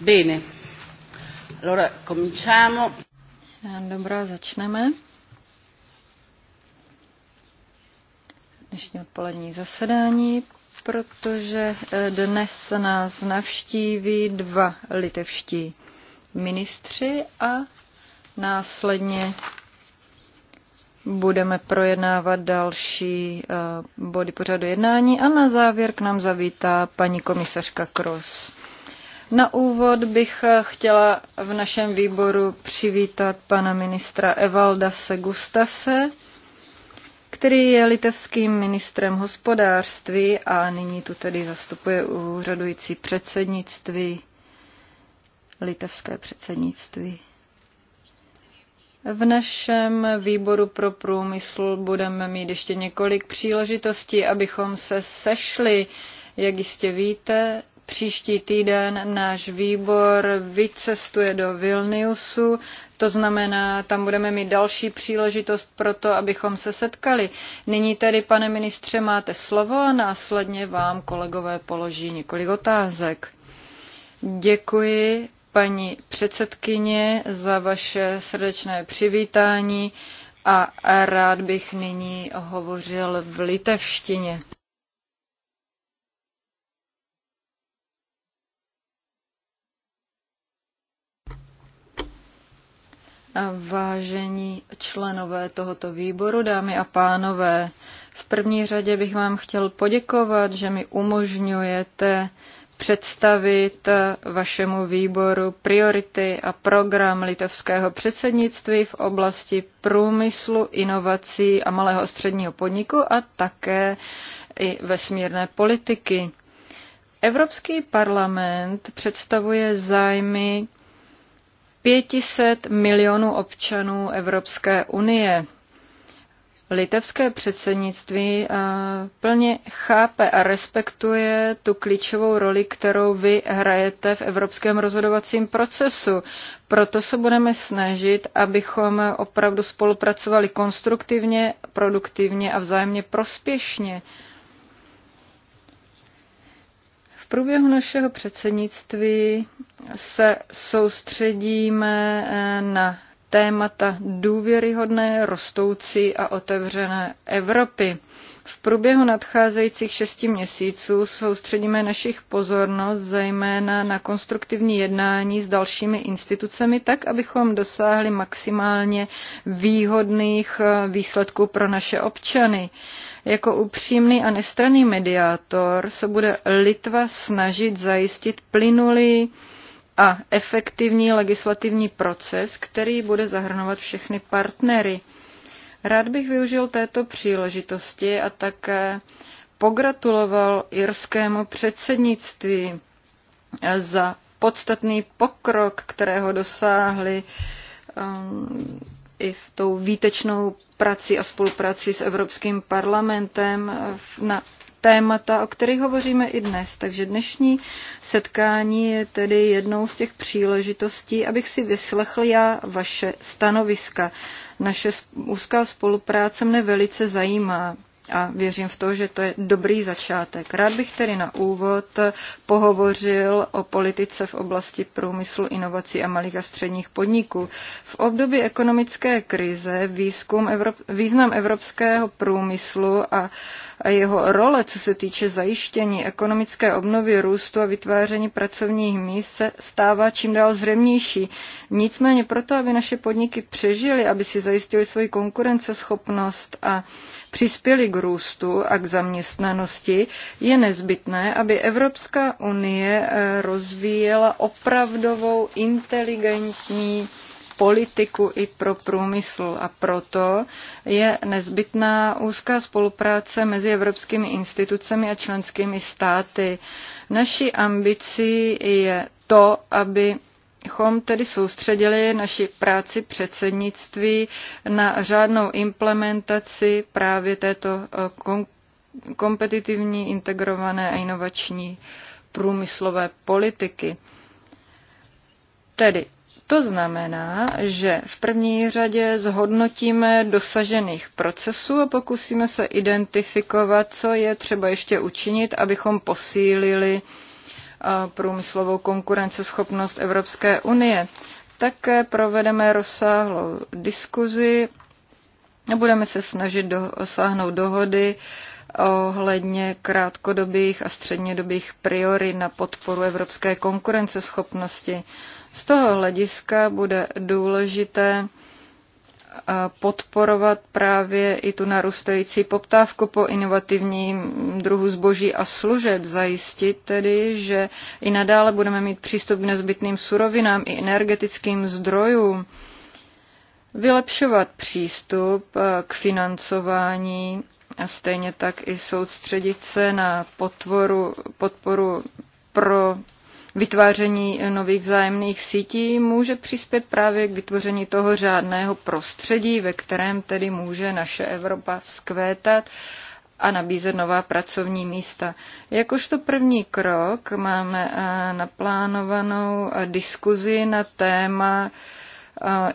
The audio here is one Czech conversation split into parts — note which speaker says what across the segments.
Speaker 1: Bene. Allora, cominciamo.
Speaker 2: Dobro, začneme. Dnešní odpolední zasedání, protože eh, dnes nás navštíví dva litevští ministři a následně budeme projednávat další eh, body pořadu jednání a na závěr k nám zavítá paní komisařka Kros. Na úvod bych eh, chtěla v našem výboru přivítat pana ministra Evalda Segustase, který je litevským ministrem hospodářství a nyní tu tedy zastupuje úřadující předsednictví, litevské předsednictví. V našem výboru pro průmysl budeme mít ještě několik příležitostí, abychom se sešli. Jak jistě víte, Příští týden náš výbor vycestuje do Vilniusu, to znamená, tam budeme mít další příležitost pro to, abychom se setkali. Nyní tedy, pane ministře, máte slovo a následně vám kolegové položí několik otázek. Děkuji, paní předsedkyně, za vaše srdečné přivítání a rád bych nyní hovořil v litevštině. Vážení členové tohoto výboru, dámy a pánové, v první řadě bych vám chtěl poděkovat, že mi umožňujete představit vašemu výboru priority a program litovského předsednictví v oblasti průmyslu, inovací a malého a středního podniku a také i vesmírné politiky. Evropský parlament představuje zájmy 500 milionů občanů Evropské unie. Litevské předsednictví eh, plně chápe a respektuje tu klíčovou roli, kterou vy hrajete v evropském rozhodovacím procesu. Proto se budeme snažit, abychom opravdu spolupracovali konstruktivně, produktivně a vzájemně prospěšně. V průběhu našeho předsednictví se soustředíme eh, na témata důvěryhodné, rostoucí a otevřené Evropy. V průběhu nadcházejících šesti měsíců soustředíme našich pozornost zejména na konstruktivní jednání s dalšími institucemi, tak abychom dosáhli maximálně výhodných eh, výsledků pro naše občany. Jako upřímný a nestraný mediátor se bude Litva snažit zajistit plynulý a efektivní legislativní proces, který bude zahrnovat všechny partnery. Rád bych využil této příležitosti a také pogratuloval irskému předsednictví za podstatný pokrok, kterého dosáhli um, i v tou výtečnou prací a spolupráci s Evropským parlamentem na témata, o kterých hovoříme i dnes. Takže dnešní setkání je tedy jednou z těch příležitostí, abych si vyslechl já vaše stanoviska. Naše úzká spolupráce mne velice zajímá a věřím v to, že to je dobrý začátek. Rád bych tedy na úvod pohovořil o politice v oblasti průmyslu, inovací a malých a středních podniků. V období ekonomické krize výzkum Evrop, význam evropského průmyslu a, a jeho role, co se týče zajištění ekonomické obnovy růstu a vytváření pracovních míst, se stává čím dál zřejmější. Nicméně proto, aby naše podniky přežily, aby si zajistili svoji konkurenceschopnost a přispěly k růstu a k zaměstnanosti, je nezbytné, aby Evropská unie eh, rozvíjela opravdovou inteligentní politiku i pro průmysl a proto je nezbytná úzká spolupráce mezi evropskými institucemi a členskými státy. Naší ambicí je to, aby bychom tedy soustředili naši práci předsednictví na řádnou implementaci právě této eh, kompetitivní, integrované a inovační průmyslové politiky. Tedy to znamená, že v první řadě zhodnotíme dosažených procesů a pokusíme se identifikovat, co je třeba ještě učinit, abychom posílili uh, průmyslovou konkurenceschopnost Evropské unie. Také provedeme rozsáhlou diskuzi a budeme se snažit dosáhnout dohody ohledně krátkodobých a střednědobých priorit na podporu evropské konkurenceschopnosti. Z toho hlediska bude důležité podporovat právě i tu narůstající poptávku po inovativním druhu zboží a služeb, zajistit tedy, že i nadále budeme mít přístup k nezbytným surovinám i energetickým zdrojům, vylepšovat přístup e, k financování a stejně tak i soustředit se na potvoru, podporu pro vytváření nových vzájemných sítí může přispět právě k vytvoření toho řádného prostředí, ve kterém tedy může naše Evropa vzkvétat a nabízet nová pracovní místa. Jakožto první krok máme eh, naplánovanou eh, diskuzi na téma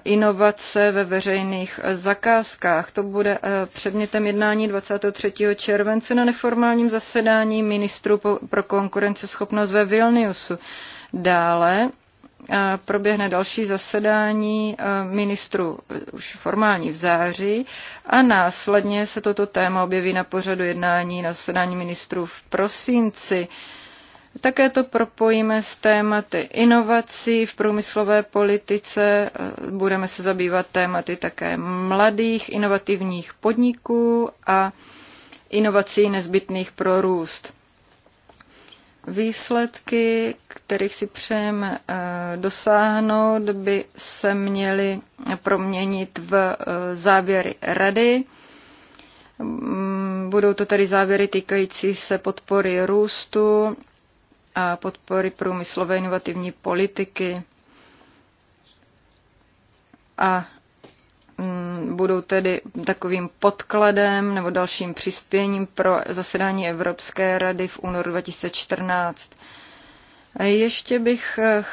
Speaker 2: inovace ve veřejných zakázkách. To bude e, předmětem jednání 23. července na neformálním zasedání ministrů pro konkurenceschopnost ve Vilniusu. Dále e, proběhne další zasedání e, ministru už formální v září a následně se toto téma objeví na pořadu jednání na zasedání ministrů v prosinci. Také to propojíme s tématy inovací v průmyslové politice. Budeme se zabývat tématy také mladých inovativních podniků a inovací nezbytných pro růst. Výsledky, kterých si přejeme eh, dosáhnout, by se měly proměnit v eh, závěry rady. Mm, budou to tedy závěry týkající se podpory růstu a podpory průmyslové inovativní politiky. A mm, budou tedy takovým podkladem nebo dalším přispěním pro zasedání Evropské rady v únoru 2014. Ještě bych eh,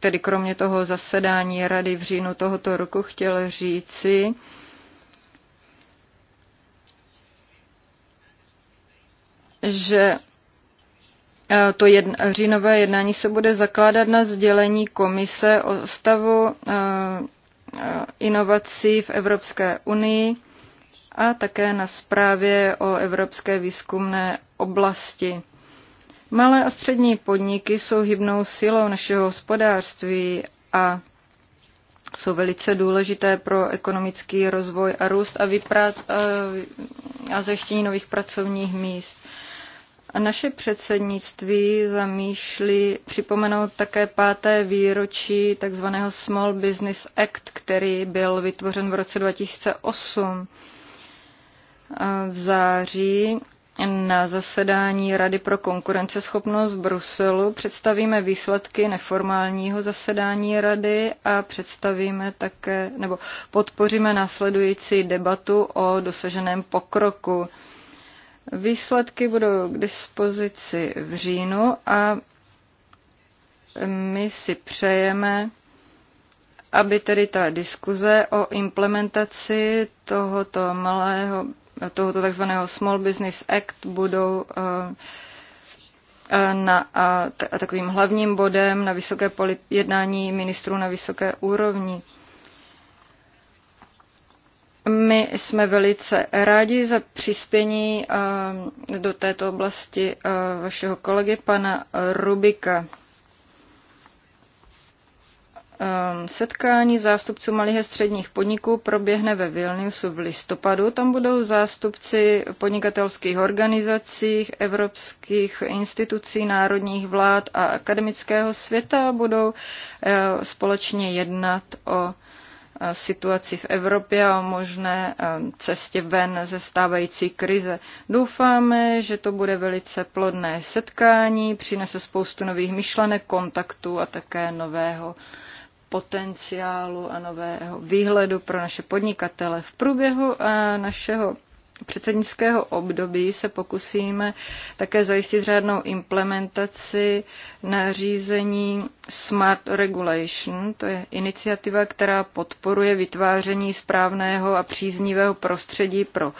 Speaker 2: tedy kromě toho zasedání rady v říjnu tohoto roku chtěl říci, že Eh, to jedn, říjnové jednání se bude zakládat na sdělení komise o stavu eh, eh, inovací v Evropské unii a také na zprávě o evropské výzkumné oblasti. Malé a střední podniky jsou hybnou silou našeho hospodářství a jsou velice důležité pro ekonomický rozvoj a růst a, vyprát, a, a zajištění nových pracovních míst. Uh, naše předsednictví zamýšlí připomenout také páté výročí tzv. Small Business Act, který byl vytvořen v roce 2008. V září na zasedání Rady pro konkurenceschopnost v Bruselu představíme výsledky neformálního zasedání Rady a představíme také, nebo podpoříme následující debatu o dosaženém pokroku. Výsledky budou k dispozici v říjnu a my si přejeme, aby tedy ta diskuze o implementaci tohoto malého, tohoto takzvaného Small Business Act budou eh, na, a takovým hlavním bodem na vysoké jednání ministrů na vysoké úrovni. My jsme velice rádi za přispění eh, do této oblasti eh, vašeho kolegy, pana Rubika. Ehm, setkání zástupců malých a středních podniků proběhne ve Vilniusu v listopadu. Tam budou zástupci podnikatelských organizací, evropských institucí, národních vlád a akademického světa a budou eh, společně jednat o Eh, situaci v Evropě a o možné eh, cestě ven ze stávající krize. Doufáme, že to bude velice plodné setkání, přinese spoustu nových myšlenek, kontaktů a také nového potenciálu a nového výhledu pro naše podnikatele. V průběhu eh, našeho předsednického období se pokusíme také zajistit řádnou implementaci nařízení Smart Regulation. To je iniciativa, která podporuje vytváření správného a příznivého prostředí pro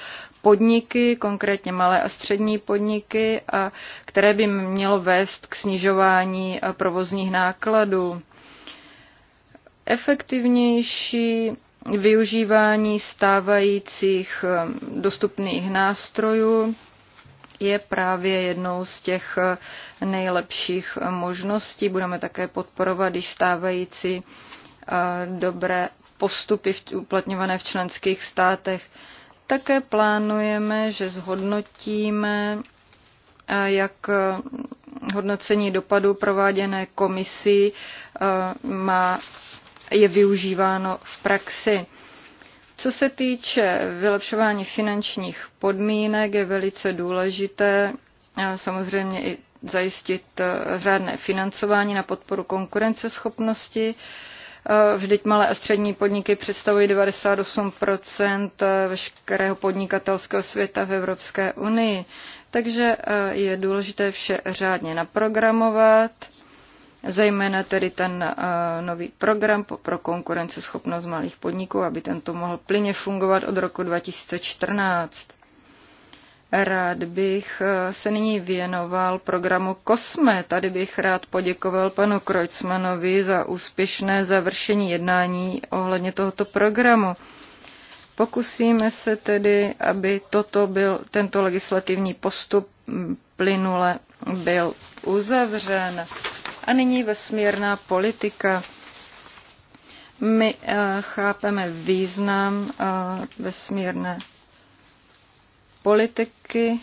Speaker 2: podniky, konkrétně malé a střední podniky, a které by mělo vést k snižování provozních nákladů efektivnější využívání stávajících eh, dostupných nástrojů je právě jednou z těch eh, nejlepších eh, možností. Budeme také podporovat i stávající dobré postupy uplatňované v členských státech. Také plánujeme, že zhodnotíme, jak hodnocení dopadů prováděné komisí má je využíváno v praxi. Co se týče vylepšování finančních podmínek, je velice důležité eh, samozřejmě i zajistit eh, řádné financování na podporu konkurenceschopnosti. Eh, vždyť malé a střední podniky představují 98 veškerého podnikatelského světa v Evropské unii. Takže je důležité vše řádně naprogramovat zejména tedy ten eh, nový program pro konkurenceschopnost malých podniků, aby tento mohl plyně fungovat od roku 2014. Rád bych eh, se nyní věnoval programu Kosme. Tady bych rád poděkoval panu Kreutzmanovi za úspěšné završení jednání ohledně tohoto programu. Pokusíme se tedy, aby toto byl, tento legislativní postup plynule byl uzavřen. A nyní vesmírná politika. My eh, chápeme význam eh, vesmírné politiky.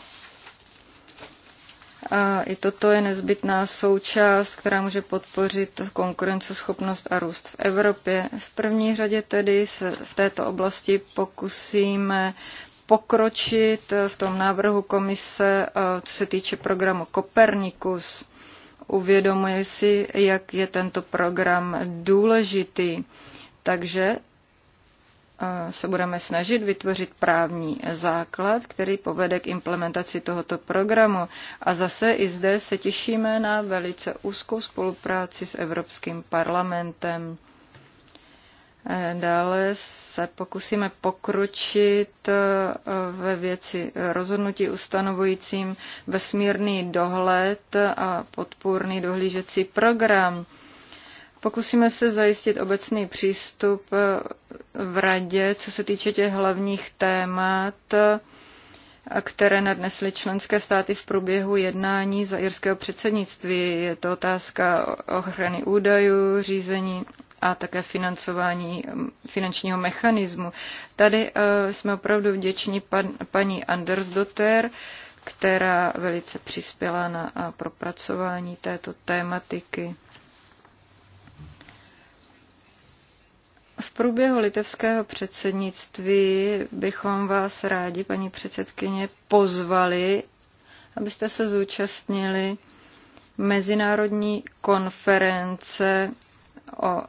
Speaker 2: A I toto je nezbytná součást, která může podpořit konkurenceschopnost a růst v Evropě. V první řadě tedy se v této oblasti pokusíme pokročit v tom návrhu komise, eh, co se týče programu Copernicus uvědomuje si, jak je tento program důležitý. Takže eh, se budeme snažit vytvořit právní základ, který povede k implementaci tohoto programu. A zase i zde se těšíme na velice úzkou spolupráci s Evropským parlamentem. Dále se pokusíme pokročit eh, ve věci rozhodnutí ustanovujícím vesmírný dohled a podpůrný dohlížecí program. Pokusíme se zajistit obecný přístup eh, v radě, co se týče těch hlavních témat, eh, které nadnesly členské státy v průběhu jednání za jirského předsednictví. Je to otázka ochrany údajů, řízení a také financování mm, finančního mechanismu. Tady eh, jsme opravdu vděční pan, paní Andersdotter, která velice přispěla na propracování této tématiky. V průběhu litevského předsednictví bychom vás rádi, paní předsedkyně, pozvali, abyste se zúčastnili mezinárodní konference o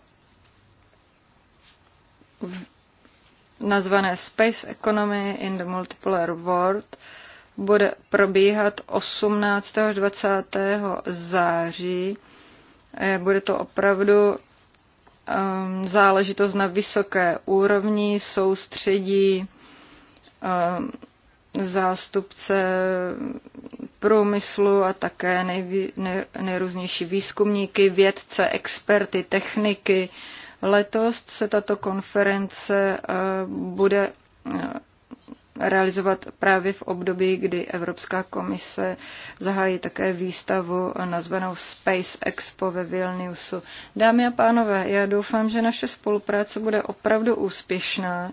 Speaker 2: nazvané Space Economy in the Multipolar World bude probíhat 18. až 20. září. Eh, bude to opravdu um, záležitost na vysoké úrovni, soustředí um, zástupce průmyslu a také nejvý, nej, nejrůznější výzkumníky, vědce, experty, techniky, uh, Letos se tato konference eh, bude eh, realizovat právě v období, kdy Evropská komise zahájí také výstavu nazvanou Space Expo ve Vilniusu. Dámy a pánové, já doufám, že naše spolupráce bude opravdu úspěšná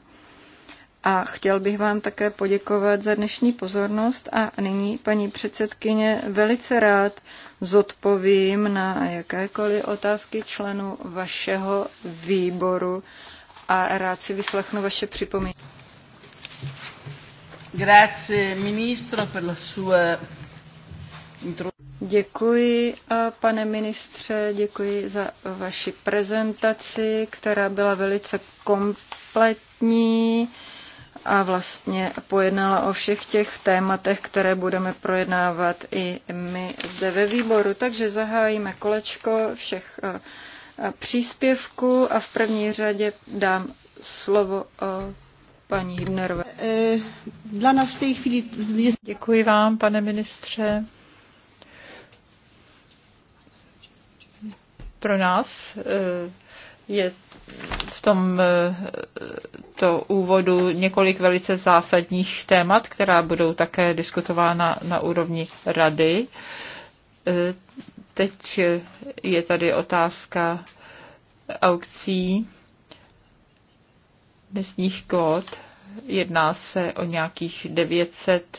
Speaker 2: a chtěl bych vám také poděkovat za dnešní pozornost a nyní, paní předsedkyně, velice rád zodpovím na jakékoliv otázky členů vašeho výboru a rád si vyslechnu vaše připomínky.
Speaker 1: Grazie, ministro, per la
Speaker 2: sua Děkuji, pane ministře, děkuji za vaši prezentaci, která byla velice kompletní a vlastně pojednala o všech těch tématech, které budeme projednávat i my zde ve výboru. Takže zahájíme kolečko všech eh, eh, příspěvků a v první řadě dám slovo
Speaker 3: eh, paní Hibnerové. Dla nás v té chvíli... Děkuji vám, pane ministře. Pro nás je v tom eh, to úvodu několik velice zásadních témat, která budou také diskutována na úrovni rady. Eh, teď je tady otázka aukcí dnesních kvót. Jedná se o nějakých 900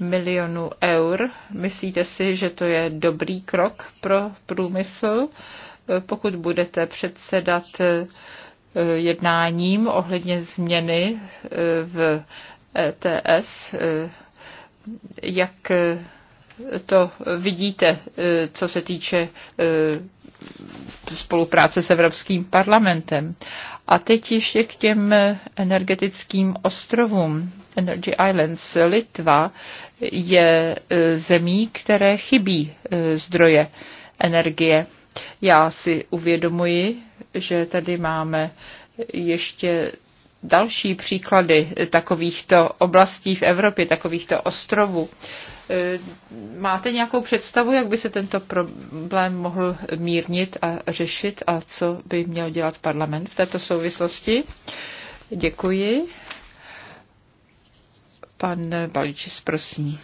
Speaker 3: milionů eur. Myslíte si, že to je dobrý krok pro průmysl? Eh, pokud budete předsedat Eh, jednáním ohledně změny eh, v ETS. Eh, jak to vidíte, co se týče spolupráce s Evropským parlamentem. A teď ještě k těm energetickým ostrovům. Energy Islands. Litva je zemí, které chybí zdroje energie. Já si uvědomuji, že tady máme ještě další příklady takovýchto oblastí v Evropě, takovýchto ostrovů. E, máte nějakou představu, jak by se tento problém mohl mírnit a řešit a co by měl dělat parlament v této souvislosti? Děkuji. Pan Balíčis, prosím.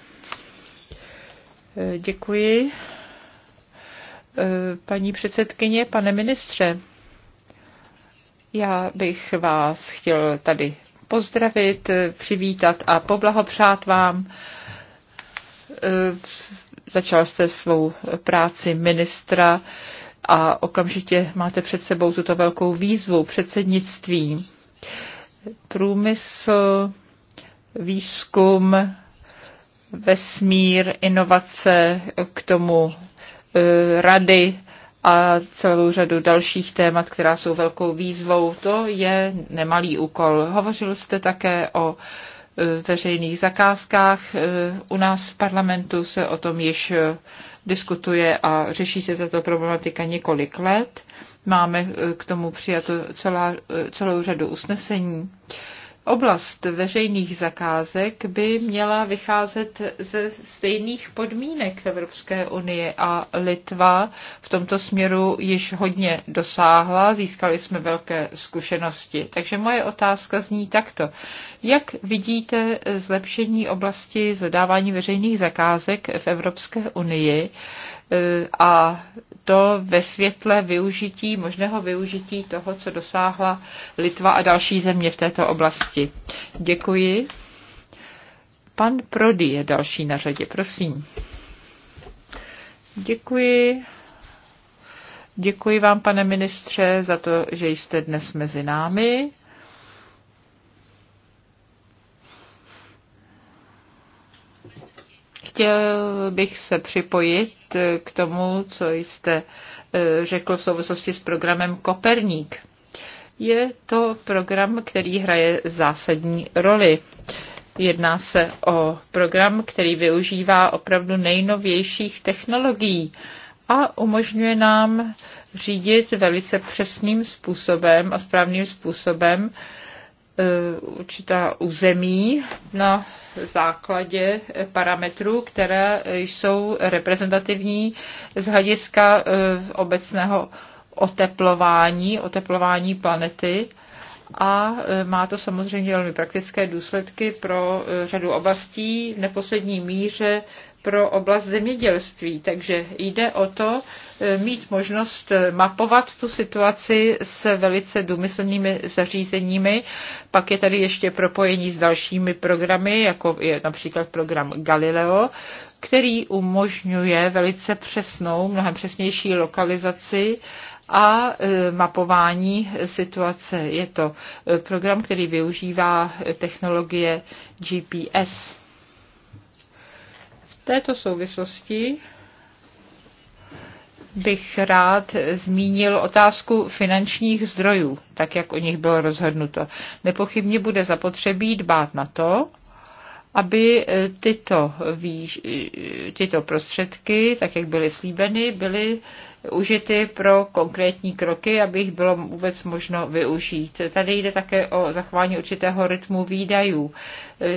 Speaker 3: E, děkuji. Eh, paní předsedkyně, pane ministře, já bych vás chtěl tady pozdravit, eh, přivítat a poblahopřát vám. Eh, začal jste svou práci ministra a okamžitě máte před sebou tuto velkou výzvu předsednictví. Průmysl, výzkum, vesmír, inovace, k tomu Eh, rady a celou řadu dalších témat, která jsou velkou výzvou. To je nemalý úkol. Hovořil jste také o eh, veřejných zakázkách. Eh, u nás v parlamentu se o tom již diskutuje a řeší se tato problematika několik let. Máme k tomu přijato celá, celou řadu usnesení. Uh, Oblast veřejných zakázek by měla vycházet ze stejných podmínek Evropské unie a Litva v tomto směru již hodně dosáhla, získali jsme velké zkušenosti. Takže moje otázka zní takto. Jak vidíte zlepšení oblasti zadávání veřejných zakázek v Evropské unii a to ve světle využití, možného využití toho, co dosáhla Litva a další země v této oblasti. Děkuji. Pan Prody je další na řadě, prosím. Děkuji. Děkuji vám, pane ministře, za to, že jste dnes mezi námi. Chtěl bych se připojit k tomu, co jste e, řekl v souvislosti s programem Koperník. Je to program, který hraje zásadní roli. Jedná se o program, který využívá opravdu nejnovějších technologií a umožňuje nám řídit velice přesným způsobem a správným způsobem E, určitá území na základě parametrů, které jsou reprezentativní z hlediska e, obecného oteplování, oteplování planety a e, má to samozřejmě velmi praktické důsledky pro e, řadu oblastí, v neposlední míře pro oblast zemědělství. Takže jde o to e, mít možnost mapovat tu situaci s velice důmyslnými zařízeními. Pak je tady ještě propojení s dalšími programy, jako je například program Galileo, který umožňuje velice přesnou, mnohem přesnější lokalizaci a e, mapování situace. Je to e, program, který využívá e, technologie GPS. V této souvislosti bych rád zmínil otázku finančních zdrojů, tak jak o nich bylo rozhodnuto. Nepochybně bude zapotřebí dbát na to, aby tyto, výž, tyto prostředky, tak jak byly slíbeny, byly užity pro konkrétní kroky, aby jich bylo vůbec možno využít. Tady jde také o zachování určitého rytmu výdajů.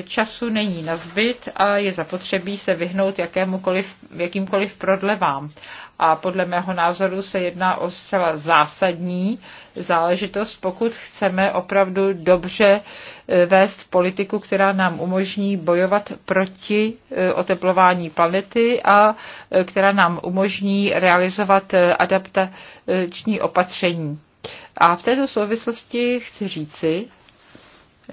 Speaker 3: Času není na zbyt a je zapotřebí se vyhnout jakémukoliv, jakýmkoliv prodlevám. A podle mého názoru se jedná o zcela zásadní záležitost, pokud chceme opravdu dobře eh, vést politiku, která nám umožní bojovat proti eh, oteplování planety a eh, která nám umožní realizovat adaptační opatření. A v této souvislosti chci říci,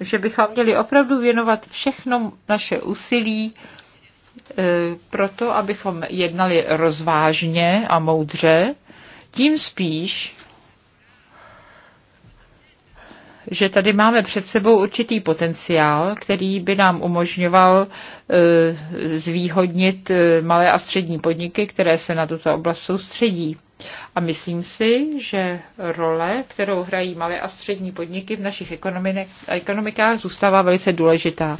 Speaker 3: že bychom měli opravdu věnovat všechno naše úsilí e, proto, abychom jednali rozvážně a moudře, tím spíš, že tady máme před sebou určitý potenciál, který by nám umožňoval e, zvýhodnit e, malé a střední podniky, které se na tuto oblast soustředí. A myslím si, že role, kterou hrají malé a střední podniky v našich ekonomikách, zůstává velice důležitá.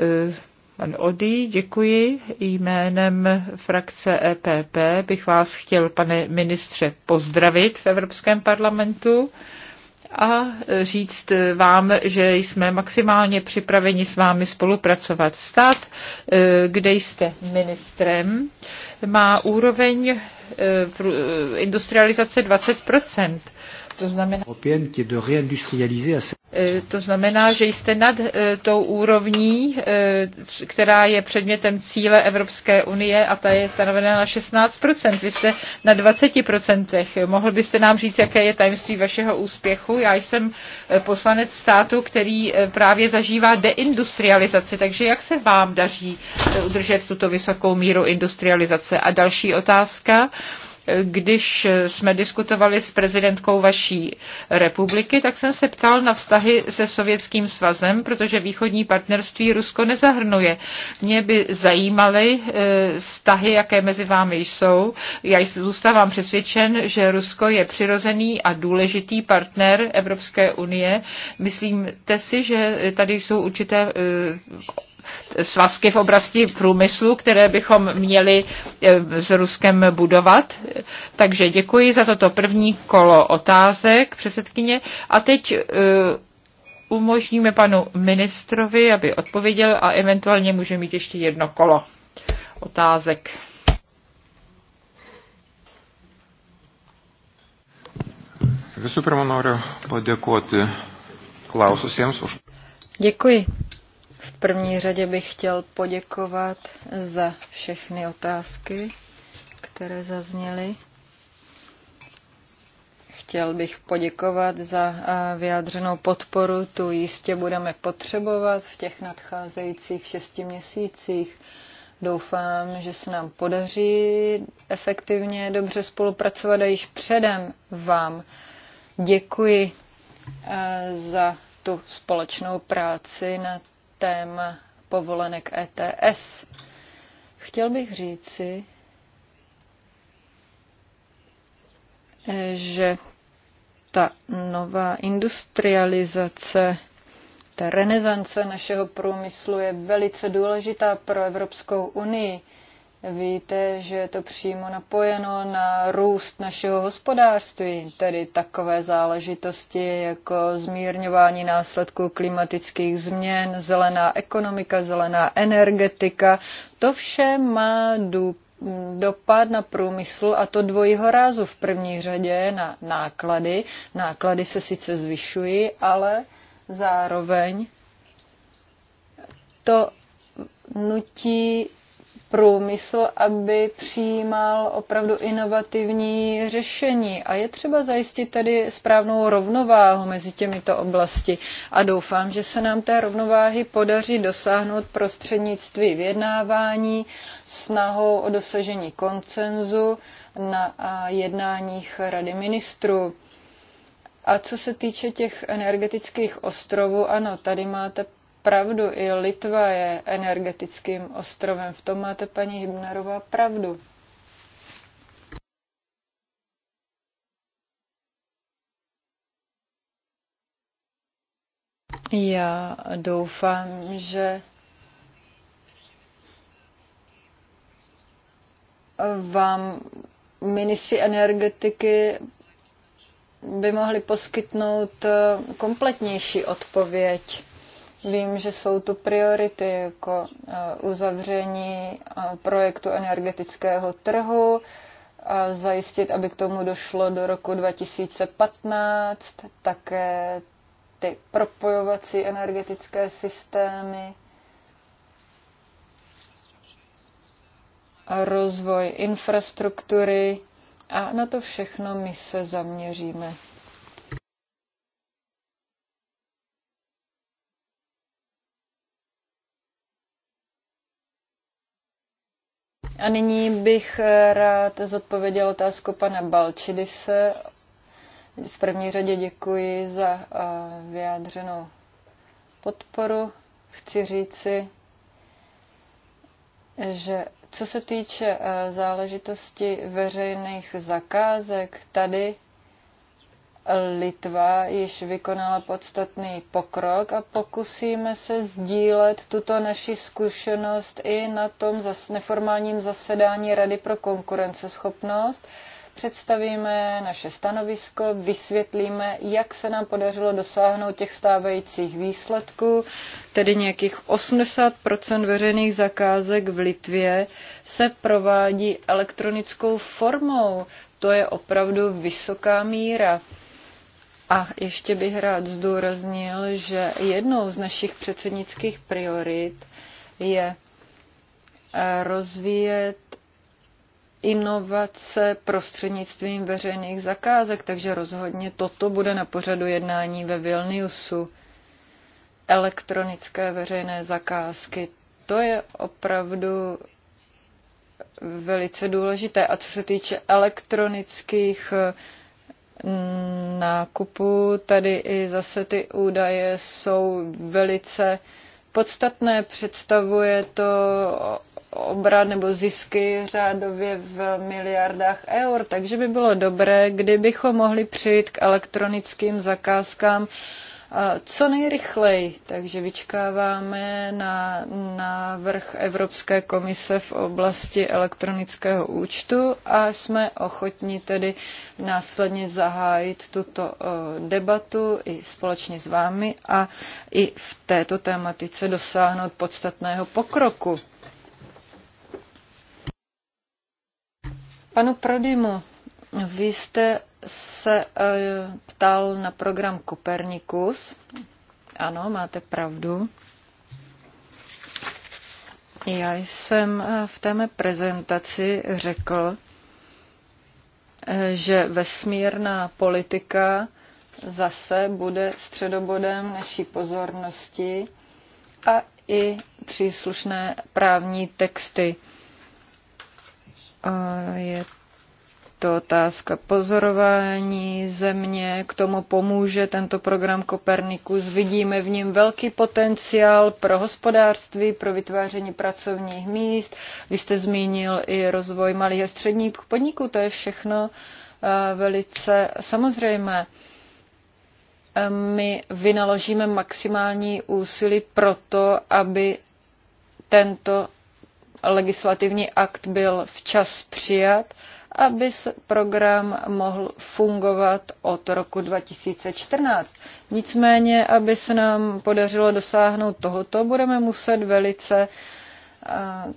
Speaker 3: E, pan Ody, děkuji. Jménem frakce EPP bych vás chtěl, pane ministře, pozdravit v Evropském parlamentu a říct vám, že jsme maximálně připraveni s vámi spolupracovat. Stát, eh, kde jste ministrem, má úroveň eh, eh, industrializace 20 to znamená, eh, to znamená, že jste nad eh, tou úrovní, eh, která je předmětem cíle Evropské unie a ta je stanovená na 16%. Vy jste na 20%. Mohl byste nám říct, jaké je tajemství vašeho úspěchu? Já jsem poslanec státu, který právě zažívá deindustrializaci, takže jak se vám daří udržet tuto vysokou míru industrializace? A další otázka když jsme diskutovali s prezidentkou vaší republiky, tak jsem se ptal na vztahy se Sovětským svazem, protože východní partnerství Rusko nezahrnuje. Mě by zajímaly eh, vztahy, jaké mezi vámi jsou. Já zůstávám přesvědčen, že Rusko je přirozený a důležitý partner Evropské unie. Myslíte si, že tady jsou určité eh, svazky v oblasti průmyslu, které bychom měli eh, s Ruskem budovat. Takže děkuji za toto první kolo otázek, předsedkyně. A teď eh, umožníme panu ministrovi, aby odpověděl a eventuálně může mít ještě jedno kolo otázek.
Speaker 4: Visų pirma, noriu padėkoti klaususiems už.
Speaker 2: Děkuji. V první řadě bych chtěl poděkovat za všechny otázky, které zazněly. Chtěl bych poděkovat za eh, vyjádřenou podporu. Tu jistě budeme potřebovat v těch nadcházejících šesti měsících. Doufám, že se nám podaří efektivně dobře spolupracovat a již předem vám děkuji eh, za tu společnou práci na téma povolenek ETS. Chtěl bych říci, že ta nová industrializace, ta renesance našeho průmyslu je velice důležitá pro Evropskou unii. Víte, že je to přímo napojeno na růst našeho hospodářství, tedy takové záležitosti jako zmírňování následků klimatických změn, zelená ekonomika, zelená energetika. To vše má důp dopad na průmysl a to dvojího rázu v první řadě na náklady. Náklady se sice zvyšují, ale zároveň to nutí průmysl, aby přijímal opravdu inovativní řešení. A je třeba zajistit tedy správnou rovnováhu mezi těmito oblasti. A doufám, že se nám té rovnováhy podaří dosáhnout prostřednictví vyjednávání, snahou o dosažení koncenzu na jednáních Rady ministrů. A co se týče těch energetických ostrovů, ano, tady máte pravdu, i Litva je energetickým ostrovem. V tom máte, paní Hybnerová, pravdu. Já doufám, že vám ministři energetiky by mohli poskytnout eh, kompletnější odpověď. Vím, že jsou tu priority jako eh, uzavření eh, projektu energetického trhu, a zajistit, aby k tomu došlo do roku 2015, také ty propojovací energetické systémy, a rozvoj infrastruktury a na to všechno my se zaměříme. A nyní bych eh, rád zodpověděl otázku pana Balčidise. V první řadě děkuji za eh, vyjádřenou podporu. Chci říci, že co se týče eh, záležitosti veřejných zakázek, tady Litva již vykonala podstatný pokrok a pokusíme se sdílet tuto naši zkušenost i na tom zas, neformálním zasedání Rady pro konkurenceschopnost. Představíme naše stanovisko, vysvětlíme, jak se nám podařilo dosáhnout těch stávajících výsledků, tedy nějakých 80 veřejných zakázek v Litvě se provádí elektronickou formou. To je opravdu vysoká míra. A ještě bych rád zdůraznil, že jednou z našich předsednických priorit je eh, rozvíjet inovace prostřednictvím veřejných zakázek, takže rozhodně toto bude na pořadu jednání ve Vilniusu. Elektronické veřejné zakázky, to je opravdu velice důležité. A co se týče elektronických uh, nákupu. Tady i zase ty údaje jsou velice podstatné. Představuje to obrat nebo zisky řádově v miliardách eur, takže by bylo dobré, kdybychom mohli přijít k elektronickým zakázkám co nejrychleji. Takže vyčkáváme na návrh Evropské komise v oblasti elektronického účtu a jsme ochotní tedy následně zahájit tuto eh, debatu i společně s vámi a i v této tématice dosáhnout podstatného pokroku. Panu Prodimu, vy jste se eh, ptal na program Kopernikus. Ano, máte pravdu. Já jsem eh, v té mé prezentaci řekl, eh, že vesmírná politika zase bude středobodem naší pozornosti a i příslušné právní texty. Je to otázka pozorování země, k tomu pomůže tento program Kopernikus. Vidíme v něm velký potenciál pro hospodářství, pro vytváření pracovních míst. Vy jste zmínil i rozvoj malých a středních podniků, to je všechno eh, velice samozřejmé. My vynaložíme maximální úsilí pro to, aby tento legislativní akt byl včas přijat aby program mohl fungovat od roku 2014. Nicméně, aby se nám podařilo dosáhnout tohoto, budeme muset velice eh,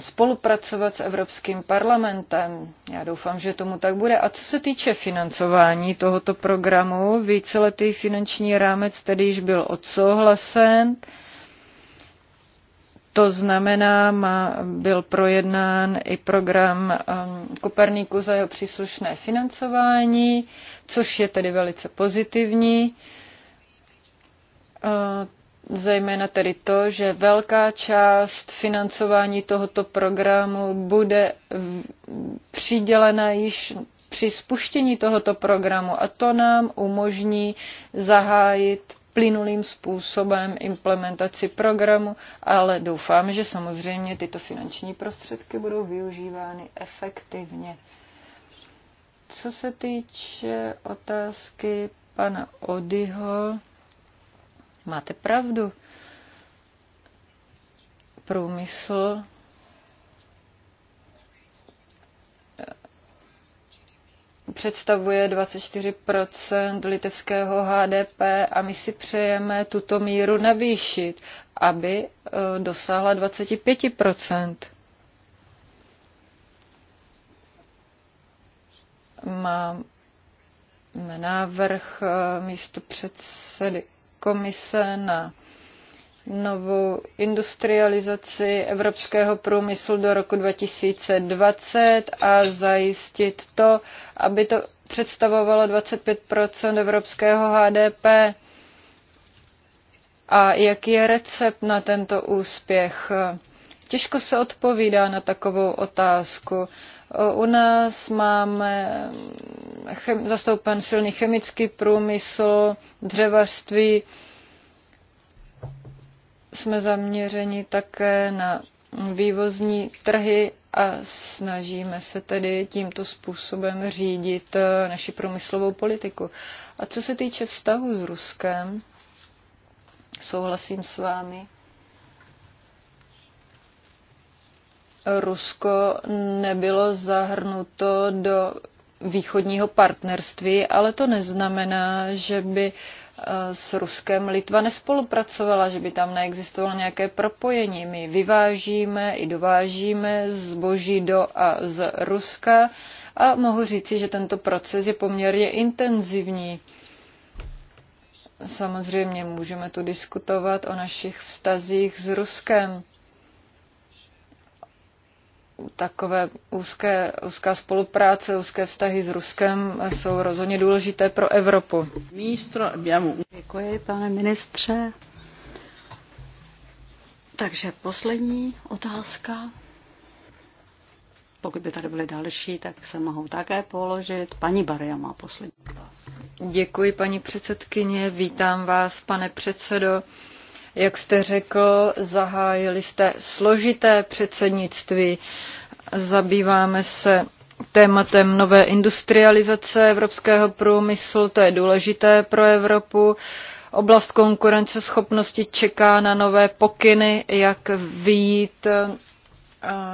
Speaker 2: spolupracovat s Evropským parlamentem. Já doufám, že tomu tak bude. A co se týče financování tohoto programu, víceletý finanční rámec tedy již byl odsouhlasen. To znamená, má, byl projednán i program um, Koperníku za jeho příslušné financování, což je tedy velice pozitivní. Uh, zejména tedy to, že velká část financování tohoto programu bude přidělena již při spuštění tohoto programu a to nám umožní zahájit plynulým způsobem implementaci programu, ale doufám, že samozřejmě tyto finanční prostředky budou využívány efektivně. Co se týče otázky pana Odyho, máte pravdu. Průmysl představuje 24 litevského HDP a my si přejeme tuto míru navýšit, aby eh, dosáhla 25 Mám návrh eh, místo předsedy komise na novou industrializaci evropského průmyslu do roku 2020 a zajistit to, aby to představovalo 25 evropského HDP. A jaký je recept na tento úspěch? Těžko se odpovídá na takovou otázku. U nás máme chem, zastoupen silný chemický průmysl, dřevařství, jsme zaměřeni také na vývozní trhy a snažíme se tedy tímto způsobem řídit eh, naši průmyslovou politiku. A co se týče vztahu s Ruskem, souhlasím s vámi. Rusko nebylo zahrnuto do východního partnerství, ale to neznamená, že by uh, Eh, s Ruskem Litva nespolupracovala, že by tam neexistovalo nějaké propojení. My vyvážíme i dovážíme zboží do a z Ruska a mohu říci, že tento proces je poměrně intenzivní. Samozřejmě můžeme tu diskutovat o našich vztazích s Ruskem takové úzké, úzká spolupráce, úzké vztahy s Ruskem jsou rozhodně důležité pro Evropu. Děkuji, pane ministře.
Speaker 1: Takže poslední otázka. Pokud by tady byly další, tak se mohou také položit. Paní Baria
Speaker 2: má poslední. Děkuji, paní předsedkyně. Vítám vás, pane předsedo. Jak jste řekl, zahájili jste složité předsednictví. Zabýváme se tématem nové industrializace evropského průmyslu, to je důležité pro Evropu. Oblast konkurenceschopnosti čeká na nové pokyny, jak vyjít eh,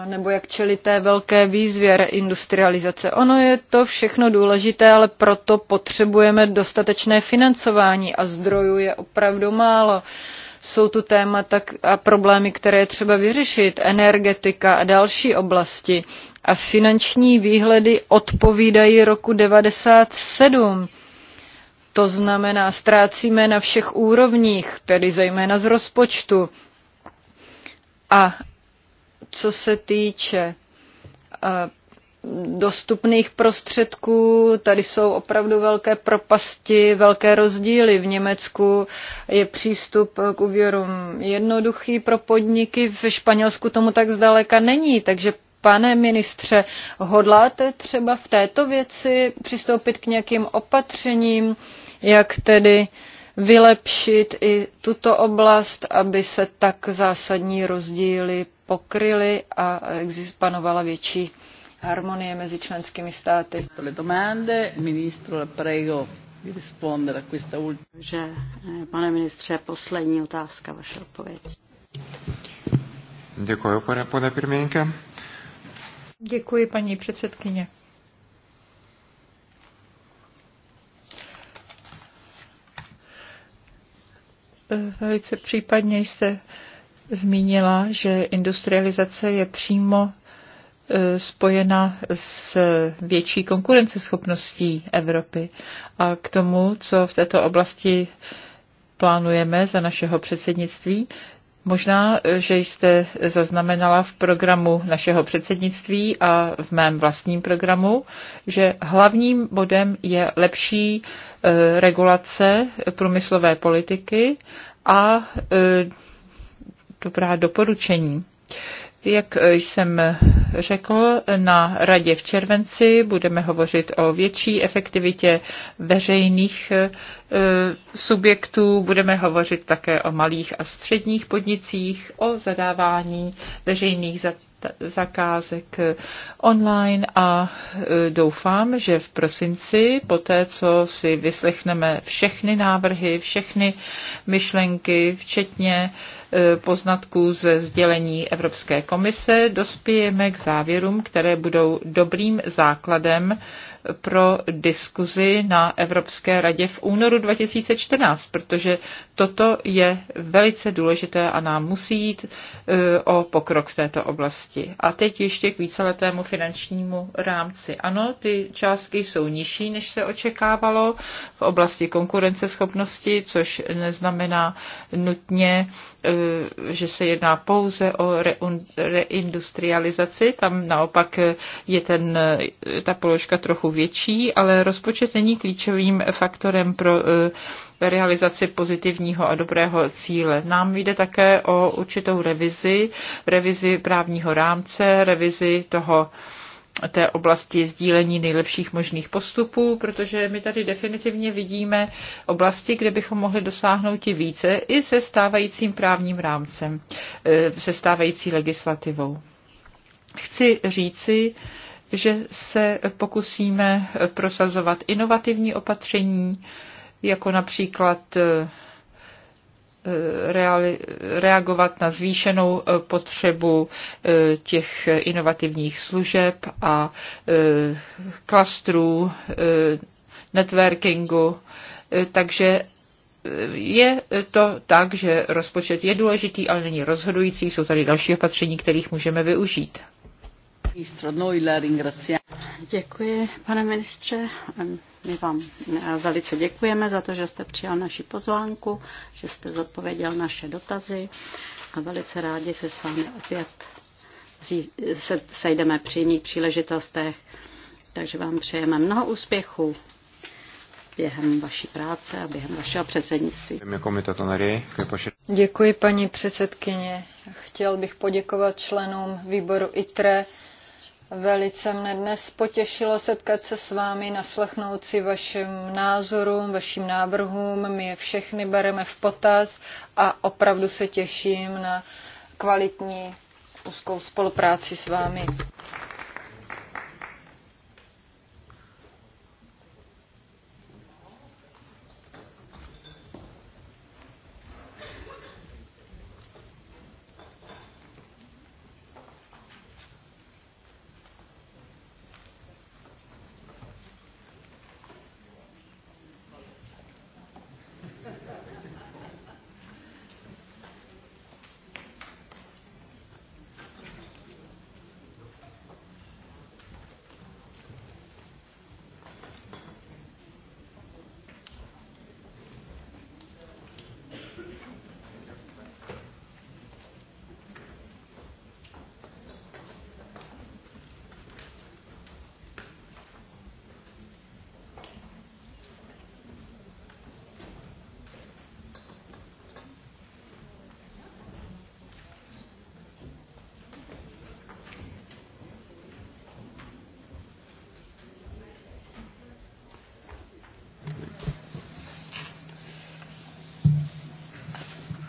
Speaker 2: nebo jak čelit té velké výzvě industrializace. Ono je to všechno důležité, ale proto potřebujeme dostatečné financování a zdrojů je opravdu málo. Uh, jsou tu témata a problémy, které je třeba vyřešit, energetika a další oblasti. A finanční výhledy odpovídají roku 97. To znamená, ztrácíme na všech úrovních, tedy zejména z rozpočtu. A co se týče dostupných prostředků. Tady jsou opravdu velké propasti, velké rozdíly. V Německu je přístup k úvěrům jednoduchý pro podniky, v Španělsku tomu tak zdaleka není, takže Pane ministře, hodláte třeba v této věci přistoupit k nějakým opatřením, jak tedy vylepšit i tuto oblast, aby se tak zásadní rozdíly pokryly a
Speaker 1: panovala větší harmonie mezi členskými státy. Takže, eh, pane ministře, poslední otázka, vaše odpověď.
Speaker 4: Děkuji, pane, pane
Speaker 3: Děkuji, paní předsedkyně. Eh, velice případně jste zmínila, že industrializace je přímo E, spojena s větší konkurenceschopností Evropy. A k tomu, co v této oblasti plánujeme za našeho předsednictví, Možná, že jste zaznamenala v programu našeho předsednictví a v mém vlastním programu, že hlavním bodem je lepší e, regulace průmyslové politiky a e, dobrá doporučení. Jak jsem řekl, na radě v červenci budeme hovořit o větší efektivitě veřejných Eh, subjektů, budeme hovořit také o malých a středních podnicích, o zadávání veřejných zakázek online a eh, doufám, že v prosinci, po té, co si vyslechneme všechny návrhy, všechny myšlenky, včetně eh, poznatků ze sdělení Evropské komise, dospějeme k závěrům, které budou dobrým základem pro diskuzi na Evropské radě v únoru 2014, protože toto je velice důležité a nám musí jít e, o pokrok v této oblasti. A teď ještě k víceletému finančnímu rámci. Ano, ty částky jsou nižší, než se očekávalo v oblasti konkurenceschopnosti, což neznamená nutně, e, že se jedná pouze o reindustrializaci. Tam naopak je ten, e, ta položka trochu větší, ale rozpočet není klíčovým faktorem pro eh, realizaci pozitivního a dobrého cíle. Nám jde také o určitou revizi, revizi právního rámce, revizi toho té oblasti sdílení nejlepších možných postupů, protože my tady definitivně vidíme oblasti, kde bychom mohli dosáhnout i více i se stávajícím právním rámcem, eh, se stávající legislativou. Chci říci, že se pokusíme prosazovat inovativní opatření, jako například eh, eh, reagovat na zvýšenou eh, potřebu těch inovativních služeb a klastrů, networkingu. Takže je to tak, že rozpočet je důležitý, ale není rozhodující. Jsou tady další opatření, kterých můžeme využít.
Speaker 1: Děkuji, pane ministře. My vám eh, velice děkujeme za to, že jste přijal naši pozvánku, že jste zodpověděl naše dotazy a velice rádi se s vámi opět sejdeme při jiných příležitostech. Takže vám přejeme mnoho úspěchů během vaší práce a během vašeho předsednictví.
Speaker 2: Děkuji, paní předsedkyně. Chtěl bych poděkovat členům výboru ITRE Velice mne dnes potěšilo setkat se s vámi, naslechnout si vašim názorům, vašim návrhům. My je všechny bereme v potaz a opravdu se těším na kvalitní úzkou spolupráci s vámi.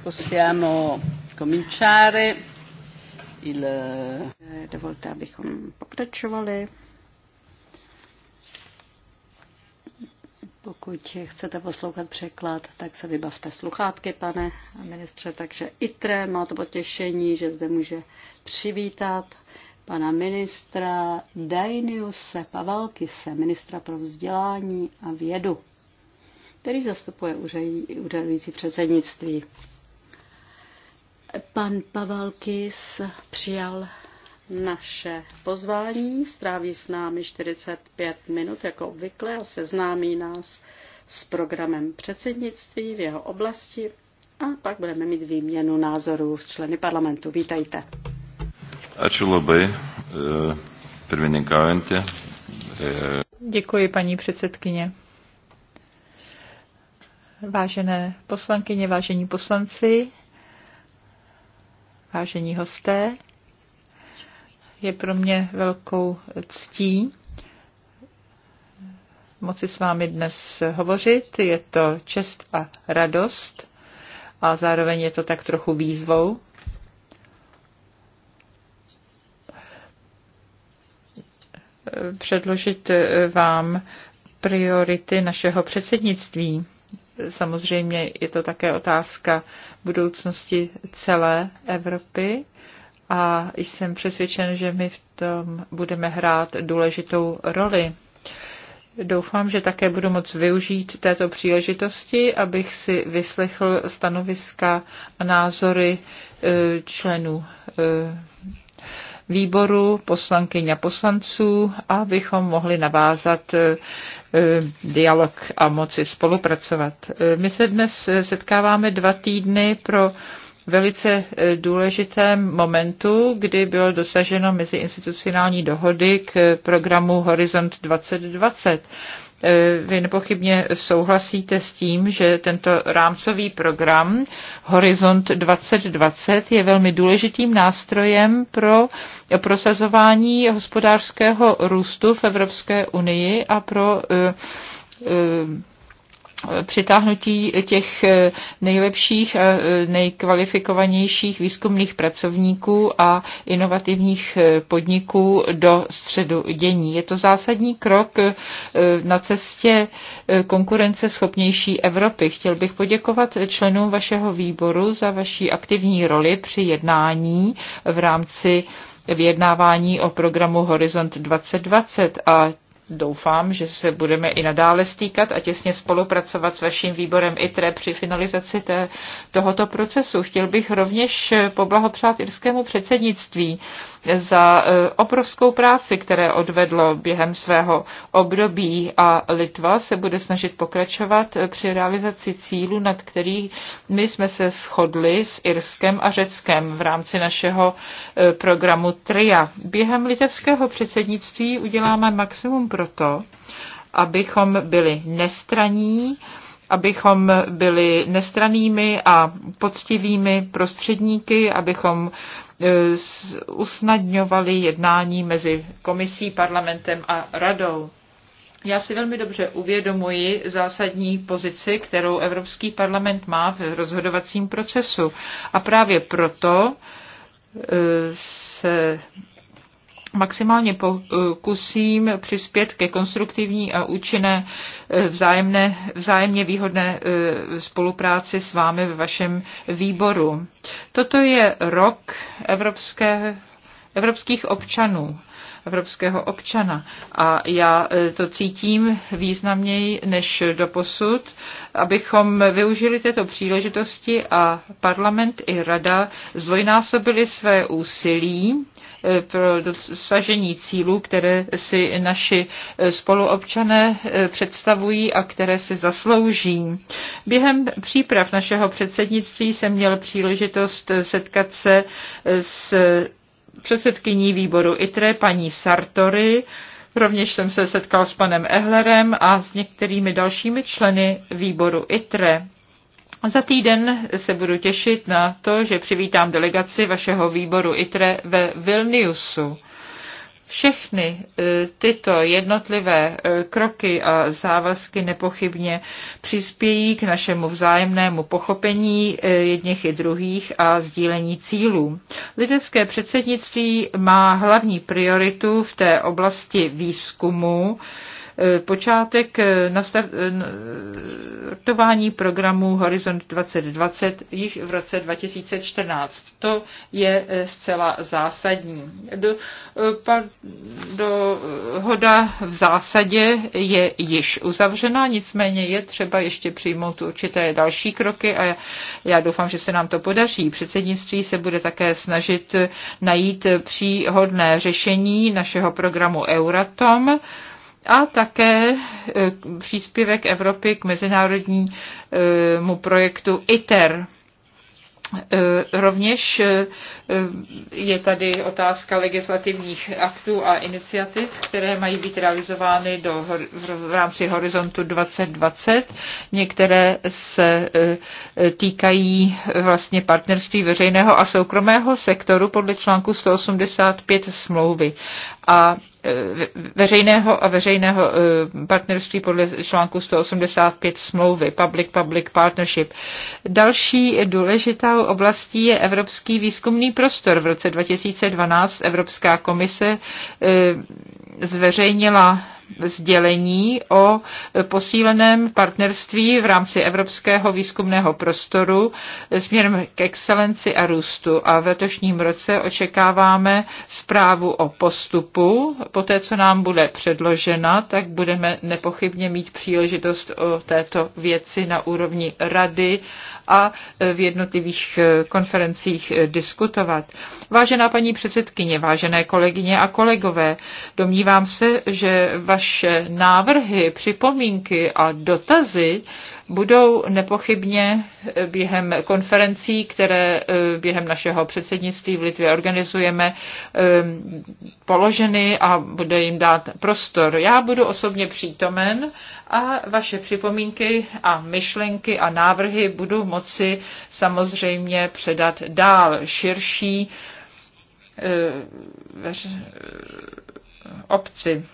Speaker 1: Possiamo cominciare. Il... Eh, dovolte, abychom pokračovali. Pokud chcete poslouchat překlad, tak se vybavte sluchátky, pane ministře. Takže ITRE má to potěšení, že zde může přivítat pana ministra Dainiuse Pavalkise, ministra pro vzdělání a vědu, který zastupuje úřadující předsednictví. Pan Kis přijal naše pozvání, stráví s námi 45 minut jako obvykle a seznámí nás s programem předsednictví v jeho oblasti a pak budeme mít výměnu názorů s členy parlamentu. Vítejte.
Speaker 5: Ačiū labai, e, pirmininkaujantė. E,
Speaker 3: Děkuji, paní předsedkyně. Vážené poslankyně, vážení poslanci, vážení hosté. Je pro mě velkou ctí moci s vámi dnes hovořit. Je to čest a radost a zároveň je to tak trochu výzvou. Předložit vám priority našeho předsednictví Samozřejmě je to také otázka budoucnosti celé Evropy a jsem přesvědčen, že my v tom budeme hrát důležitou roli. Doufám, že také budu moc využít této příležitosti, abych si vyslechl stanoviska a názory eh, členů eh, výboru, poslankyň a poslanců, abychom mohli navázat eh, dialog a moci spolupracovat. Eh, my se dnes eh, setkáváme dva týdny pro velice eh, důležitém momentu, kdy bylo dosaženo meziinstitucionální dohody k eh, programu Horizont 2020. Eh, vy nepochybně souhlasíte s tím, že tento rámcový program Horizont 2020 je velmi důležitým nástrojem pro prosazování hospodářského růstu v Evropské unii a pro přitáhnutí těch eh, nejlepších, eh, nejkvalifikovanějších výzkumných pracovníků a inovativních eh, podniků do středu dění. Je to zásadní krok na cestě konkurence schopnější Evropy. Chtěl bych poděkovat členům vašeho výboru za vaší aktivní roli při jednání v rámci vyjednávání o programu Horizont 2020 a doufám, že se budeme i nadále stýkat a těsně spolupracovat s vaším výborem ITRE při finalizaci té, tohoto procesu. Chtěl bych rovněž poblahopřát irskému předsednictví za eh, obrovskou práci, které odvedlo během svého období a Litva se bude snažit pokračovat eh, při realizaci cílu, nad který my jsme se shodli s Irskem a Řeckem v rámci našeho eh, programu TRIA. Během litevského předsednictví uděláme maximum proto, abychom byli nestraní, abychom byli nestranými a poctivými prostředníky, abychom e, usnadňovali jednání mezi komisí, parlamentem a radou. Já si velmi dobře uvědomuji zásadní pozici, kterou Evropský parlament má v rozhodovacím procesu. A právě proto e, se maximálně pokusím přispět ke konstruktivní a účinné eh, vzájemné, vzájemně výhodné eh, spolupráci s vámi ve vašem výboru. Toto je rok evropské, evropských občanů evropského občana. A já eh, to cítím významněji než doposud, abychom využili této příležitosti a parlament i rada zdvojnásobili své úsilí pro dosažení cílů, které si naši spoluobčané eh, představují a které si zaslouží. Během příprav našeho předsednictví jsem měl příležitost eh, setkat se eh, s předsedkyní výboru ITRE, paní Sartory, Rovněž jsem se setkal s panem Ehlerem a s některými dalšími členy výboru ITRE. Za týden se budu těšit na to, že přivítám delegaci vašeho výboru ITRE ve Vilniusu. Všechny e, tyto jednotlivé e, kroky a závazky nepochybně přispějí k našemu vzájemnému pochopení e, jedněch i druhých a sdílení cílů. Litevské předsednictví má hlavní prioritu v té oblasti výzkumu, Eh, počátek eh, nastartování eh, programu Horizont 2020 již v roce 2014. To je zcela zásadní. Do, pa, do hoda v zásadě je již uzavřena, nicméně je třeba ještě přijmout určité další kroky a já doufám, že se nám to podaří. Předsednictví se bude také snažit najít příhodné řešení našeho programu Euratom, a také e, příspěvek Evropy k mezinárodnímu projektu ITER. E, rovněž e, je tady otázka legislativních aktů a iniciativ, které mají být realizovány do, v rámci horizontu 2020. Některé se týkají vlastně partnerství veřejného a soukromého sektoru podle článku 185 smlouvy. A Eh, veřejného a veřejného eh, partnerství podle článku 185 smlouvy Public-Public Partnership. Další důležitou oblastí je Evropský výzkumný prostor. V roce 2012 Evropská komise eh, zveřejnila sdělení o posíleném partnerství v rámci Evropského výzkumného prostoru směrem k excelenci a růstu. A v letošním roce očekáváme zprávu o postupu. Poté, co nám bude předložena, tak budeme nepochybně mít příležitost o této věci na úrovni rady a v jednotlivých konferencích diskutovat. Vážená paní předsedkyně, vážené kolegyně a kolegové, domnívám se, že vaše návrhy, připomínky a dotazy budou nepochybně během konferencí, které eh, během našeho předsednictví v Litvě organizujeme, eh, položeny a bude jim dát prostor. Já budu osobně přítomen a vaše připomínky a myšlenky a návrhy budu moci samozřejmě předat dál širší eh, obci.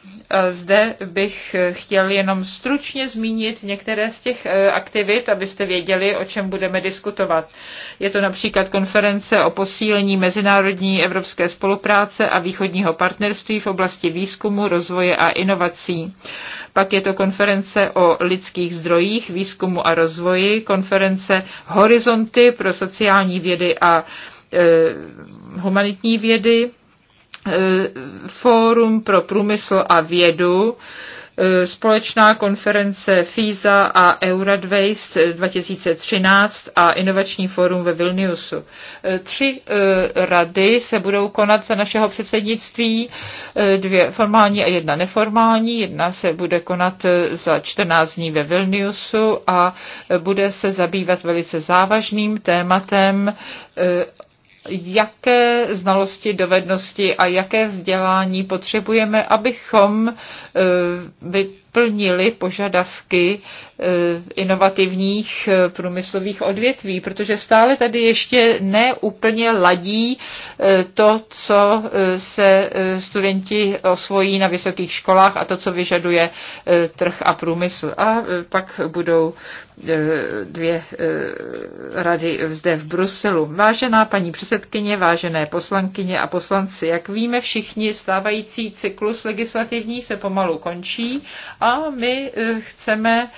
Speaker 3: Zde bych chtěl jenom stručně zmínit některé z těch e, aktivit, abyste věděli, o čem budeme diskutovat. Je to například konference o posílení mezinárodní evropské spolupráce a východního partnerství v oblasti výzkumu, rozvoje a inovací. Pak je to konference o lidských zdrojích, výzkumu a rozvoji, konference Horizonty pro sociální vědy a e, humanitní vědy, Eh, fórum pro průmysl a vědu, eh, společná konference FISA a Euradwaist 2013 a inovační fórum ve Vilniusu. Eh, tři rady se budou konat za našeho předsednictví, dvě formální a jedna neformální. Jedna se bude konat za 14 dní ve Vilniusu a bude se zabývat velice závažným tématem jaké znalosti, dovednosti a jaké vzdělání potřebujeme, abychom eh, plnili požadavky eh, inovativních eh, průmyslových odvětví, protože stále tady ještě neúplně ladí eh, to, co se studenti osvojí na vysokých školách a to, co vyžaduje trh a průmysl. A pak budou dvě rady zde v Bruselu. Vážená paní předsedkyně, vážené poslankyně a poslanci, jak víme všichni, stávající cyklus legislativní se pomalu končí a my eh, chceme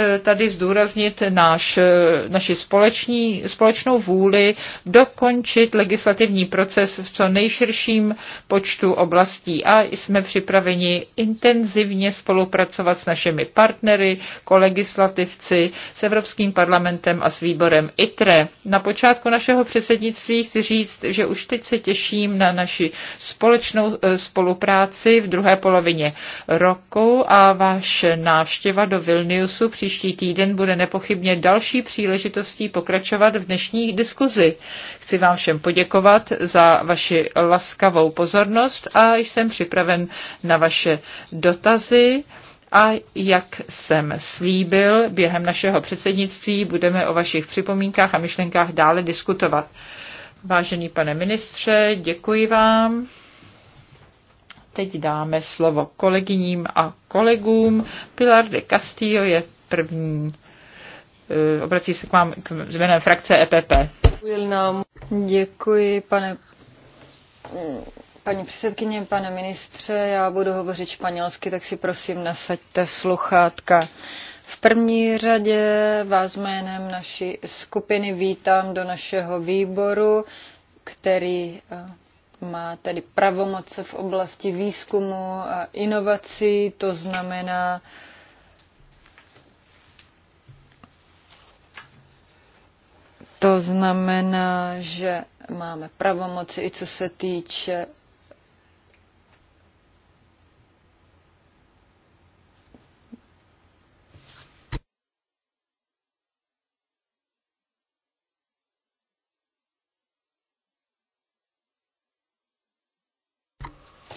Speaker 3: Eh, tady zdůraznit náš, eh, naši společní, společnou vůli dokončit legislativní proces v co nejširším počtu oblastí a jsme připraveni intenzivně spolupracovat s našimi partnery, kolegislativci, s Evropským parlamentem a s výborem ITRE. Na počátku našeho předsednictví chci říct, že už teď se těším na naši společnou eh, spolupráci v druhé polovině roku a váš návštěva do Vilniusu příští příští týden bude nepochybně další příležitostí pokračovat v dnešní diskuzi. Chci vám všem poděkovat za vaši laskavou pozornost a jsem připraven na vaše dotazy. A jak jsem slíbil, během našeho předsednictví budeme o vašich připomínkách a myšlenkách dále diskutovat. Vážený pane ministře, děkuji vám. Teď dáme slovo kolegyním a kolegům. Pilar de Castillo je První eh, obrací se k vám k jménem frakce EPP.
Speaker 2: Děkuji, pane Paní předsedkyně, pane ministře, já budu hovořit španělsky, tak si prosím nasaďte sluchátka. V první řadě vás jménem naší skupiny vítám do našeho výboru, který eh, má tedy pravomoce v oblasti výzkumu a inovací, to znamená, To znamená, že máme pravomoci i co se týče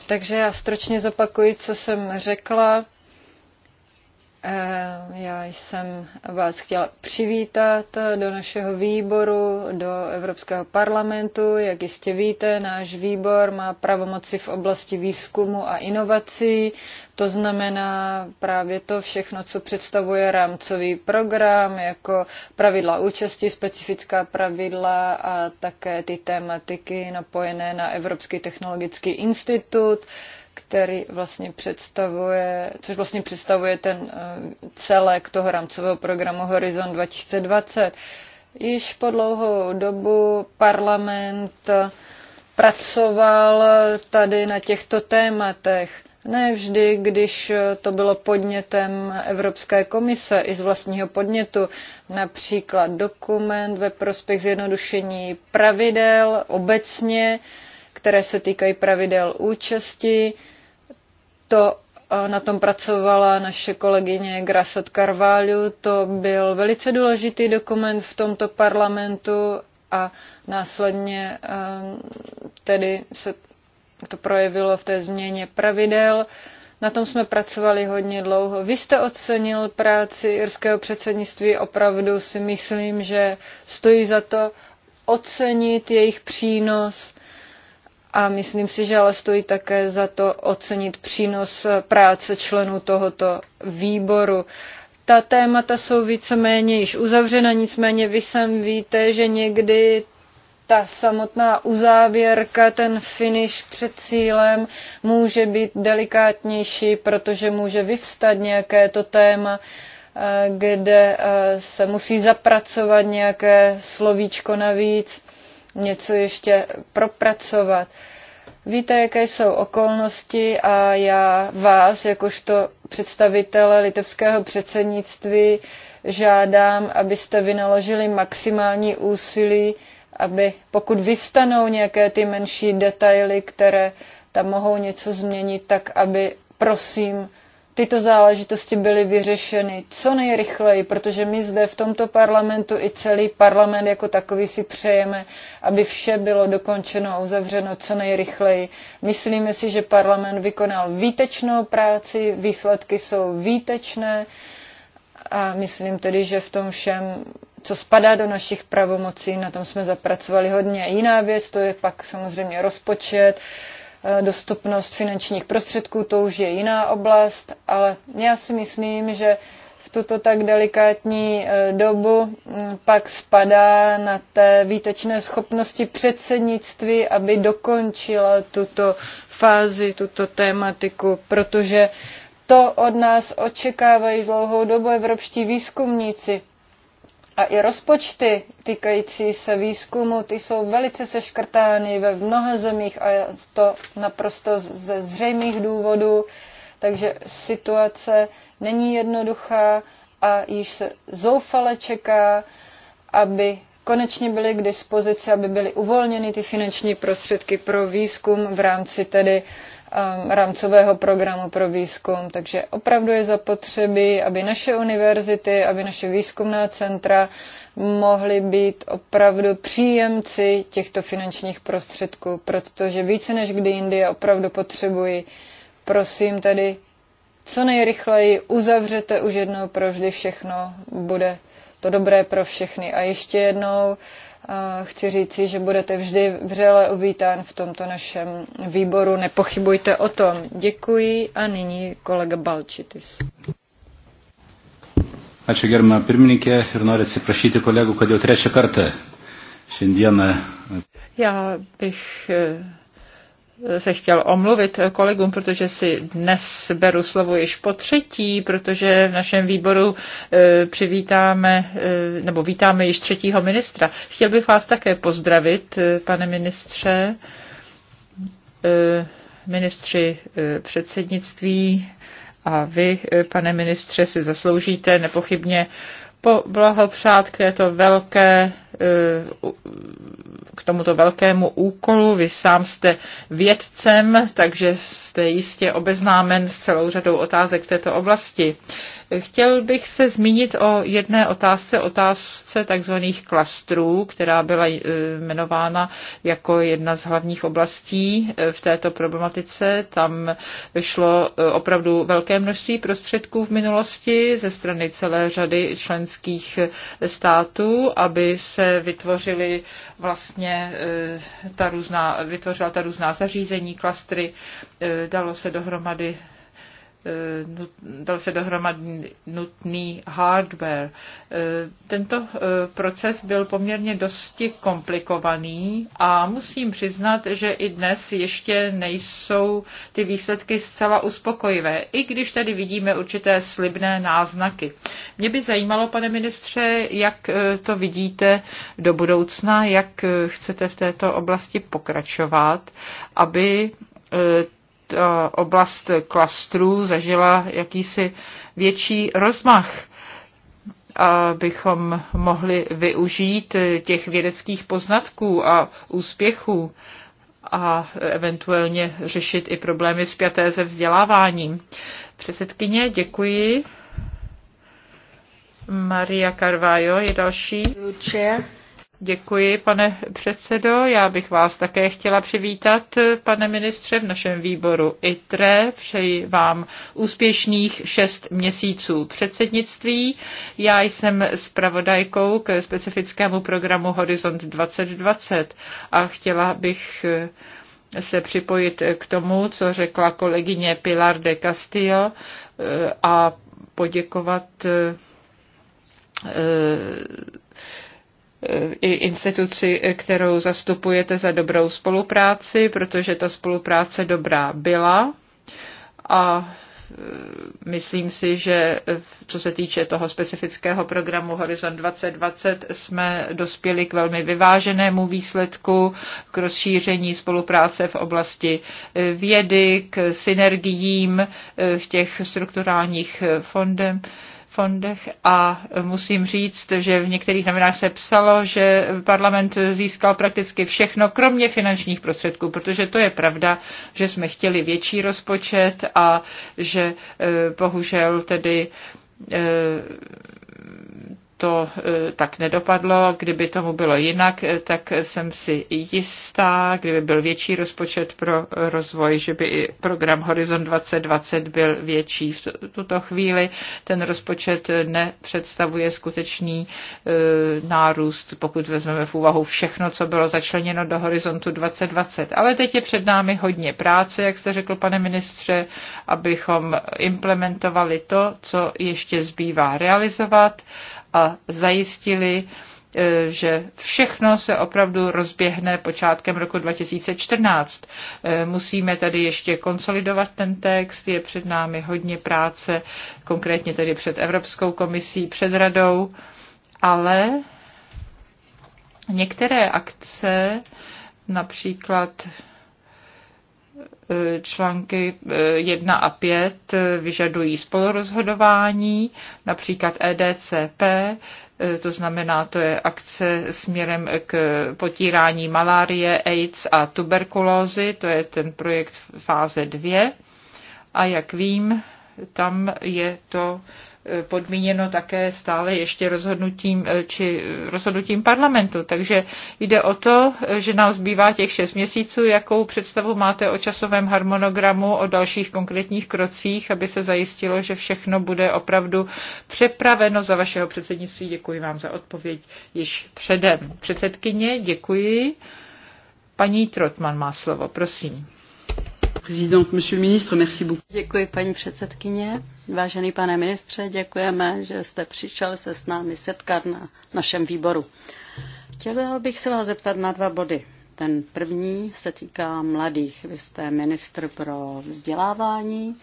Speaker 2: Takže já stročně zopakuji, co jsem řekla. Eh, já jsem vás chtěla přivítat do našeho výboru, do Evropského parlamentu. Jak jistě víte, náš výbor má pravomoci v oblasti výzkumu a inovací. To znamená právě to všechno, co představuje rámcový program, jako pravidla účasti, specifická pravidla a také ty tématiky napojené na Evropský technologický institut. Uh, který vlastně představuje, což vlastně představuje ten eh, celek toho rámcového programu Horizon 2020. Již po dlouhou dobu parlament pracoval tady na těchto tématech. Ne vždy, když to bylo podnětem Evropské komise i z vlastního podnětu, například dokument ve prospěch zjednodušení pravidel obecně, které se týkají pravidel účasti, to eh, na tom pracovala naše kolegyně Grasot Carvalho. To byl velice důležitý dokument v tomto parlamentu a následně eh, tedy se to projevilo v té změně pravidel. Na tom jsme pracovali hodně dlouho. Vy jste ocenil práci irského předsednictví, opravdu si myslím, že stojí za to ocenit jejich přínos a myslím si, že ale stojí také za to ocenit přínos práce členů tohoto výboru. Ta témata jsou víceméně již uzavřena, nicméně vy sem víte, že někdy ta samotná uzávěrka, ten finish před cílem může být delikátnější, protože může vyvstat nějaké to téma, eh, kde eh, se musí zapracovat nějaké slovíčko navíc něco ještě propracovat. Víte, jaké jsou okolnosti a já vás, jakožto představitele litevského předsednictví, žádám, abyste vynaložili maximální úsilí, aby pokud vyvstanou nějaké ty menší detaily, které tam mohou něco změnit, tak aby prosím tyto záležitosti byly vyřešeny co nejrychleji, protože my zde v tomto parlamentu i celý parlament jako takový si přejeme, aby vše bylo dokončeno a uzavřeno co nejrychleji. Myslíme si, že parlament vykonal výtečnou práci, výsledky jsou výtečné a myslím tedy, že v tom všem, co spadá do našich pravomocí, na tom jsme zapracovali hodně. Jiná věc, to je pak samozřejmě rozpočet, Eh, dostupnost finančních prostředků, to už je jiná oblast, ale já si myslím, že v tuto tak delikátní eh, dobu hm, pak spadá na té výtečné schopnosti předsednictví, aby dokončila tuto fázi, tuto tématiku, protože to od nás očekávají dlouhou dobu evropští výzkumníci. A i rozpočty týkající se výzkumu, ty jsou velice seškrtány ve mnoha zemích a to naprosto ze zřejmých důvodů, takže situace není jednoduchá a již se zoufale čeká, aby konečně byly k dispozici, aby byly uvolněny ty finanční prostředky pro výzkum v rámci tedy uh, Um, rámcového programu pro výzkum. Takže opravdu je zapotřebí, aby naše univerzity, aby naše výzkumná centra mohly být opravdu příjemci těchto finančních prostředků, protože více než kdy jindy je opravdu potřebují. Prosím tedy, co nejrychleji uzavřete už jednou pro vždy všechno, bude to dobré pro všechny. A ještě jednou chci říci, že budete vždy vřele uvítán v tomto našem výboru. Nepochybujte o tom. Děkuji a nyní kolega Balčitis.
Speaker 4: Ačiū gerbama pirmininkė ir noriu atsiprašyti kolegų, kad jau trečią kartą šiandieną.
Speaker 3: Já bych se chtěl omluvit kolegům, protože si dnes beru slovo již po třetí, protože v našem výboru e, přivítáme, e, nebo vítáme již třetího ministra. Chtěl bych vás také pozdravit, e, pane ministře, ministři předsednictví a vy, pane ministře, si zasloužíte nepochybně blahopřát k této velké Eh, k tomuto velkému úkolu. Vy sám jste vědcem, takže jste jistě obeznámen s celou řadou otázek v této oblasti. Chtěl bych se zmínit o jedné otázce, otázce takzvaných klastrů, která byla eh, jmenována jako jedna z hlavních oblastí eh, v této problematice. Tam šlo eh, opravdu velké množství prostředků v minulosti ze strany celé řady členských států, aby se vytvořily vlastně ta různá, vytvořila ta různá zařízení, klastry, dalo se dohromady Eh, dal se dohromady nutný hardware. Eh, tento eh, proces byl poměrně dosti komplikovaný a musím přiznat, že i dnes ještě nejsou ty výsledky zcela uspokojivé, i když tady vidíme určité slibné náznaky. Mě by zajímalo, pane ministře, jak to vidíte do budoucna, jak chcete v této oblasti pokračovat, aby Eh, oblast klastrů zažila jakýsi větší rozmach abychom mohli využít těch vědeckých poznatků a úspěchů a eventuálně řešit i problémy spjaté se vzděláváním. Předsedkyně, děkuji. Maria Carvajo je další. Děkuji, pane předsedo. Já bych vás také chtěla přivítat, pane ministře, v našem výboru ITRE. Přeji vám úspěšných šest měsíců předsednictví. Já jsem zpravodajkou k specifickému programu Horizont 2020 a chtěla bych se připojit k tomu, co řekla kolegyně Pilar de Castillo eh, a poděkovat eh, i instituci, kterou zastupujete za dobrou spolupráci, protože ta spolupráce dobrá byla a e, myslím si, že e, co se týče toho specifického programu Horizon 2020, jsme dospěli k velmi vyváženému výsledku, k rozšíření spolupráce v oblasti e, vědy, k synergiím v těch strukturálních fondech fondech a musím říct, že v některých novinách se psalo, že parlament získal prakticky všechno, kromě finančních prostředků, protože to je pravda, že jsme chtěli větší rozpočet a že eh, bohužel tedy eh, to eh, tak nedopadlo. Kdyby tomu bylo jinak, eh, tak jsem si jistá, kdyby byl větší rozpočet pro rozvoj, že by i program Horizon 2020 byl větší. V tuto chvíli ten rozpočet eh, nepředstavuje skutečný nárůst, pokud vezmeme v úvahu všechno, co bylo začleněno do Horizontu 2020. Ale teď je před námi hodně práce, jak jste řekl, pane ministře, abychom implementovali to, co ještě zbývá realizovat a zajistili, e, že všechno se opravdu rozběhne počátkem roku 2014. E, musíme tady ještě konsolidovat ten text, je před námi hodně práce, konkrétně tedy před Evropskou komisí, před radou, ale některé akce, například články 1 eh, a 5 eh, vyžadují spolurozhodování, například EDCP, eh, to znamená, to je akce směrem k potírání malárie, AIDS a tuberkulózy, to je ten projekt fáze 2. A jak vím, tam je to podmíněno také stále ještě rozhodnutím, eh, či rozhodnutím parlamentu. Takže jde o to, že nám zbývá těch šest měsíců, jakou představu máte o časovém harmonogramu, o dalších konkrétních krocích, aby se zajistilo, že všechno bude opravdu přepraveno za vašeho předsednictví. Děkuji vám za odpověď již předem. Předsedkyně, děkuji. Paní Trotman má slovo, prosím.
Speaker 1: Děkuji, paní předsedkyně. Vážený pane ministře, děkujeme, že jste přišel se s námi setkat na našem výboru. Chtěla bych se vás zeptat na dva body. Ten první se týká mladých. Vy jste ministr pro vzdělávání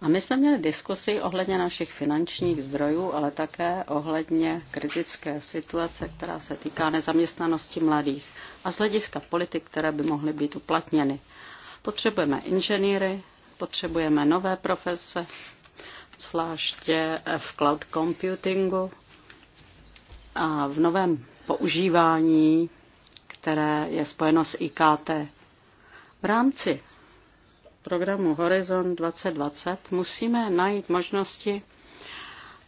Speaker 1: a my jsme měli diskusi ohledně našich finančních zdrojů, ale také ohledně kritické situace, která se týká nezaměstnanosti mladých a z hlediska politik, které by mohly být uplatněny. Potřebujeme inženýry, potřebujeme nové profese, zvláště v cloud computingu a v novém používání, které je spojeno s IKT. V rámci programu Horizon 2020 musíme najít možnosti,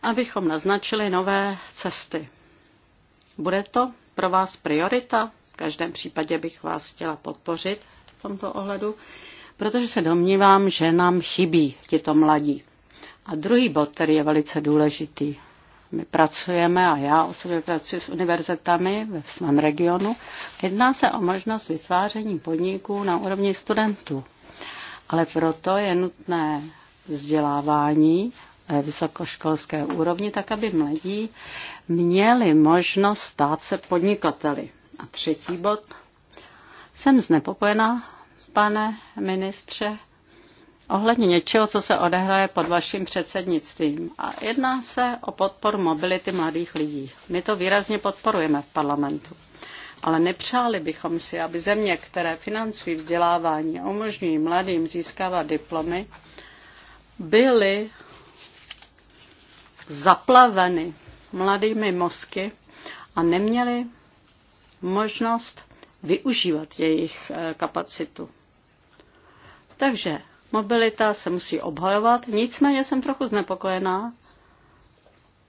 Speaker 1: abychom naznačili nové cesty. Bude to pro vás priorita? V každém případě bych vás chtěla podpořit tomto ohledu, protože se domnívám, že nám chybí tito mladí. A druhý bod, který je velice důležitý, my pracujeme a já osobně pracuji s univerzitami ve svém regionu. Jedná se o možnost vytváření podniků na úrovni studentů. Ale proto je nutné vzdělávání vysokoškolské úrovni, tak aby mladí měli možnost stát se podnikateli. A třetí bod, jsem znepokojena, pane ministře, ohledně něčeho, co se odehraje pod vaším předsednictvím. A jedná se o podporu mobility mladých lidí. My to výrazně podporujeme v parlamentu. Ale nepřáli bychom si, aby země, které financují vzdělávání a umožňují mladým získávat diplomy, byly zaplaveny mladými mozky a neměli možnost využívat jejich eh, kapacitu. Takže mobilita se musí obhajovat, nicméně jsem trochu znepokojená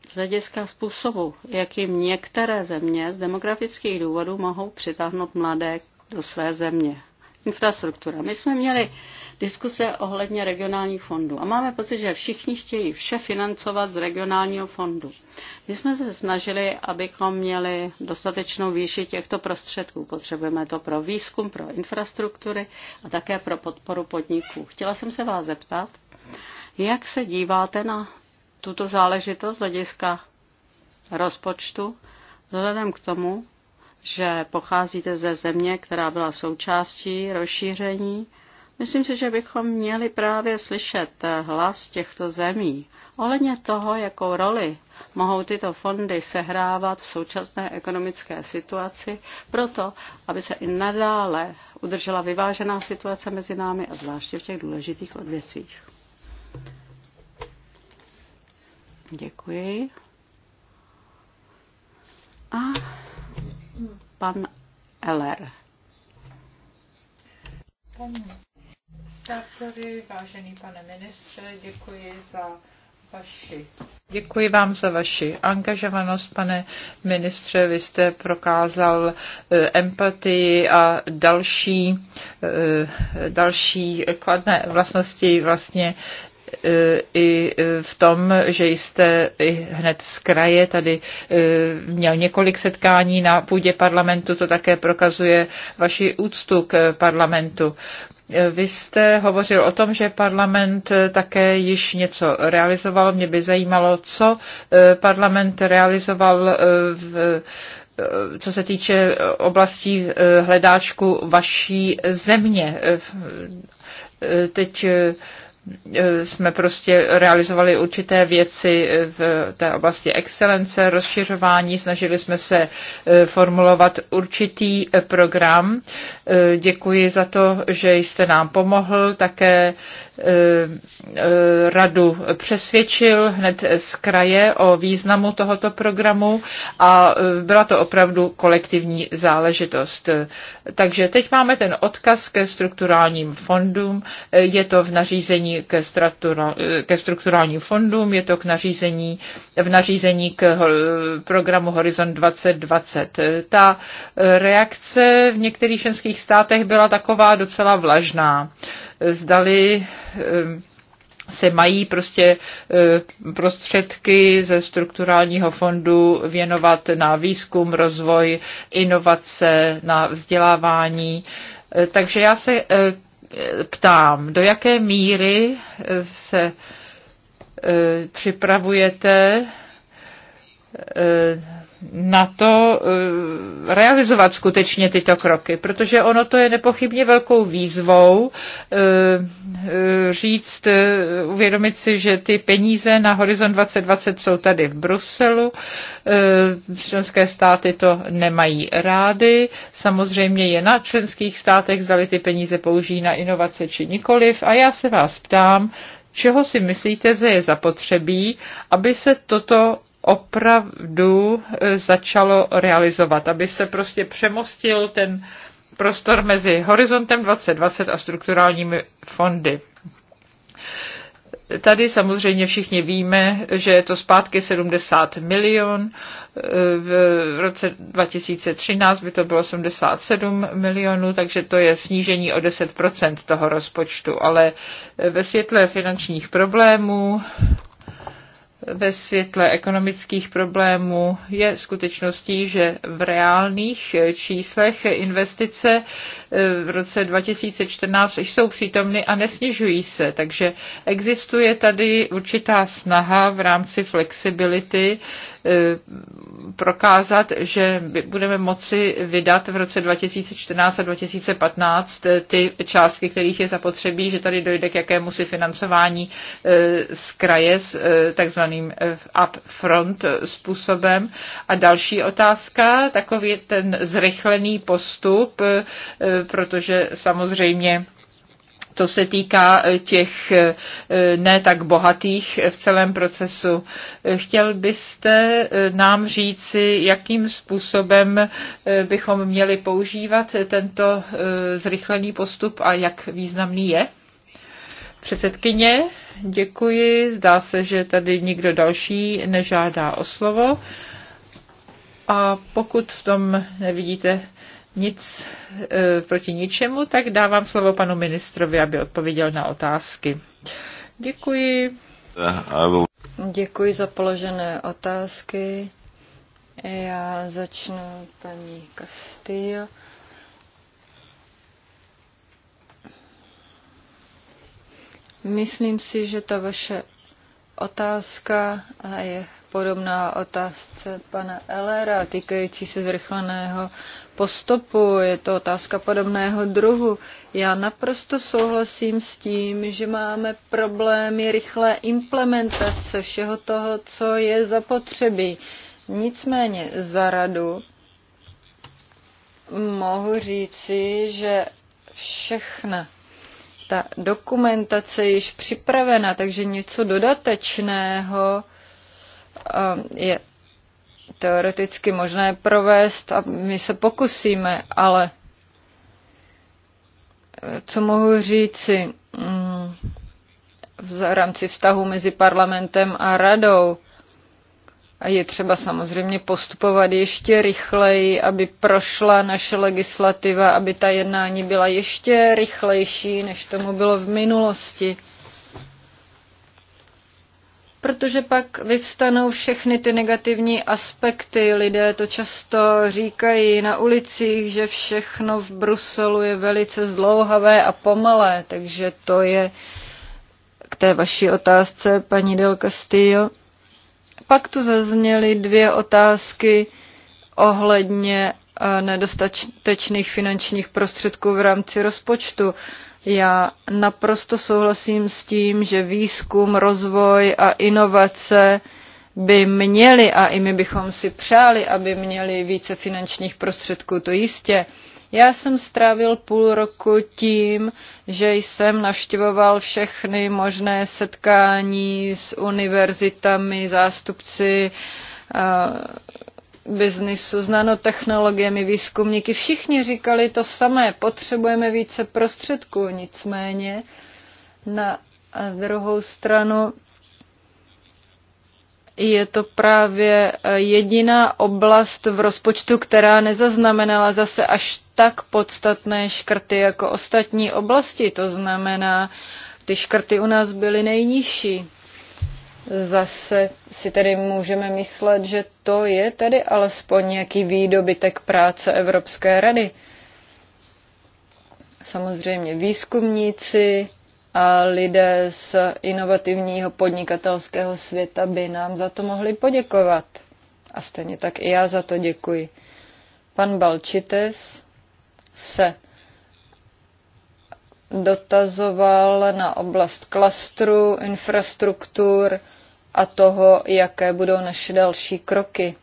Speaker 1: z hlediska způsobu, jakým některé země z demografických důvodů mohou přitáhnout mladé do své země. Infrastruktura. My jsme měli diskuse ohledně regionálních fondů. A máme pocit, že všichni chtějí vše financovat z regionálního fondu. My jsme se snažili, abychom měli dostatečnou výši těchto prostředků. Potřebujeme to pro výzkum, pro infrastruktury a také pro podporu podniků. Chtěla jsem se vás zeptat, jak se díváte na tuto záležitost z hlediska rozpočtu, vzhledem k tomu, že pocházíte ze země, která byla součástí rozšíření Myslím si, že bychom měli právě slyšet eh, hlas těchto zemí ohledně toho, jakou roli mohou tyto fondy sehrávat v současné ekonomické situaci, proto aby se i nadále udržela vyvážená situace mezi námi a zvláště v těch důležitých odvětvích. Děkuji. A pan Eller.
Speaker 3: you koordinátory, vážený pane ministře, děkuji za vaši. Děkuji vám za vaši angažovanost, pane ministře. Vy jste prokázal eh, empatii a další, eh, další kladné vlastnosti vlastně E, i v tom, že jste i hned z kraje tady e, měl několik setkání na půdě parlamentu, to také prokazuje vaši úctu k parlamentu. E, vy jste hovořil o tom, že parlament také již něco realizoval. Mě by zajímalo, co parlament realizoval v co se týče oblastí hledáčku vaší země. Teď E, jsme prostě realizovali určité věci v té oblasti excelence, rozšiřování, snažili jsme se e, formulovat určitý e, program. Děkuji za to, že jste nám pomohl, také E, e, radu přesvědčil hned z kraje o významu tohoto programu a e, byla to opravdu kolektivní záležitost. Takže teď máme ten odkaz ke strukturálním fondům, je to v nařízení ke, struktura, ke strukturálním fondům, je to k nařízení, v nařízení k programu Horizon 2020. Ta reakce v některých členských státech byla taková docela vlažná zdali eh, se mají prostě eh, prostředky ze strukturálního fondu věnovat na výzkum, rozvoj, inovace, na vzdělávání. Eh, takže já se ptám, do jaké míry se připravujete na to eh, realizovat skutečně tyto kroky, protože ono to je nepochybně velkou výzvou eh, eh, říct, uvědomit si, že ty peníze na Horizon 2020 jsou tady v Bruselu, členské státy to nemají rády, samozřejmě je na členských státech, zdali ty peníze použijí na inovace či nikoliv a já se vás ptám, čeho si myslíte, že je zapotřebí, aby se toto opravdu e, začalo realizovat, aby se prostě přemostil ten prostor mezi horizontem 2020 a strukturálními fondy. Tady samozřejmě všichni víme, že je to zpátky 70 milion, e, v roce 2013 by to bylo 77 milionů, takže to je snížení o 10% toho rozpočtu, ale ve světle finančních problémů ve světle ekonomických problémů je skutečností, že v reálných číslech investice eh, v roce 2014 jsou přítomny a nesnižují se. Takže existuje tady určitá snaha v rámci flexibility E, prokázat, že budeme moci vydat v roce 2014 a 2015 e, ty částky, kterých je zapotřebí, že tady dojde k jakémusi financování e, z kraje s takzvaným upfront způsobem. A další otázka, takový ten zrychlený postup, protože samozřejmě to se týká eh, těch eh, ne tak bohatých eh, v celém procesu. Chtěl byste nám říci, jakým způsobem bychom měli používat tento zrychlený postup a jak významný je? Předsedkyně, děkuji. Zdá se, že tady nikdo další nežádá o slovo. A pokud v tom nevidíte nic e, proti ničemu, tak dávám slovo panu ministrovi, aby odpověděl na otázky. Děkuji.
Speaker 2: Děkuji za položené otázky. Já začnu paní Castillo. Myslím si, že ta vaše otázka je podobná otázce pana Elera týkající se zrychleného postupu. Je to otázka podobného druhu. Já naprosto souhlasím s tím, že máme problémy rychlé implementace všeho toho, co je zapotřebí. Nicméně za radu mohu říci, že všechna ta dokumentace již připravena, takže něco dodatečného je teoreticky možné provést a my se pokusíme, ale eh, co mohu říci mm, v rámci vztahu mezi parlamentem a radou, a je třeba samozřejmě postupovat ještě rychleji, aby prošla naše legislativa, aby ta jednání byla ještě rychlejší, než tomu bylo v minulosti protože pak vyvstanou všechny ty negativní aspekty. Lidé to často říkají na ulicích, že všechno v Bruselu je velice zdlouhavé a pomalé, takže to je k té vaší otázce, paní Del Castillo. Pak tu zazněly dvě otázky ohledně eh, nedostatečných finančních prostředků v rámci rozpočtu. Já naprosto souhlasím s tím, že výzkum, rozvoj a inovace by měli, a i my bychom si přáli, aby měli více finančních prostředků, to jistě. Já jsem strávil půl roku tím, že jsem navštěvoval všechny možné setkání s univerzitami, zástupci eh, biznisu, s nanotechnologiemi, výzkumníky, všichni říkali to samé, potřebujeme více prostředků, nicméně na druhou stranu je to právě jediná oblast v rozpočtu, která nezaznamenala zase až tak podstatné škrty jako ostatní oblasti. To znamená, ty škrty u nás byly nejnižší zase si tedy můžeme myslet, že to je tedy alespoň nějaký výdobytek práce Evropské rady. Samozřejmě výzkumníci a lidé z inovativního podnikatelského světa by nám za to mohli poděkovat. A stejně tak i já za to děkuji. Pan Balčites se dotazoval na oblast klastru, infrastruktur, a toho, jaké budou naše další kroky.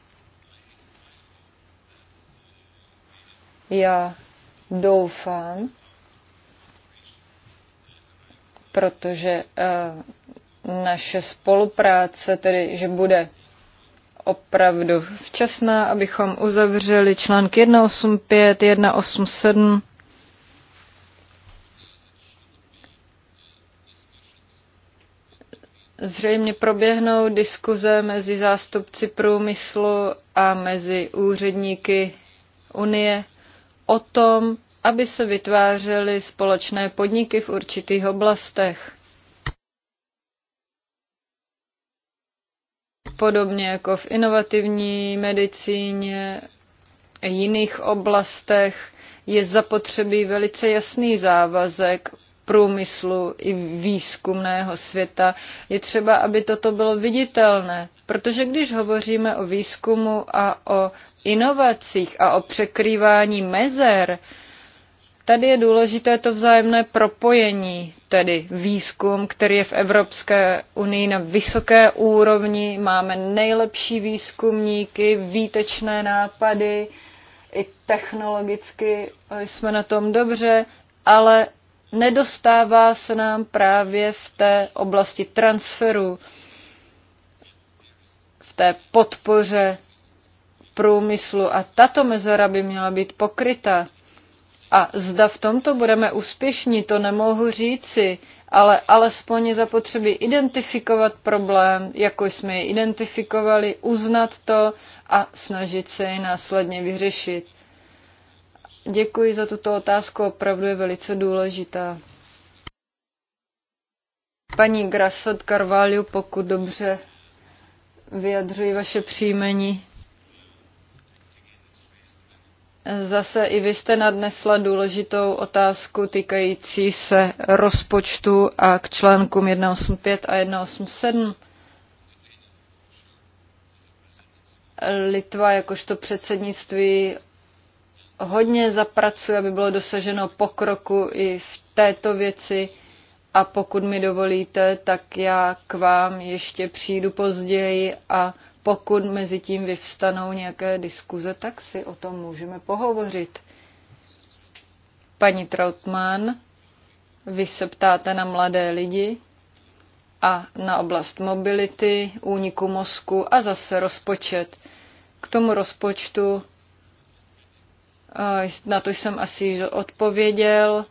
Speaker 2: Já doufám, protože eh, naše spolupráce, tedy že bude opravdu včasná, abychom uzavřeli články 185, 187 Zřejmě proběhnou diskuze mezi zástupci průmyslu a mezi úředníky Unie o tom, aby se vytvářely společné podniky v určitých oblastech. Podobně jako v inovativní medicíně a jiných oblastech je zapotřebí velice jasný závazek průmyslu i výzkumného světa. Je třeba, aby toto bylo viditelné, protože když hovoříme o výzkumu a o inovacích a o překrývání mezer, Tady je důležité to vzájemné propojení, tedy výzkum, který je v Evropské unii na vysoké úrovni. Máme nejlepší výzkumníky, výtečné nápady, i technologicky jsme na tom dobře, ale nedostává se nám právě v té oblasti transferu, v té podpoře průmyslu a tato mezera by měla být pokryta. A zda v tomto budeme úspěšní, to nemohu říci, ale alespoň je zapotřebí identifikovat problém, jako jsme ji identifikovali, uznat to a snažit se ji následně vyřešit. Děkuji za tuto otázku, opravdu je velice důležitá. Paní Grasot Carvalho, pokud dobře vyjadřuji vaše příjmení. Zase i vy jste nadnesla důležitou otázku týkající se rozpočtu a k článkům 185 a 187. Litva jakožto předsednictví hodně zapracuji, aby bylo dosaženo pokroku i v této věci. A pokud mi dovolíte, tak já k vám ještě přijdu později a pokud mezi tím vyvstanou nějaké diskuze, tak si o tom můžeme pohovořit. Paní Trautmann, vy se ptáte na mladé lidi a na oblast mobility, úniku mozku a zase rozpočet. K tomu rozpočtu na to jsem asi odpověděl,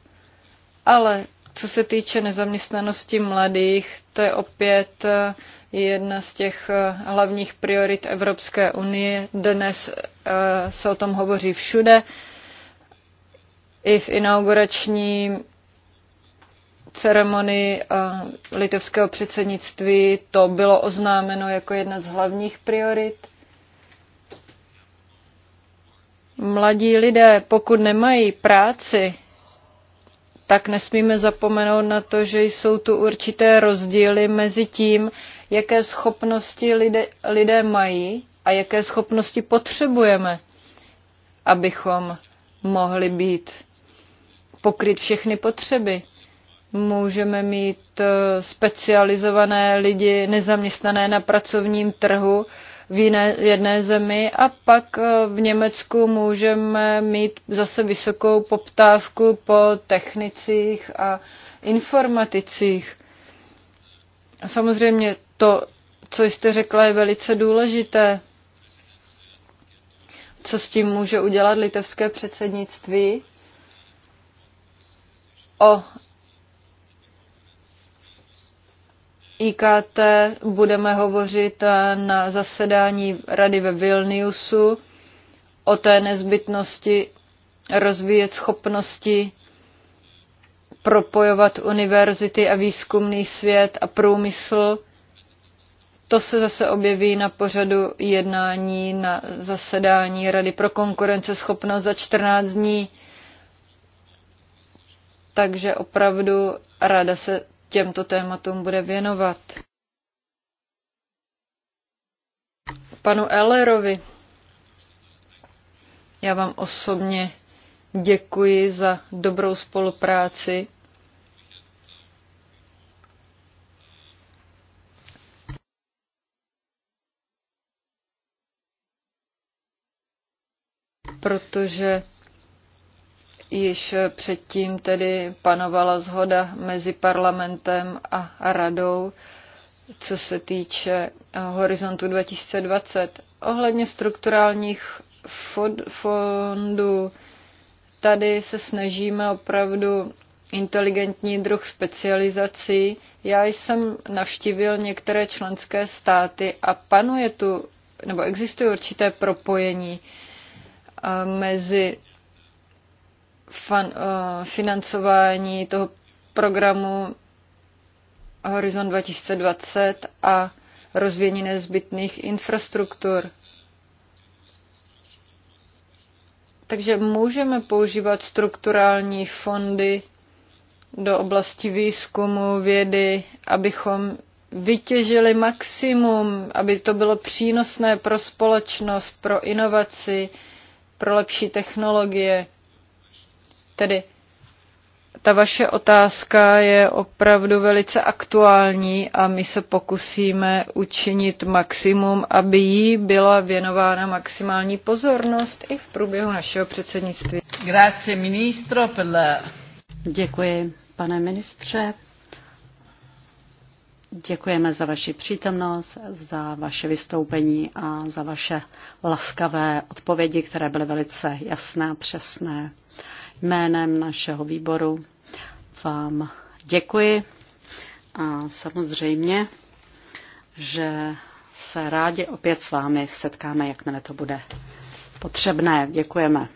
Speaker 2: ale co se týče nezaměstnanosti mladých, to je opět eh, jedna z těch eh, hlavních priorit Evropské unie. Dnes eh, se o tom hovoří všude. I v inaugurační ceremonii litevského předsednictví to bylo oznámeno jako jedna z hlavních priorit. Mladí lidé, pokud nemají práci, tak nesmíme zapomenout na to, že jsou tu určité rozdíly mezi tím, jaké schopnosti lidé, lidé mají a jaké schopnosti potřebujeme, abychom mohli být pokryt všechny potřeby. Můžeme mít eh, specializované lidi nezaměstnané na pracovním trhu, v jiné, jedné zemi a pak eh, v Německu můžeme mít zase vysokou poptávku po technicích a informaticích. Samozřejmě to, co jste řekla, je velice důležité. Co s tím může udělat litevské předsednictví? O IKT budeme hovořit eh, na zasedání rady ve Vilniusu o té nezbytnosti rozvíjet schopnosti propojovat univerzity a výzkumný svět a průmysl. To se zase objeví na pořadu jednání na zasedání Rady pro konkurenceschopnost za 14 dní. Takže opravdu rada se těmto tématům bude věnovat. Panu Ellerovi, já vám osobně děkuji za dobrou spolupráci. Protože Již předtím tedy panovala zhoda mezi parlamentem a radou, co se týče eh, horizontu 2020. Ohledně strukturálních fondů, tady se snažíme opravdu inteligentní druh specializací. Já jsem navštívil některé členské státy a panuje tu, nebo existuje určité propojení eh, mezi fan, eh, financování toho programu Horizon 2020 a rozvíjení nezbytných infrastruktur. Takže můžeme používat strukturální fondy do oblasti výzkumu, vědy, abychom vytěžili maximum, aby to bylo přínosné pro společnost, pro inovaci, pro lepší technologie. Tedy ta vaše otázka je opravdu velice aktuální a my se pokusíme učinit maximum, aby jí byla věnována maximální pozornost i v průběhu našeho předsednictví. Grazie, ministro,
Speaker 1: per la... Děkuji, pane ministře. Děkujeme za vaši přítomnost, za vaše vystoupení a za vaše laskavé odpovědi, které byly velice jasné a přesné jménem našeho výboru vám děkuji a samozřejmě, že se rádi opět s vámi setkáme, jakmile to bude potřebné. Děkujeme.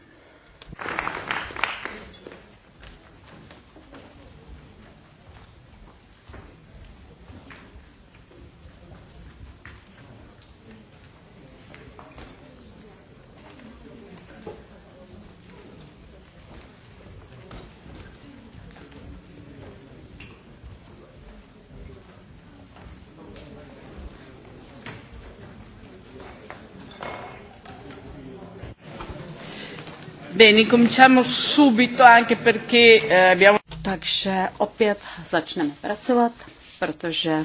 Speaker 1: Eh, takže opět začneme pracovat, protože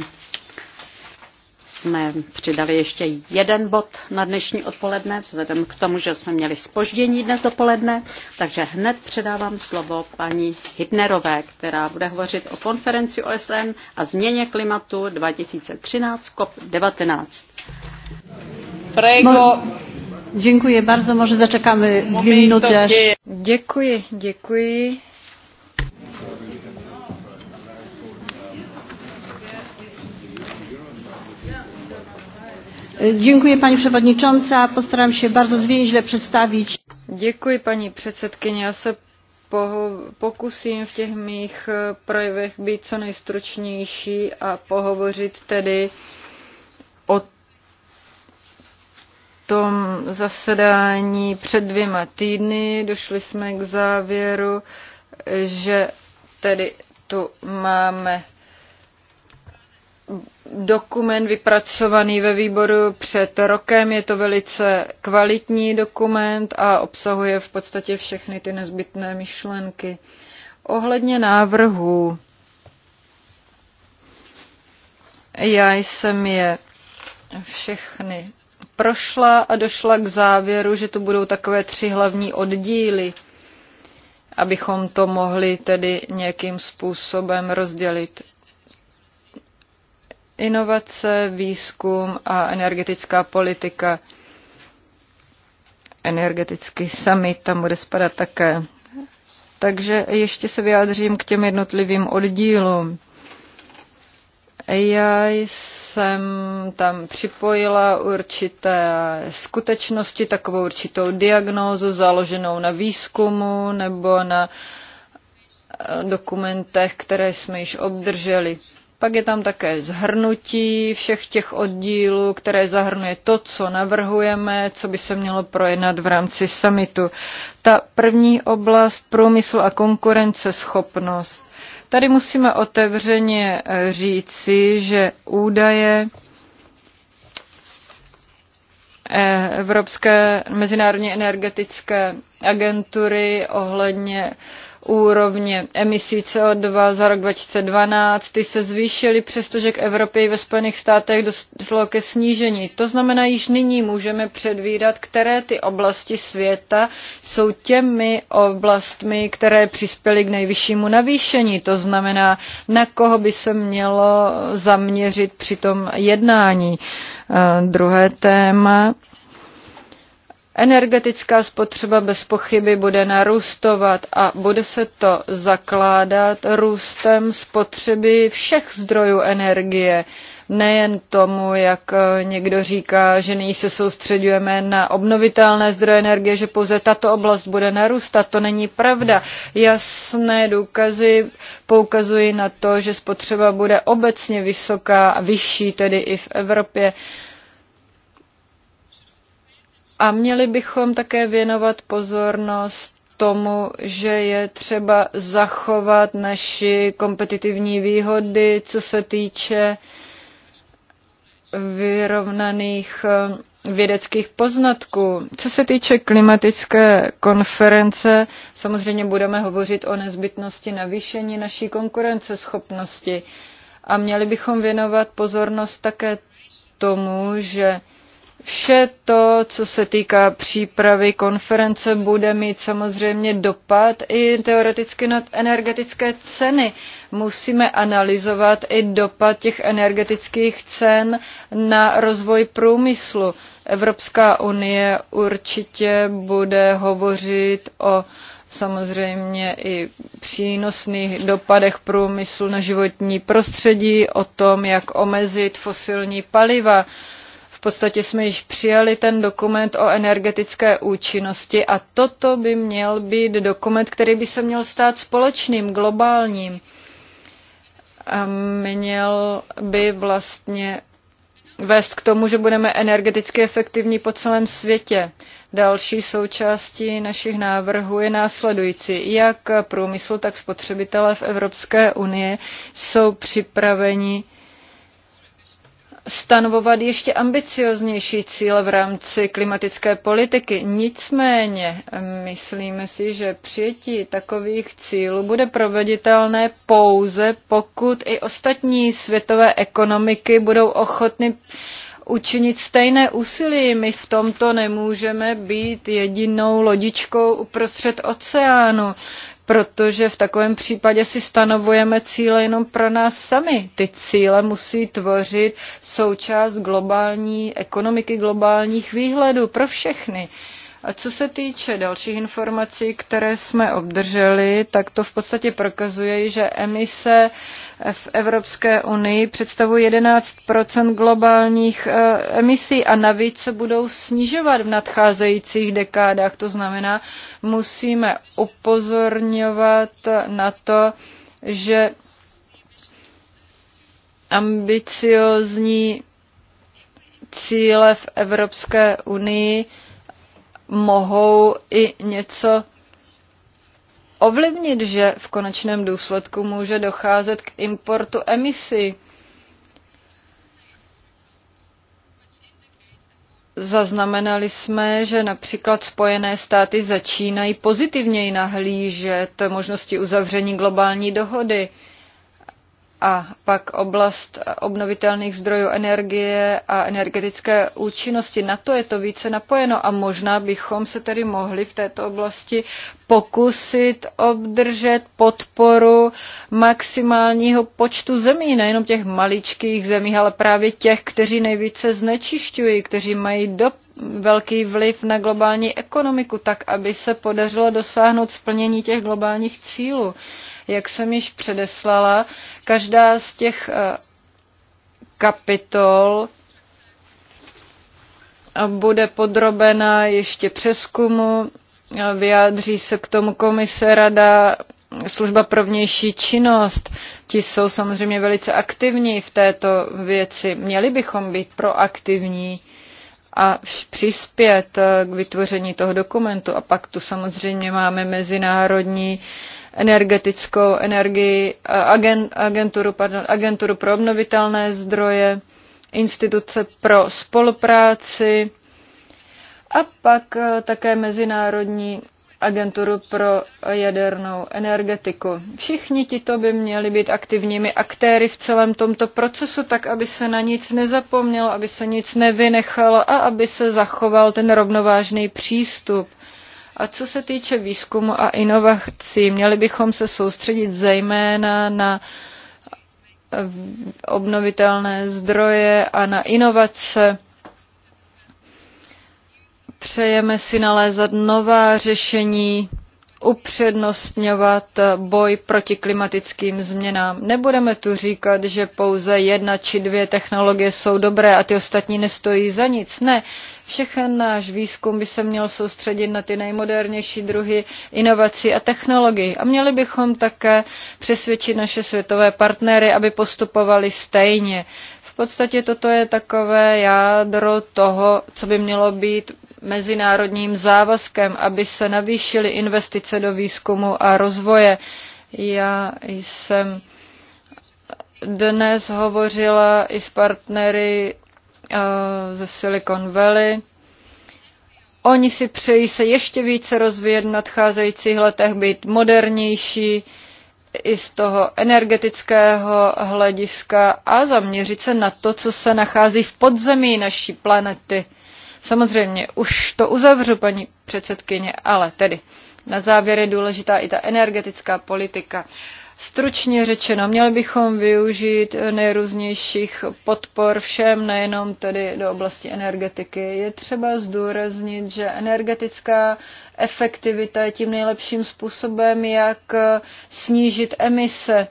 Speaker 1: jsme přidali ještě jeden bod na dnešní odpoledne, vzhledem k tomu, že jsme měli spoždění dnes dopoledne, takže hned předávám slovo paní Hybnerové, která bude hovořit o konferenci OSN a změně klimatu 2013 COP19.
Speaker 3: Prego.
Speaker 1: Děkuji bardzo, może zaczekamy dvě minuty až. Děkuji, děkuji. Dziękuję Pani Przewodnicząca.
Speaker 2: Postaram się bardzo zwięźle przedstawić. Děkuji Pani předsedkyně. Já se pokusím v těch mých e, projevech být co nejstručnější a pohovořit tedy tom zasedání před dvěma týdny došli jsme k závěru, že tedy tu máme dokument vypracovaný ve výboru před rokem. Je to velice kvalitní dokument a obsahuje v podstatě všechny ty nezbytné myšlenky. Ohledně návrhů, já jsem je všechny prošla a došla k závěru, že to budou takové tři hlavní oddíly, abychom to mohli tedy nějakým způsobem rozdělit. Inovace, výzkum a energetická politika. Energetický summit tam bude spadat také. Takže ještě se vyjádřím k těm jednotlivým oddílům. Já jsem tam připojila určité skutečnosti, takovou určitou diagnózu založenou na výzkumu nebo na eh, dokumentech, které jsme již obdrželi. Pak je tam také zhrnutí všech těch oddílů, které zahrnuje to, co navrhujeme, co by se mělo projednat v rámci summitu. Ta první oblast průmysl a konkurenceschopnost. Tady musíme otevřeně eh, říci, že údaje eh, Evropské mezinárodní energetické agentury ohledně úrovně emisí CO2 za rok 2012, ty se zvýšily, přestože k Evropě i ve Spojených státech došlo ke snížení. To znamená, již nyní můžeme předvídat, které ty oblasti světa jsou těmi oblastmi, které přispěly k nejvyššímu navýšení. To znamená, na koho by se mělo zaměřit při tom jednání. Eh, druhé téma Energetická spotřeba bez pochyby bude narůstovat a bude se to zakládat růstem spotřeby všech zdrojů energie. Nejen tomu, jak eh, někdo říká, že nyní se soustředujeme na obnovitelné zdroje energie, že pouze tato oblast bude narůstat. To není pravda. Jasné důkazy poukazují na to, že spotřeba bude obecně vysoká a vyšší, tedy i v Evropě. A měli bychom také věnovat pozornost tomu, že je třeba zachovat naši kompetitivní výhody, co se týče vyrovnaných eh, vědeckých poznatků. Co se týče klimatické konference, samozřejmě budeme hovořit o nezbytnosti navýšení naší konkurenceschopnosti. A měli bychom věnovat pozornost také tomu, že Vše to, co se týká přípravy konference, bude mít samozřejmě dopad i teoreticky na energetické ceny. Musíme analyzovat i dopad těch energetických cen na rozvoj průmyslu. Evropská unie určitě bude hovořit o samozřejmě i přínosných dopadech průmyslu na životní prostředí, o tom, jak omezit fosilní paliva podstatě jsme již přijali ten dokument o energetické účinnosti a toto by měl být dokument, který by se měl stát společným, globálním. A měl by vlastně vést k tomu, že budeme energeticky efektivní po celém světě. Další součástí našich návrhů je následující. Jak průmysl, tak spotřebitelé v Evropské unii jsou připraveni stanovovat ještě ambicioznější cíle v rámci klimatické politiky. Nicméně myslíme si, že přijetí takových cílů bude proveditelné pouze, pokud i ostatní světové ekonomiky budou ochotny učinit stejné úsilí. My v tomto nemůžeme být jedinou lodičkou uprostřed oceánu protože v takovém případě si stanovujeme cíle jenom pro nás sami. Ty cíle musí tvořit součást globální ekonomiky, globálních výhledů pro všechny. A co se týče dalších informací, které jsme obdrželi, tak to v podstatě prokazuje, že emise v Evropské unii představují 11 globálních eh, emisí a navíc se budou snižovat v nadcházejících dekádách. To znamená, musíme upozorňovat na to, že ambiciozní cíle v Evropské unii mohou i něco ovlivnit, že v konečném důsledku může docházet k importu emisí. Zaznamenali jsme, že například Spojené státy začínají pozitivněji nahlížet možnosti uzavření globální dohody. A pak oblast obnovitelných zdrojů energie a energetické účinnosti. Na to je to více napojeno a možná bychom se tedy mohli v této oblasti pokusit obdržet podporu maximálního počtu zemí, nejenom těch maličkých zemí, ale právě těch, kteří nejvíce znečišťují, kteří mají do, velký vliv na globální ekonomiku, tak aby se podařilo dosáhnout splnění těch globálních cílů. Jak jsem již předeslala, každá z těch eh, kapitol bude podrobena ještě přeskumu, vyjádří se k tomu komise, rada, služba pro vnější činnost. Ti jsou samozřejmě velice aktivní v této věci. Měli bychom být proaktivní a přispět eh, k vytvoření toho dokumentu. A pak tu samozřejmě máme mezinárodní energetickou energii, eh, agenturu, pardon, agenturu pro obnovitelné zdroje, instituce pro spolupráci a pak eh, také Mezinárodní agenturu pro jadernou energetiku. Všichni tito by měli být aktivními aktéry v celém tomto procesu, tak aby se na nic nezapomnělo, aby se nic nevynechalo a aby se zachoval ten rovnovážný přístup. A co se týče výzkumu a inovací, měli bychom se soustředit zejména na obnovitelné zdroje a na inovace. Přejeme si nalézat nová řešení, upřednostňovat boj proti klimatickým změnám. Nebudeme tu říkat, že pouze jedna či dvě technologie jsou dobré a ty ostatní nestojí za nic. Ne, Všechen náš výzkum by se měl soustředit na ty nejmodernější druhy inovací a technologií. A měli bychom také přesvědčit naše světové partnery, aby postupovali stejně. V podstatě toto je takové jádro toho, co by mělo být mezinárodním závazkem, aby se navýšily investice do výzkumu a rozvoje. Já jsem dnes hovořila i s partnery Eh, ze Silicon Valley. Oni si přejí se ještě více rozvíjet v nadcházejících letech, být modernější i z toho energetického hlediska a zaměřit se na to, co se nachází v podzemí naší planety. Samozřejmě, už to uzavřu, paní předsedkyně, ale tedy na závěr je důležitá i ta energetická politika. Uh, Stručně řečeno, měli bychom využít nejrůznějších podpor všem, nejenom tedy do oblasti energetiky. Je třeba zdůraznit, že energetická efektivita je tím nejlepším způsobem, jak snížit emise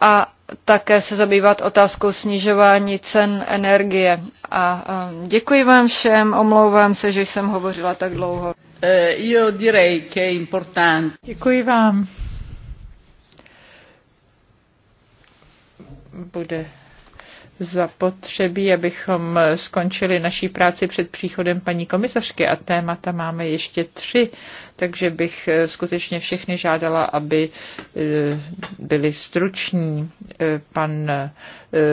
Speaker 2: a také se zabývat otázkou snižování cen energie. A děkuji vám všem,
Speaker 3: omlouvám se, že jsem hovořila tak dlouho. Eh, děkuji vám. bude zapotřebí, abychom skončili naší práci před příchodem paní komisařky a témata máme ještě tři, takže bych eh, skutečně všechny žádala, aby eh, byli struční. Eh, pan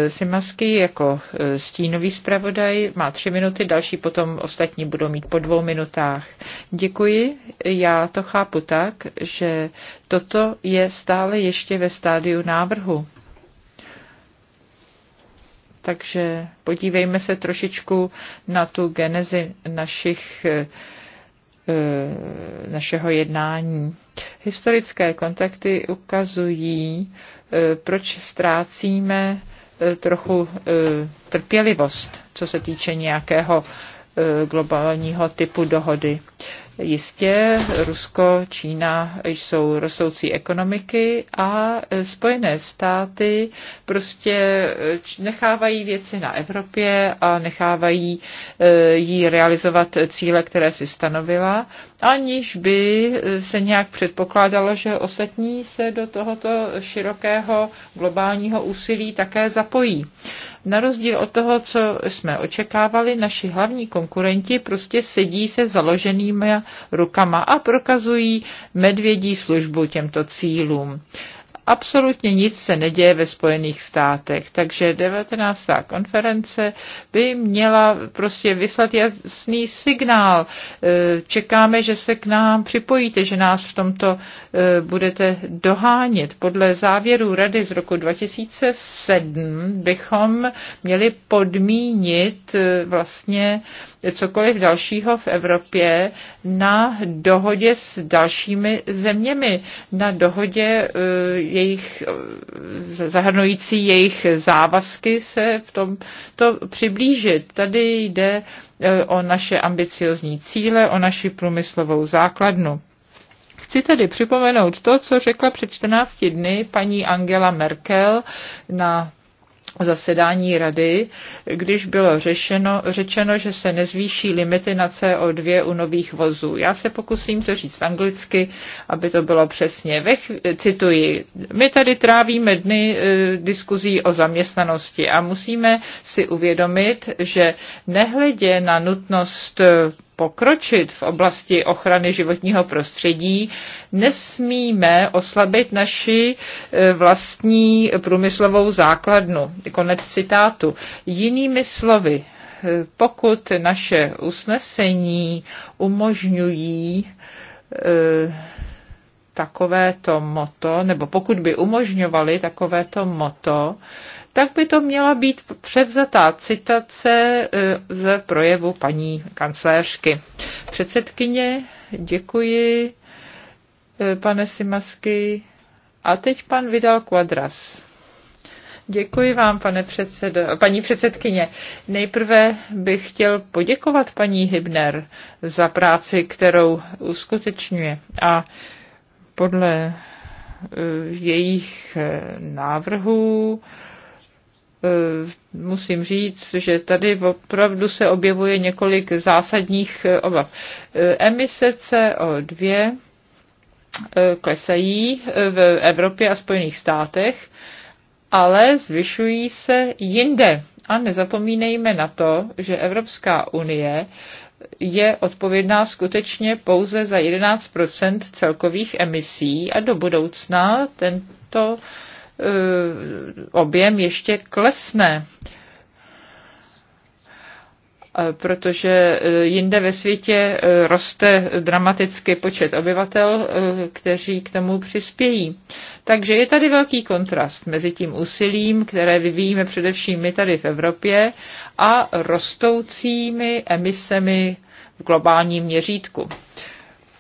Speaker 3: Simaský jako stínový zpravodaj má tři minuty, další potom ostatní budou mít po dvou minutách. Děkuji, já to chápu tak, že toto je stále ještě ve stádiu návrhu takže podívejme se trošičku na tu genezi našich, eh, eh, našeho jednání. Historické kontakty ukazují, eh, proč ztrácíme trochu trpělivost, co se týče nějakého globálního typu dohody. Jistě Rusko, Čína jsou rostoucí ekonomiky a Spojené státy prostě nechávají věci na Evropě a nechávají eh, jí realizovat cíle, které si stanovila, aniž by se nějak předpokládalo, že ostatní se do tohoto širokého globálního úsilí také zapojí. Na rozdíl od toho, co jsme očekávali, naši hlavní konkurenti prostě sedí se založenými rukama a prokazují medvědí službu těmto cílům absolutně nic se neděje ve Spojených státech. Takže 19. konference by měla prostě vyslat jasný signál. E, čekáme, že se k nám připojíte, že nás v tomto e, budete dohánět. Podle závěrů Rady z roku 2007 bychom měli podmínit e, vlastně cokoliv dalšího v Evropě na dohodě s dalšími zeměmi, na dohodě jejich, eh, zahrnující jejich závazky se v tom to přiblížit. Tady jde eh, o naše ambiciozní cíle, o naši průmyslovou základnu. Chci tedy připomenout to, co řekla před 14 dny paní Angela Merkel na zasedání rady, když bylo řešeno, řečeno, že se nezvýší limity na CO2 u nových vozů. Já se pokusím to říct anglicky, aby to bylo přesně. Ve chv- cituji, my tady trávíme dny e, diskuzí o zaměstnanosti a musíme si uvědomit, že nehledě na nutnost pokročit v oblasti ochrany životního prostředí, nesmíme oslabit naši e, vlastní průmyslovou základnu. Konec citátu. Jinými slovy, e, pokud naše usnesení umožňují e, takovéto moto, nebo pokud by umožňovali takovéto moto, tak by to měla být převzatá citace e, z projevu paní kancléřky. Předsedkyně, děkuji, e, pane Simasky. A teď pan Vidal Quadras. Děkuji vám, pane předsedo, paní předsedkyně. Nejprve bych chtěl poděkovat paní Hybner za práci, kterou uskutečňuje. A podle e, jejich návrhů Eh, musím říct, že tady opravdu se objevuje několik zásadních eh, obav. Eh, emise CO2 klesají v Evropě a Spojených státech, ale zvyšují se jinde. A nezapomínejme na to, že Evropská unie je odpovědná skutečně pouze za 11 celkových emisí a do budoucna tento Eh, objem ještě klesne eh, protože eh, jinde ve světě roste dramaticky počet obyvatel, kteří k tomu přispějí. Takže je tady velký kontrast mezi tím úsilím, které vyvíjíme především my tady v Evropě, a rostoucími emisemi v globálním měřítku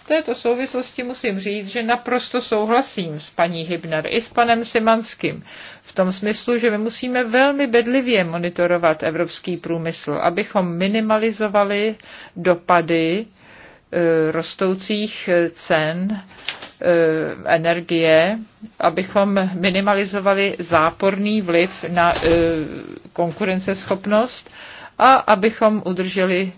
Speaker 3: této souvislosti musím říct, že naprosto souhlasím s paní Hybner i s panem Simanským v tom smyslu, že my musíme velmi bedlivě monitorovat evropský průmysl, abychom minimalizovali dopady e, rostoucích cen e, energie, abychom minimalizovali záporný vliv na e, konkurenceschopnost a abychom udrželi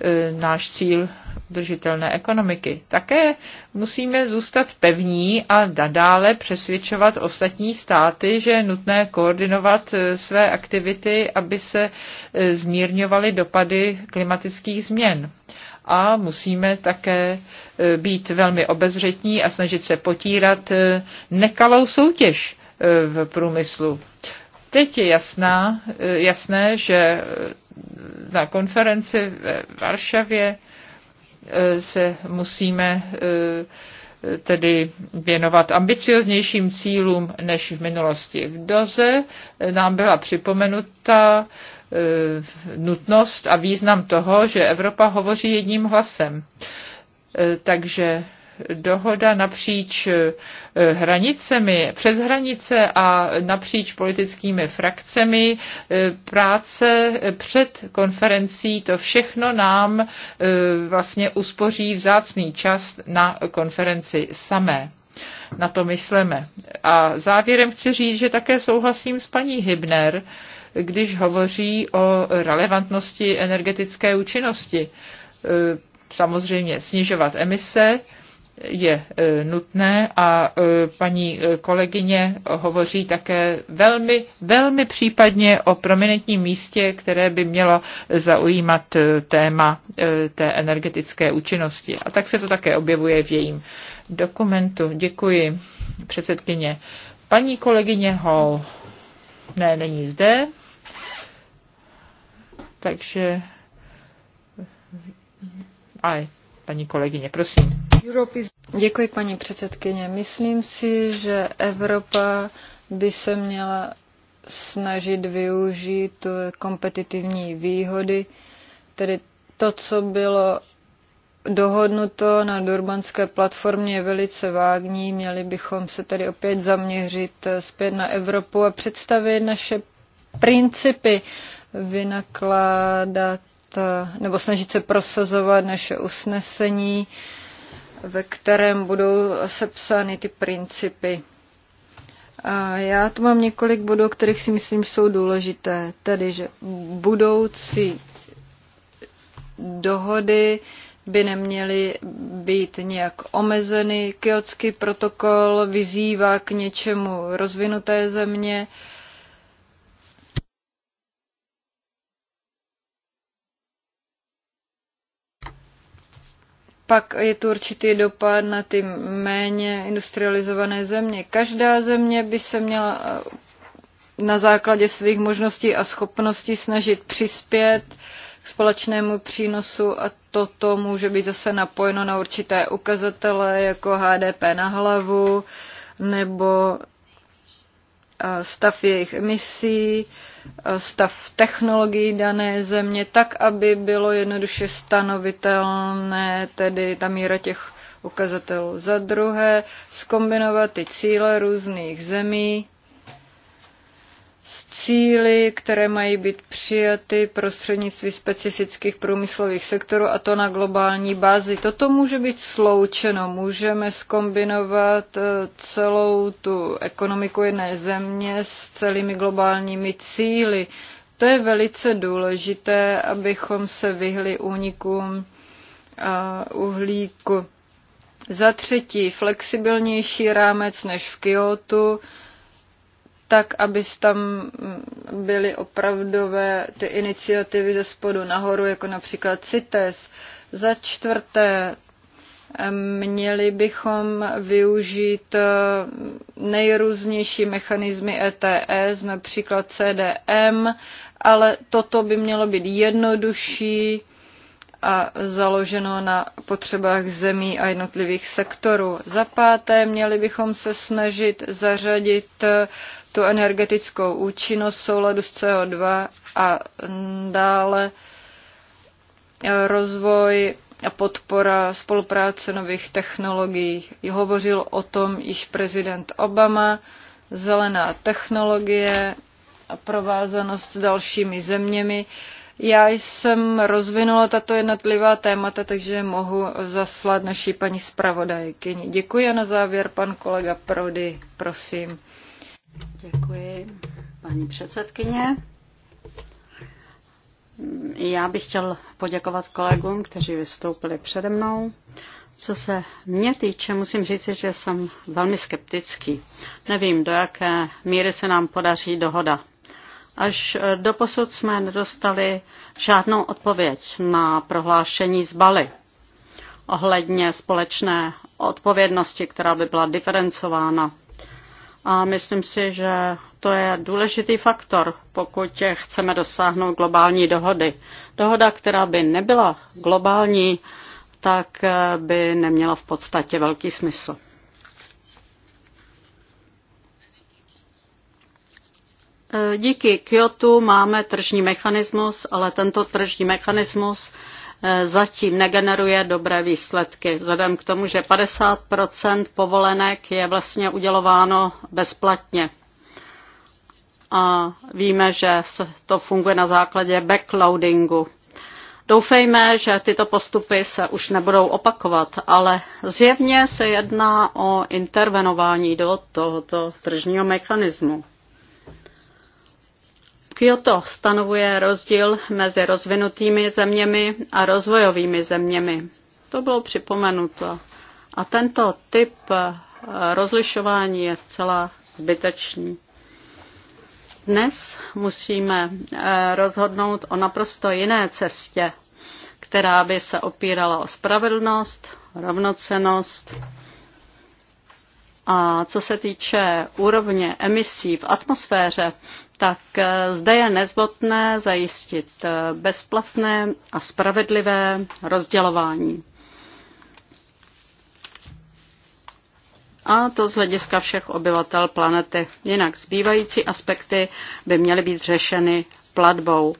Speaker 3: E, náš cíl udržitelné ekonomiky. Také musíme zůstat pevní a nadále přesvědčovat ostatní státy, že je nutné koordinovat e, své aktivity, aby se e, zmírňovaly dopady klimatických změn. A musíme také být velmi obezřetní a snažit se potírat nekalou soutěž v průmyslu. Teď je jasná, jasné, že na konferenci v Varšavě e, se musíme e, tedy věnovat ambicioznějším cílům než v minulosti. V Doze e, nám byla připomenuta nutnost a význam toho, že Evropa hovoří jedním hlasem. Takže dohoda napříč eh, hranicemi, přes hranice a napříč politickými frakcemi, eh, práce před konferencí, to všechno nám eh, vlastně uspoří vzácný čas na konferenci samé na to mysleme. A závěrem chci říct, že také souhlasím s paní Hybner, když hovoří o relevantnosti energetické účinnosti. Samozřejmě snižovat emise, je e, nutné a e, paní e, kolegyně hovoří také velmi, velmi případně o prominentním místě, které by mělo zaujímat téma té energetické účinnosti. A tak se to také objevuje v jejím dokumentu. Děkuji, předsedkyně. Paní kolegyně Hall, ne, není zde, takže... A paní kolegyně, prosím.
Speaker 2: Děkuji, paní předsedkyně. Myslím si, že Evropa by se měla snažit využít kompetitivní výhody, tedy to, co bylo dohodnuto na Durbanské platformě je velice vágní. Měli bychom se tedy opět zaměřit zpět na Evropu a představit naše principy, vynakládat nebo snažit se prosazovat naše usnesení ve kterém budou sepsány ty principy. A já tu mám několik bodů, o kterých si myslím jsou důležité. Tedy, že budoucí dohody by neměly být nějak omezeny. Kyotský protokol vyzývá k něčemu rozvinuté země. Uh, pak je tu určitý dopad na ty méně industrializované země. Každá země by se měla eh, na základě svých možností a schopností snažit přispět k společnému přínosu a toto může být zase napojeno na určité ukazatele jako HDP na hlavu nebo stav jejich emisí, stav technologií dané země, tak, aby bylo jednoduše stanovitelné, tedy ta míra těch ukazatelů. Za druhé, skombinovat ty cíle různých zemí, s cíly, které mají být přijaty prostřednictvím specifických průmyslových sektorů a to na globální bázi. Toto může být sloučeno, můžeme skombinovat eh, celou tu ekonomiku jedné země s celými globálními cíly. To je velice důležité, abychom se vyhli únikům eh, uhlíku. Za třetí, flexibilnější rámec než v Kyotu tak, aby tam mm, byly opravdové ty iniciativy ze spodu nahoru, jako například CITES. Za čtvrté, měli bychom využít eh, nejrůznější mechanismy ETS, například CDM, ale toto by mělo být jednodušší a založeno na potřebách zemí a jednotlivých sektorů. Za páté, měli bychom se snažit zařadit tu energetickou účinnost v souladu s CO2 a dále eh, rozvoj a podpora spolupráce nových technologií. Hovořil o tom již prezident Obama, zelená technologie a provázanost s dalšími zeměmi. Já jsem rozvinula tato jednotlivá témata, takže mohu zaslat naší paní zpravodajkyni. Děkuji a na závěr pan
Speaker 1: kolega Prody, prosím. Děkuji, paní předsedkyně. Já bych chtěl poděkovat kolegům, kteří vystoupili přede mnou. Co se mě týče, musím říct, že jsem velmi skeptický. Nevím, do jaké míry se nám podaří dohoda. Až do posud jsme nedostali žádnou odpověď na prohlášení z Bali ohledně společné odpovědnosti, která by byla diferencována a myslím si, že to je důležitý faktor, pokud chceme dosáhnout globální dohody. Dohoda, která by nebyla globální, tak eh, by neměla v podstatě velký smysl. Eh, díky Kyoto máme tržní mechanismus, ale tento tržní mechanismus E, zatím negeneruje dobré výsledky, vzhledem k tomu, že 50 povolenek je vlastně udělováno bezplatně. A víme, že to funguje na základě backloadingu. Doufejme, že tyto postupy se už nebudou opakovat, ale zjevně se jedná o intervenování do tohoto tržního mechanismu. Kyoto stanovuje rozdíl mezi rozvinutými zeměmi a rozvojovými zeměmi. To bylo připomenuto. A tento typ eh, rozlišování je zcela zbytečný. Dnes musíme eh, rozhodnout o naprosto jiné cestě, která by se opírala o spravedlnost, rovnocenost. A co se týče úrovně emisí v atmosféře, tak eh, zde je nezbotné zajistit eh, bezplatné a spravedlivé rozdělování. A to z hlediska všech obyvatel planety. Jinak zbývající aspekty by měly být řešeny platbou.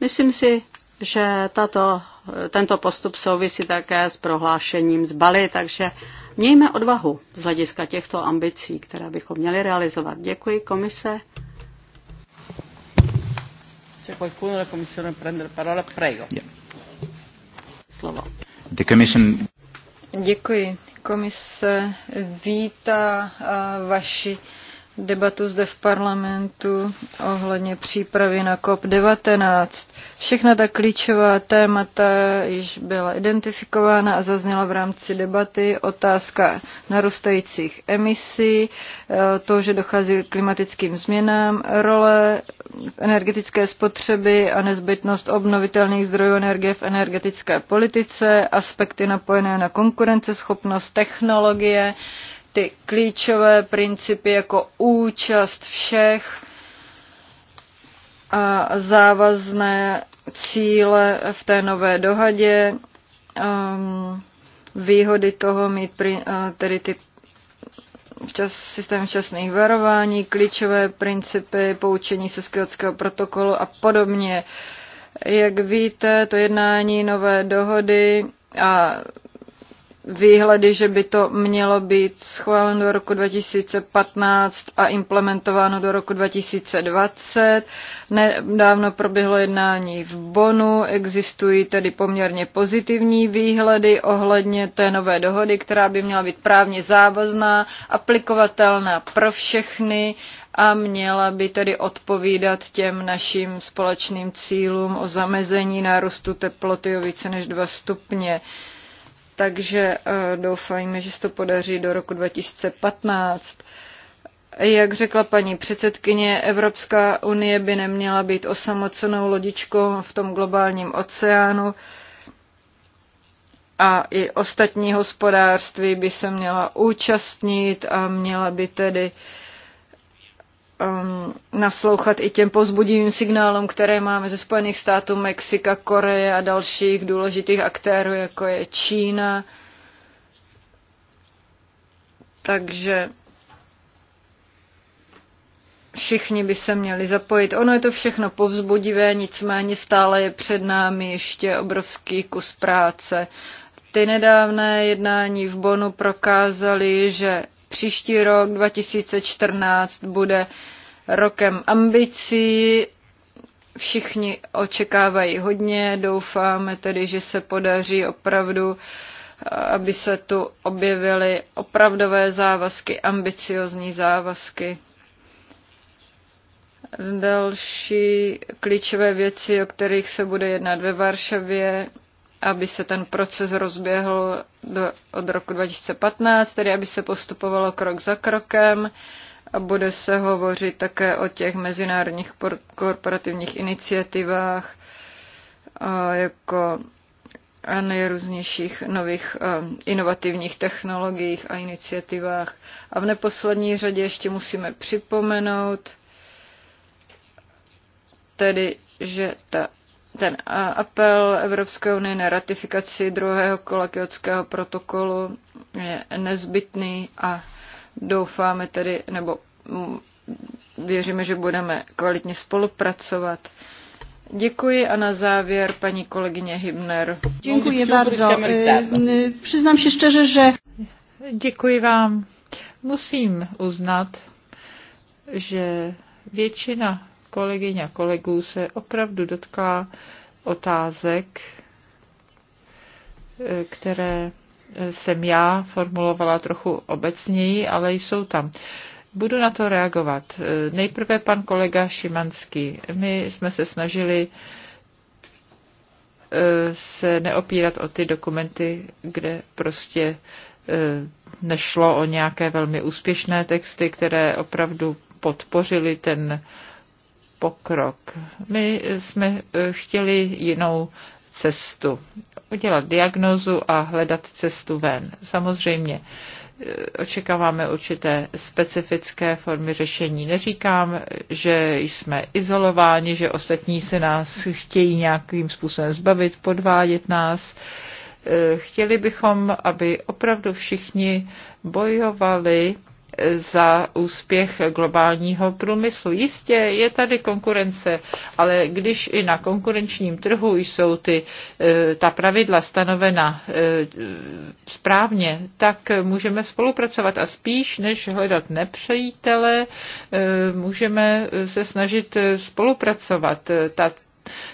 Speaker 1: Myslím si, že tato, tento postup souvisí také s prohlášením z Bali, takže mějme odvahu z hlediska těchto ambicí, které bychom měli realizovat. Děkuji komise. Se qualcuno della Commissione prende la parola, prego. Yeah.
Speaker 2: Děkuji. Komise vítá eh, vaši debatu zde v parlamentu ohledně přípravy na COP19. Všechna ta klíčová témata již byla identifikována a zazněla v rámci debaty otázka narůstajících emisí, eh, to, že dochází k klimatickým změnám, role energetické spotřeby a nezbytnost obnovitelných zdrojů energie v energetické politice, aspekty napojené na konkurenceschopnost, technologie, ty klíčové principy jako účast všech a závazné cíle v té nové dohadě, um, výhody toho mít pri, uh, tedy ty včas, systém včasných varování, klíčové principy, poučení se z Kyotského protokolu a podobně. Jak víte, to jednání nové dohody a výhledy, že by to mělo být schváleno do roku 2015 a implementováno do roku 2020. Nedávno proběhlo jednání v Bonu, existují tedy poměrně pozitivní výhledy ohledně té nové dohody, která by měla být právně závazná, aplikovatelná pro všechny a měla by tedy odpovídat těm našim společným cílům o zamezení nárůstu teploty o více než 2 stupně takže eh, doufajme, že se to podaří do roku 2015. Jak řekla paní předsedkyně, Evropská unie by neměla být osamocenou lodičkou v tom globálním oceánu a i ostatní hospodářství by se měla účastnit a měla by tedy uh, um, naslouchat i těm pozbudivým signálům, které máme ze Spojených států, Mexika, Koreje a dalších důležitých aktérů, jako je Čína. Takže všichni by se měli zapojit. Ono je to všechno povzbudivé, nicméně stále je před námi ještě obrovský kus práce. Ty nedávné jednání v Bonu prokázaly, že Příští rok 2014 bude rokem ambicí. Všichni očekávají hodně, doufáme tedy, že se podaří opravdu aby se tu objevily opravdové závazky, ambiciozní závazky. Další klíčové věci, o kterých se bude jednat ve Varšavě, aby se ten proces rozběhl do, od roku 2015, tedy aby se postupovalo krok za krokem a bude se hovořit také o těch mezinárodních korporativních iniciativách, jako a nejrůznějších nových inovativních technologiích a iniciativách. A v neposlední řadě ještě musíme připomenout, tedy, že ta ten apel Evropské unie na ratifikaci druhého kola Kyotského protokolu je nezbytný a doufáme tedy, nebo mm, věříme, že budeme kvalitně spolupracovat. Děkuji a na závěr paní kolegyně Hibner. Děkuji bardzo.
Speaker 3: Přiznám se štěře, že... Děkuji vám. Musím uznat, že většina kolegyň a kolegů se opravdu dotkla otázek, eh, které jsem já formulovala trochu obecněji, ale jsou tam. Budu na to reagovat. Eh, nejprve pan kolega Šimanský. My jsme se snažili eh, se neopírat o ty dokumenty, kde prostě nešlo o nějaké velmi úspěšné texty, které opravdu podpořili ten pokrok. My jsme eh, chtěli jinou cestu. Udělat diagnozu a hledat cestu ven. Samozřejmě eh, očekáváme určité specifické formy řešení. Neříkám, že jsme izolováni, že ostatní se nás chtějí nějakým způsobem zbavit, podvádět nás. Eh, chtěli bychom, aby opravdu všichni bojovali za úspěch globálního průmyslu. Jistě je tady konkurence, ale když i na konkurenčním trhu jsou ty, eh, ta pravidla stanovena eh, správně, tak můžeme spolupracovat a spíš než hledat nepřejítele, eh, můžeme se snažit spolupracovat. Ta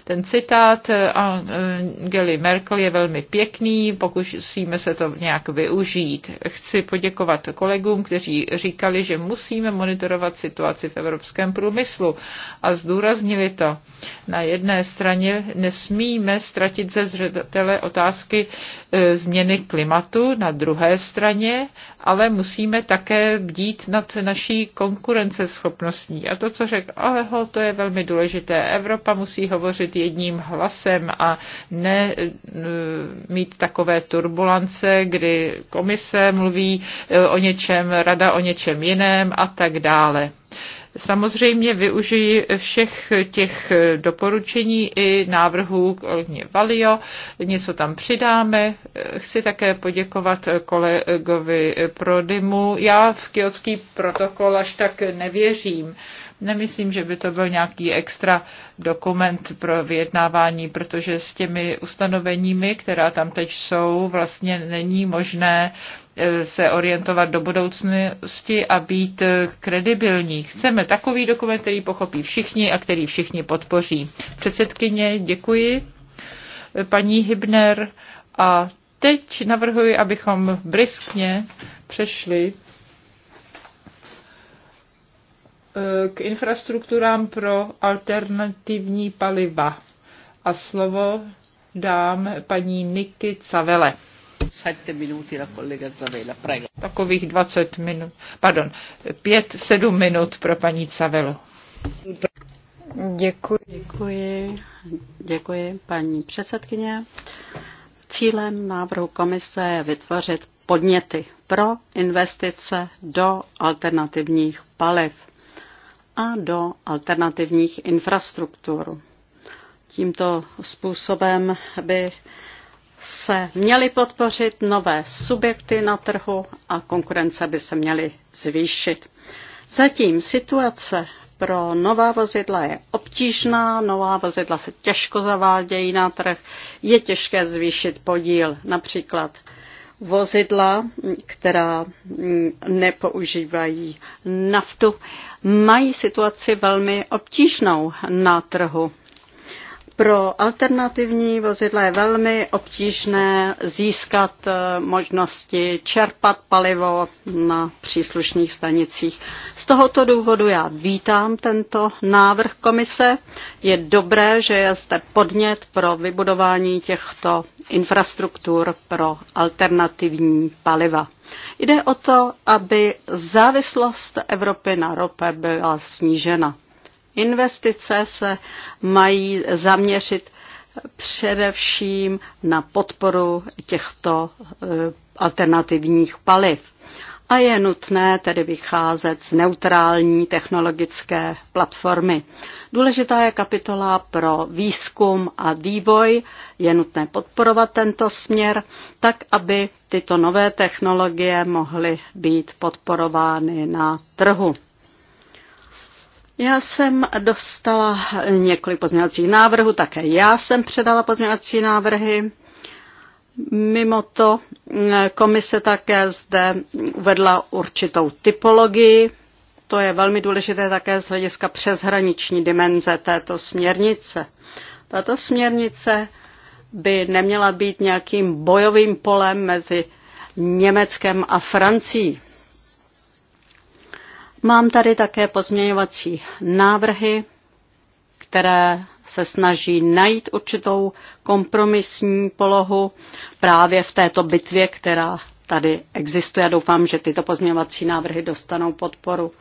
Speaker 3: ten citát eh, Angely Merkel je velmi pěkný, pokusíme se to nějak využít. Chci poděkovat kolegům, kteří říkali, že musíme monitorovat situaci v evropském průmyslu a zdůraznili to. Na jedné straně nesmíme ztratit ze zřetele otázky eh, změny klimatu, na druhé straně, ale musíme také bdít nad naší konkurenceschopností. A to, co řekl Aleho, to je velmi důležité. Evropa musí hovořit hovořit jedním hlasem a ne e, mít takové turbulence, kdy komise mluví e, o něčem, rada o něčem jiném a tak dále. Samozřejmě využiji všech těch doporučení i návrhů kolegyně Valio, něco tam přidáme. Chci také poděkovat kolegovi Prodymu. Já v kiotský protokol až tak nevěřím. Nemyslím, že by to byl nějaký extra dokument pro vyjednávání, protože s těmi ustanoveními, která tam teď jsou, vlastně není možné e, se orientovat do budoucnosti a být e, kredibilní. Chceme takový dokument, který pochopí všichni a který všichni podpoří. Předsedkyně, děkuji. Paní Hybner a teď navrhuji, abychom briskně přešli Eh, k infrastrukturám pro alternativní paliva. A slovo dám paní Niky Cavele. Minuty, Zavela, Takových 20 minut, pardon, 5-7 minut pro paní Cavelu. Děkuji. Děkuji. Děkuji, paní předsedkyně. Cílem
Speaker 1: návrhu komise je vytvořit podněty pro investice do alternativních paliv a do alternativních infrastruktur. Tímto způsobem by se měly podpořit nové subjekty na trhu a konkurence by se měly zvýšit. Zatím situace pro nová vozidla je obtížná, nová vozidla se těžko zavádějí na trh, je těžké zvýšit podíl. Například vozidla, která nepoužívají naftu, mají situaci velmi obtížnou na trhu. Pro alternativní vozidla je velmi obtížné získat eh, možnosti čerpat palivo na příslušných stanicích. Z tohoto důvodu já vítám tento návrh komise. Je dobré, že je zde podnět pro vybudování těchto infrastruktur pro alternativní paliva. Jde o to, aby závislost Evropy na rope byla snížena. Investice se mají zaměřit především na podporu těchto eh, alternativních paliv. A je nutné tedy vycházet z neutrální technologické platformy. Důležitá je kapitola pro výzkum a vývoj. Je nutné podporovat tento směr, tak aby tyto nové technologie mohly být podporovány na trhu. Já jsem dostala několik pozměňovacích návrhů, také já jsem předala pozměňovací návrhy. Mimo to komise také zde uvedla určitou typologii. To je velmi důležité také z hlediska přeshraniční dimenze této směrnice. Tato směrnice by neměla být nějakým bojovým polem mezi Německem a Francií. Mám tady také pozměňovací návrhy, které se snaží najít určitou kompromisní polohu právě v této bitvě, která tady existuje. Doufám, že tyto pozměňovací návrhy dostanou podporu.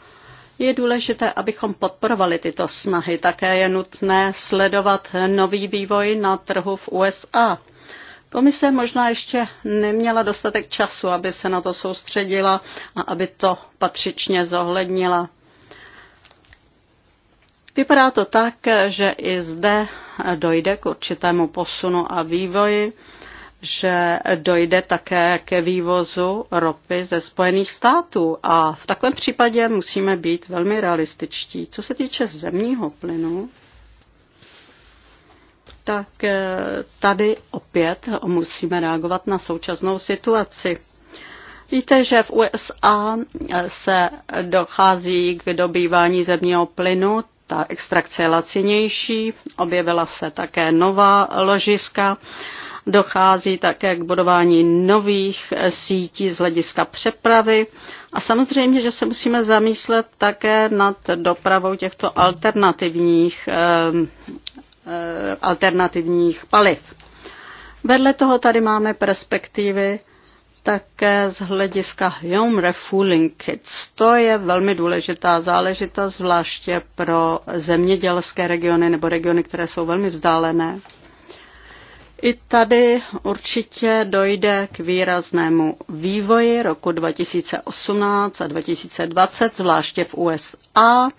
Speaker 1: Je důležité, abychom podporovali tyto snahy. Také je nutné sledovat nový vývoj na trhu v USA. Komise možná ještě neměla dostatek času, aby se na to soustředila a aby to patřičně zohlednila. Vypadá to tak, že i zde dojde k určitému posunu a vývoji, že dojde také ke vývozu ropy ze Spojených států a v takovém případě musíme být velmi realističtí. Co se týče zemního plynu, tak eh, tady opět musíme reagovat na současnou situaci. Víte, že v USA eh, se dochází k dobývání zemního plynu, ta extrakce je lacinější, objevila se také nová ložiska, dochází také k budování nových eh, sítí z hlediska přepravy a samozřejmě, že se musíme zamýšlet také nad dopravou těchto alternativních Eh, alternativních paliv. Vedle toho tady máme perspektivy také z hlediska Home Refueling Kits. To je velmi důležitá záležitost, zvláště pro zemědělské regiony nebo regiony, které jsou velmi vzdálené. I tady určitě dojde k výraznému vývoji roku 2018 a 2020, zvláště v USA.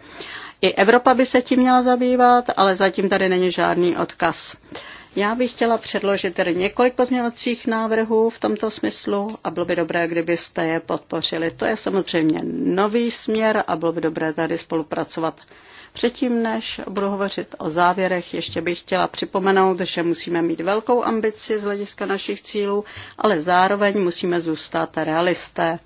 Speaker 1: I Evropa by se tím měla zabývat, ale zatím tady není žádný odkaz. Já bych chtěla předložit tedy několik pozměňovacích návrhů v tomto smyslu a bylo by dobré, kdybyste je podpořili. To je samozřejmě nový směr a bylo by dobré tady spolupracovat. Předtím, než budu hovořit o závěrech, ještě bych chtěla připomenout, že musíme mít velkou ambici z hlediska našich cílů, ale zároveň musíme zůstat realisté.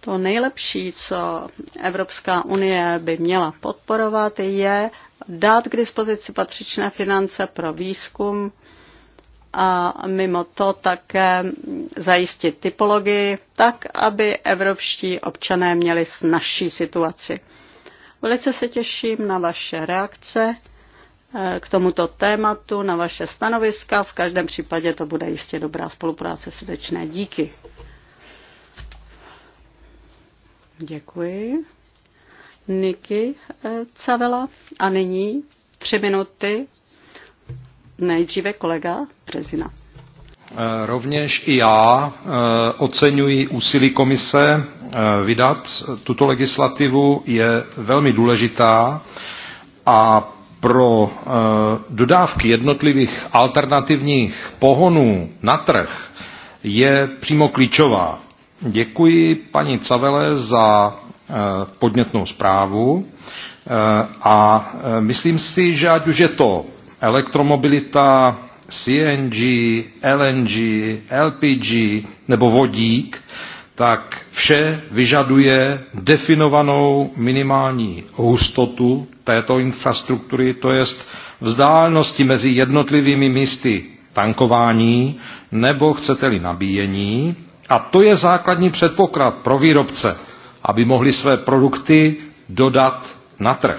Speaker 1: To nejlepší, co Evropská unie by měla podporovat, je dát k dispozici patřičné finance pro výzkum a mimo to také zajistit typologii tak, aby evropští občané měli snažší situaci. Velice se těším na vaše reakce eh, k tomuto tématu, na vaše stanoviska. V každém případě to bude jistě dobrá spolupráce. Srdečné díky. Děkuji. Niky eh, Cavela. A nyní tři minuty. Nejdříve kolega Březina.
Speaker 4: Eh, rovněž i já eh, oceňuji úsilí komise vydat tuto legislativu. Je velmi důležitá a pro dodávky jednotlivých alternativních pohonů na trh je přímo klíčová. Děkuji paní Cavele za eh, podnětnou zprávu eh, a eh, myslím si, že ať už je to elektromobilita, CNG, LNG, LPG nebo vodík, tak vše vyžaduje definovanou minimální hustotu této infrastruktury, to jest vzdálenosti mezi jednotlivými místy tankování nebo chcete-li nabíjení a to je základní předpoklad pro výrobce, aby mohli své produkty dodat na trh.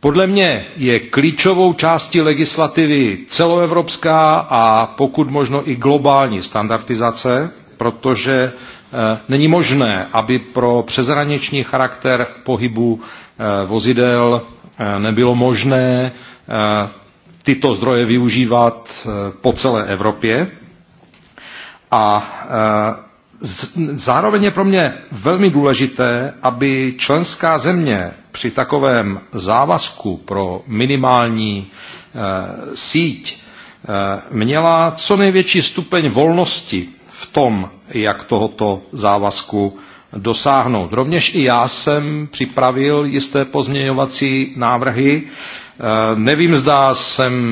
Speaker 4: Podle mě je klíčovou částí legislativy celoevropská a pokud možno i globální standardizace, protože e, není možné, aby pro přezraniční charakter pohybu e, vozidel e, nebylo možné tyto zdroje využívat po celé Evropě. A e, zároveň je pro mě velmi důležité, aby členská země při takovém závazku pro minimální e, síť e, měla co největší stupeň volnosti v tom, jak tohoto závazku dosáhnout. Rovněž i já jsem připravil jisté pozměňovací návrhy. Nevím, zda jsem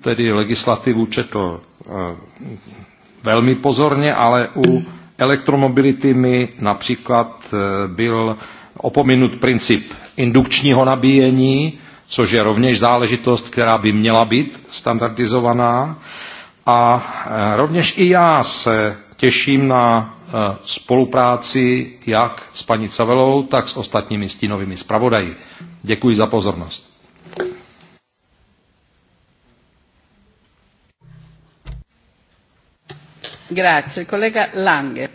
Speaker 4: tedy legislativu četl velmi pozorně, ale u elektromobility mi například eh, byl opominut princip indukčního nabíjení, což je rovněž záležitost, která by měla být standardizovaná. A eh, rovněž i já se těším na eh, spolupráci jak s paní Cavelou, tak s ostatními stínovými zpravodaji. Děkuji za pozornost.
Speaker 1: Kolega Lange,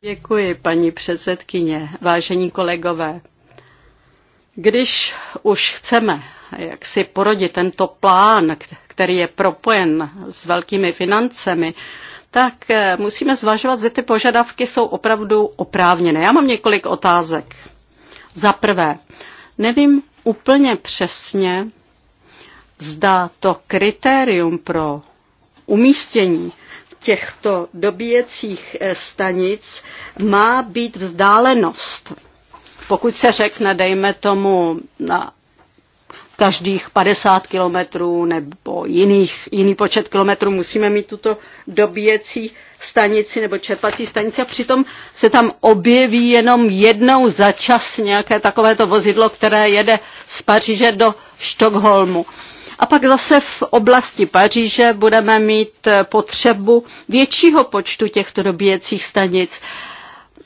Speaker 1: Děkuji, paní předsedkyně. Vážení kolegové, když už chceme jak si porodit tento plán, který je propojen s velkými financemi, tak eh, musíme zvažovat, že ty požadavky jsou opravdu oprávněné. Já mám několik otázek. Za prvé, nevím úplně přesně, zda to kritérium pro umístění těchto dobíjecích eh, stanic má být vzdálenost. Pokud se řekne, dejme tomu, na každých 50 kilometrů nebo jiných, jiný počet kilometrů musíme mít tuto dobíjecí stanici nebo čerpací stanici a přitom se tam objeví jenom jednou za čas nějaké takovéto vozidlo, které jede z Paříže do Štokholmu. A pak zase v oblasti Paříže budeme mít eh, potřebu většího počtu těchto dobíjecích stanic.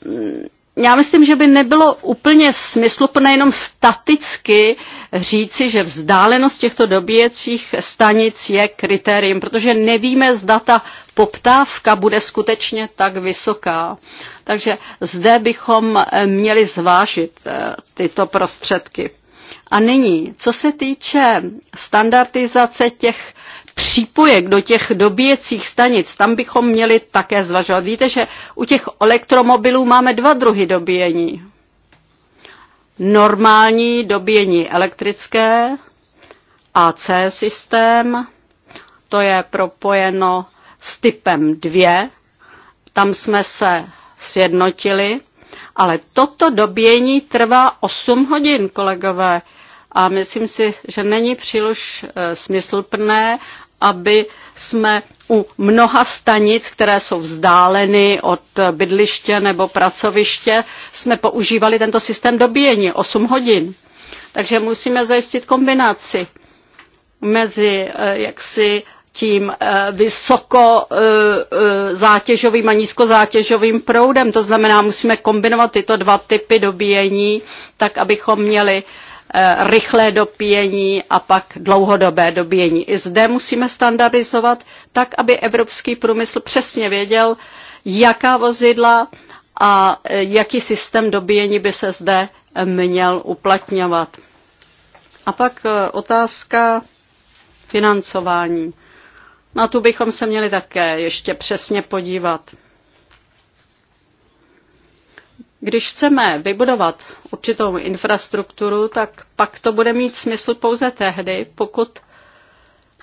Speaker 1: Mm, já myslím, že by nebylo úplně smysluplné jenom staticky říci, že vzdálenost těchto dobíjecích stanic je kritérium, protože nevíme, zda ta poptávka bude skutečně tak vysoká. Takže zde bychom eh, měli zvážit eh, tyto prostředky. A nyní, co se týče standardizace těch přípojek do těch dobíjecích stanic, tam bychom měli také zvažovat. Víte, že u těch elektromobilů máme dva druhy dobíjení. Normální dobíjení elektrické, AC systém, to je propojeno s typem 2, tam jsme se sjednotili, ale toto dobíjení trvá 8 hodin, kolegové a myslím si, že není příliš e, smysluplné, aby jsme u mnoha stanic, které jsou vzdáleny od bydliště nebo pracoviště, jsme používali tento systém dobíjení 8 hodin. Takže musíme zajistit kombinaci mezi e, jaksi tím e, vysoko zátěžovým a nízkozátěžovým proudem. To znamená, musíme kombinovat tyto dva typy dobíjení, tak abychom měli Eh, rychlé dopíjení a pak dlouhodobé dobíjení. I zde musíme standardizovat tak, aby evropský průmysl přesně věděl, jaká vozidla a eh, jaký systém dobíjení by se zde měl uplatňovat. A pak eh, otázka financování. Na tu bychom se měli také ještě přesně podívat. Když chceme vybudovat určitou infrastrukturu, tak pak to bude mít smysl pouze tehdy, pokud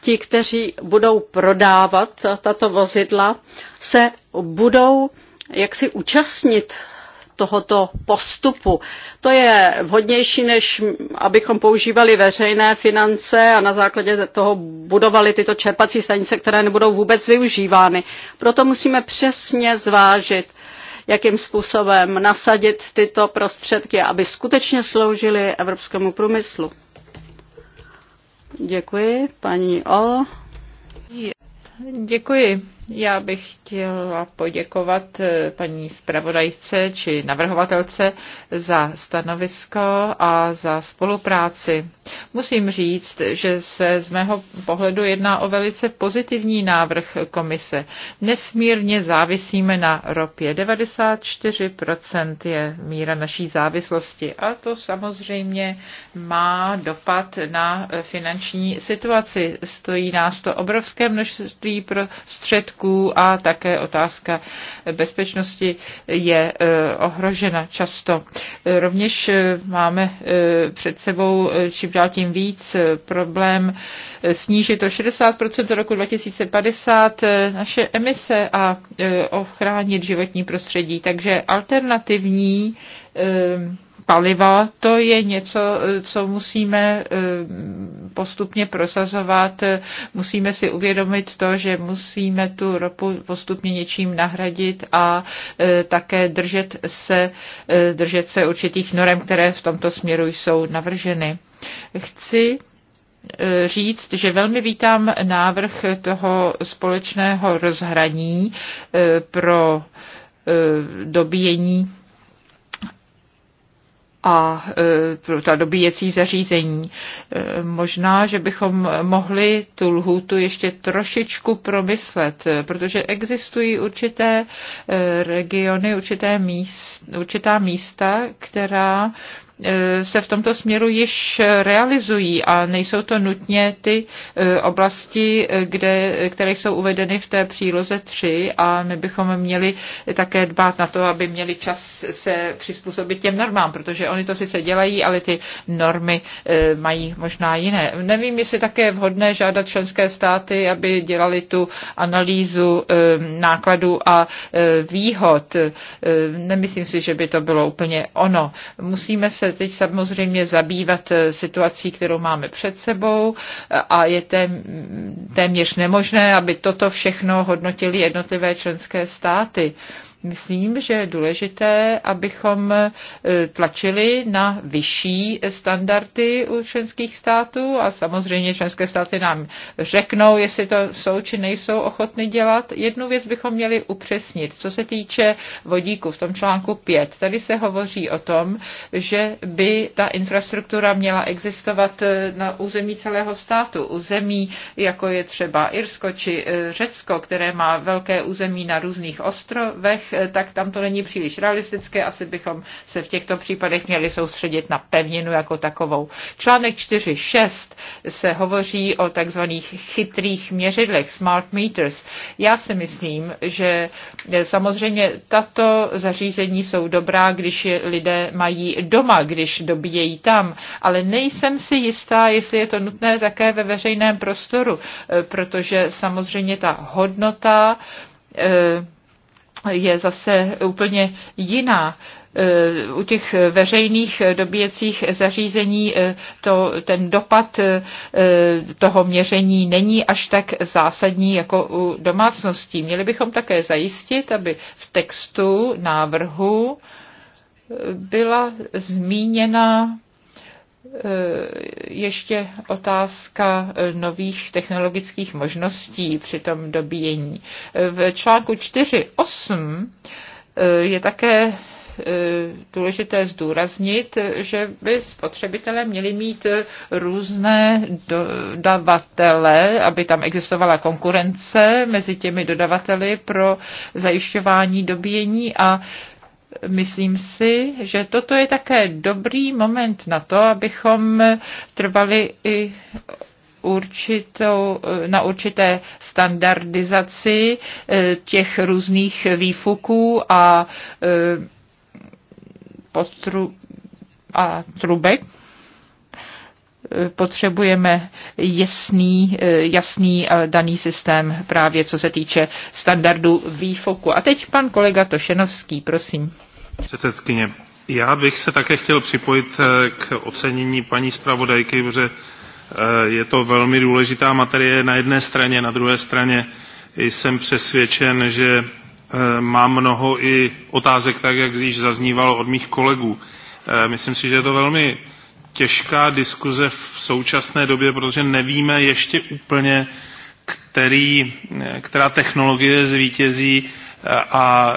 Speaker 1: ti, kteří budou prodávat tato vozidla, se budou jaksi účastnit tohoto postupu. To je vhodnější, než abychom používali veřejné finance a na základě toho budovali tyto čerpací stanice, které nebudou vůbec využívány. Proto musíme přesně zvážit, jakým způsobem nasadit tyto prostředky, aby skutečně sloužily evropskému průmyslu. Děkuji, paní O.
Speaker 3: Děkuji. Já bych chtěla poděkovat eh, paní zpravodajce či navrhovatelce za stanovisko a za spolupráci. Musím říct, že se z mého pohledu jedná o velice pozitivní návrh komise. Nesmírně závisíme na ropě. 94% je míra naší závislosti a to samozřejmě má dopad na finanční situaci. Stojí nás to obrovské množství prostředků prostředků a také otázka bezpečnosti je eh, ohrožena často. Eh, rovněž eh, máme před sebou čím dál tím víc problém snížit o 60% do roku 2050 naše emise a ochránit životní prostředí. Takže alternativní paliva, to je něco, co musíme eh, postupně prosazovat. Musíme si uvědomit to, že musíme tu ropu postupně něčím nahradit a eh, také držet se, eh, držet se určitých norem, které v tomto směru jsou navrženy. Chci říct, že velmi vítám návrh toho společného rozhraní pro dobíjení a e, pro ta dobíjecí zařízení. E, možná, že bychom mohli tu lhůtu ještě trošičku promyslet, e, protože existují určité regiony, určité míst, určitá místa, která E, se v tomto směru již realizují a nejsou to nutně ty e, oblasti, e, kde, které jsou uvedeny v té příloze 3 a my bychom měli také dbát na to, aby měli čas se přizpůsobit těm normám, protože oni to sice dělají, ale ty normy mají možná jiné. Nevím, jestli také je vhodné žádat členské státy, aby dělali tu analýzu nákladů a výhod. Nemyslím si, že by to bylo úplně ono. Musíme se se teď samozřejmě zabývat eh, situací, kterou máme před sebou a je téměř nemožné, aby toto všechno hodnotili jednotlivé členské státy. Myslím, že je důležité, abychom e, tlačili na vyšší standardy u členských států a samozřejmě členské státy nám řeknou, jestli to jsou či nejsou ochotny dělat. Jednu věc bychom měli upřesnit, co se týče vodíku v tom článku 5. Tady se hovoří o tom, že by ta infrastruktura měla existovat e, na území celého státu, území jako je třeba Irsko či e, Řecko, které má velké území na různých ostrovech, Eh, tak tam to není příliš realistické. Asi bychom se v těchto případech měli soustředit na pevninu jako takovou. Článek 4.6 se hovoří o takzvaných chytrých měřidlech, smart meters. Já si myslím, že eh, samozřejmě tato zařízení jsou dobrá, když je lidé mají doma, když dobíjejí tam, ale nejsem si jistá, jestli je to nutné také ve veřejném prostoru, eh, protože samozřejmě ta hodnota je zase úplně jiná. Eh, u těch veřejných dobíjecích zařízení eh, to, ten dopad eh, toho měření není až tak zásadní jako u domácností. Měli bychom také zajistit, aby v textu návrhu byla zmíněna Eh, ještě otázka eh, nových technologických možností při tom dobíjení. Eh, v článku 4.8 je také důležité zdůraznit, že by spotřebitelé měli mít různé dodavatele, aby tam existovala konkurence mezi těmi dodavateli pro zajišťování dobíjení a myslím si, že toto je také dobrý moment na to, abychom trvali i určitou, na určité standardizaci eh, těch různých výfuků a, eh, potru, a trubek potřebujeme jasný, eh, jasný a daný systém právě co se týče standardu výfoku. A teď pan kolega Tošenovský,
Speaker 5: prosím. Předsedkyně, já bych se také chtěl připojit eh, k ocenění paní zpravodajky, protože eh, je to velmi důležitá materie na jedné straně, na druhé straně jsem přesvědčen, že mám mnoho i otázek, tak jak již zaznívalo od mých kolegů. Myslím si, že je to velmi těžká diskuze v současné době, protože nevíme ještě úplně, který, která technologie zvítězí a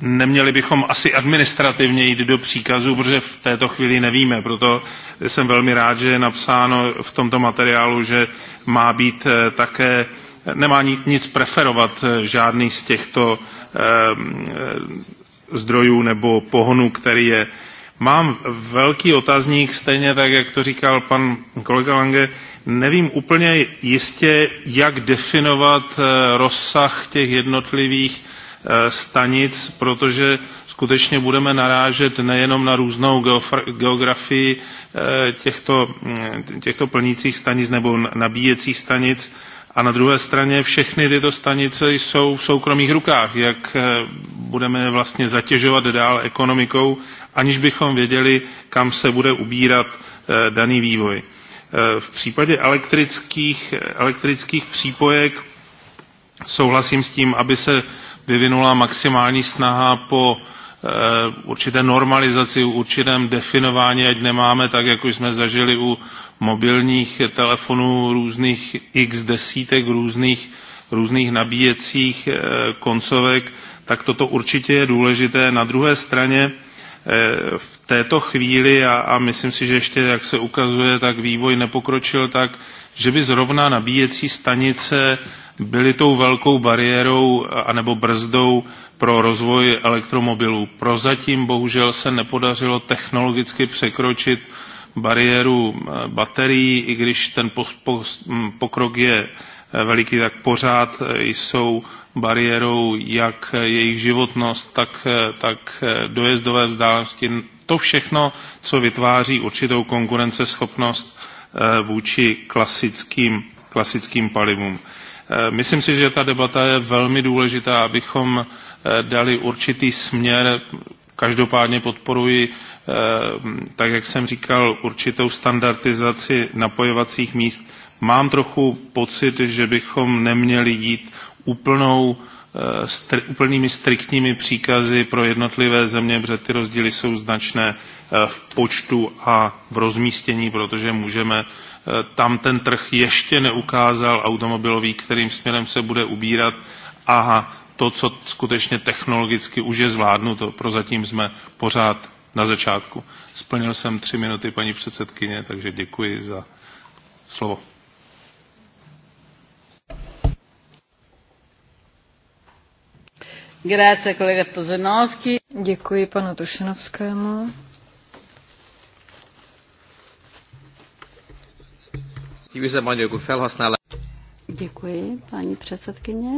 Speaker 5: neměli bychom asi administrativně jít do příkazu, protože v této chvíli nevíme. Proto jsem velmi rád, že je napsáno v tomto materiálu, že má být eh, také eh, nemá nic preferovat eh, žádný z těchto zdrojů nebo pohonu, který je Mám velký otazník, stejně tak, jak to říkal pan kolega Lange, nevím úplně jistě, jak definovat eh, rozsah těch jednotlivých eh, stanic, protože skutečně budeme narážet nejenom na různou geografii eh, těchto, mm, těchto plnících stanic nebo nabíjecích stanic, a na druhé straně všechny tyto stanice jsou v soukromých rukách. Jak eh, budeme vlastně zatěžovat dál ekonomikou, aniž bychom věděli, kam se bude ubírat eh, daný vývoj. Eh, v případě elektrických, elektrických přípojek souhlasím s tím, aby se vyvinula maximální snaha po Eh, určité normalizaci, určitém definování, ať nemáme tak, jako jsme zažili u mobilních telefonů různých x desítek různých, různých nabíjecích eh, koncovek, tak toto určitě je důležité. Na druhé straně eh, v této chvíli, a, a myslím si, že ještě jak se ukazuje, tak vývoj nepokročil tak, že by zrovna nabíjecí stanice byly tou velkou bariérou anebo brzdou pro rozvoj elektromobilů. Prozatím bohužel se nepodařilo technologicky překročit bariéru eh, baterií, i když ten hm, pokrok je eh, veliký, tak pořád eh, jsou bariérou jak jejich životnost, tak, tak dojezdové vzdálenosti. To všechno, co vytváří určitou konkurenceschopnost Eh, vůči klasickým, klasickým palivům. Eh, myslím si, že ta debata je velmi důležitá, abychom eh, dali určitý směr. Každopádně podporuji, tak jak jsem říkal, určitou standardizaci napojovacích míst. Mám trochu pocit, že bychom neměli jít úplnou úplnými striktními příkazy pro jednotlivé země, protože ty rozdíly jsou značné. Eh, v počtu a v rozmístění, protože můžeme eh, tam ten trh ještě neukázal automobilový, kterým směrem se bude ubírat a to, co skutečně technologicky už je zvládnuto. Prozatím jsme pořád na začátku. Splnil jsem tři minuty paní předsedkyně, takže děkuji za slovo.
Speaker 1: Grazie, kolega Tozenovský.
Speaker 2: Děkuji panu Tošenovskému.
Speaker 4: felhasználás.
Speaker 1: Děkuji, paní předsedkyně.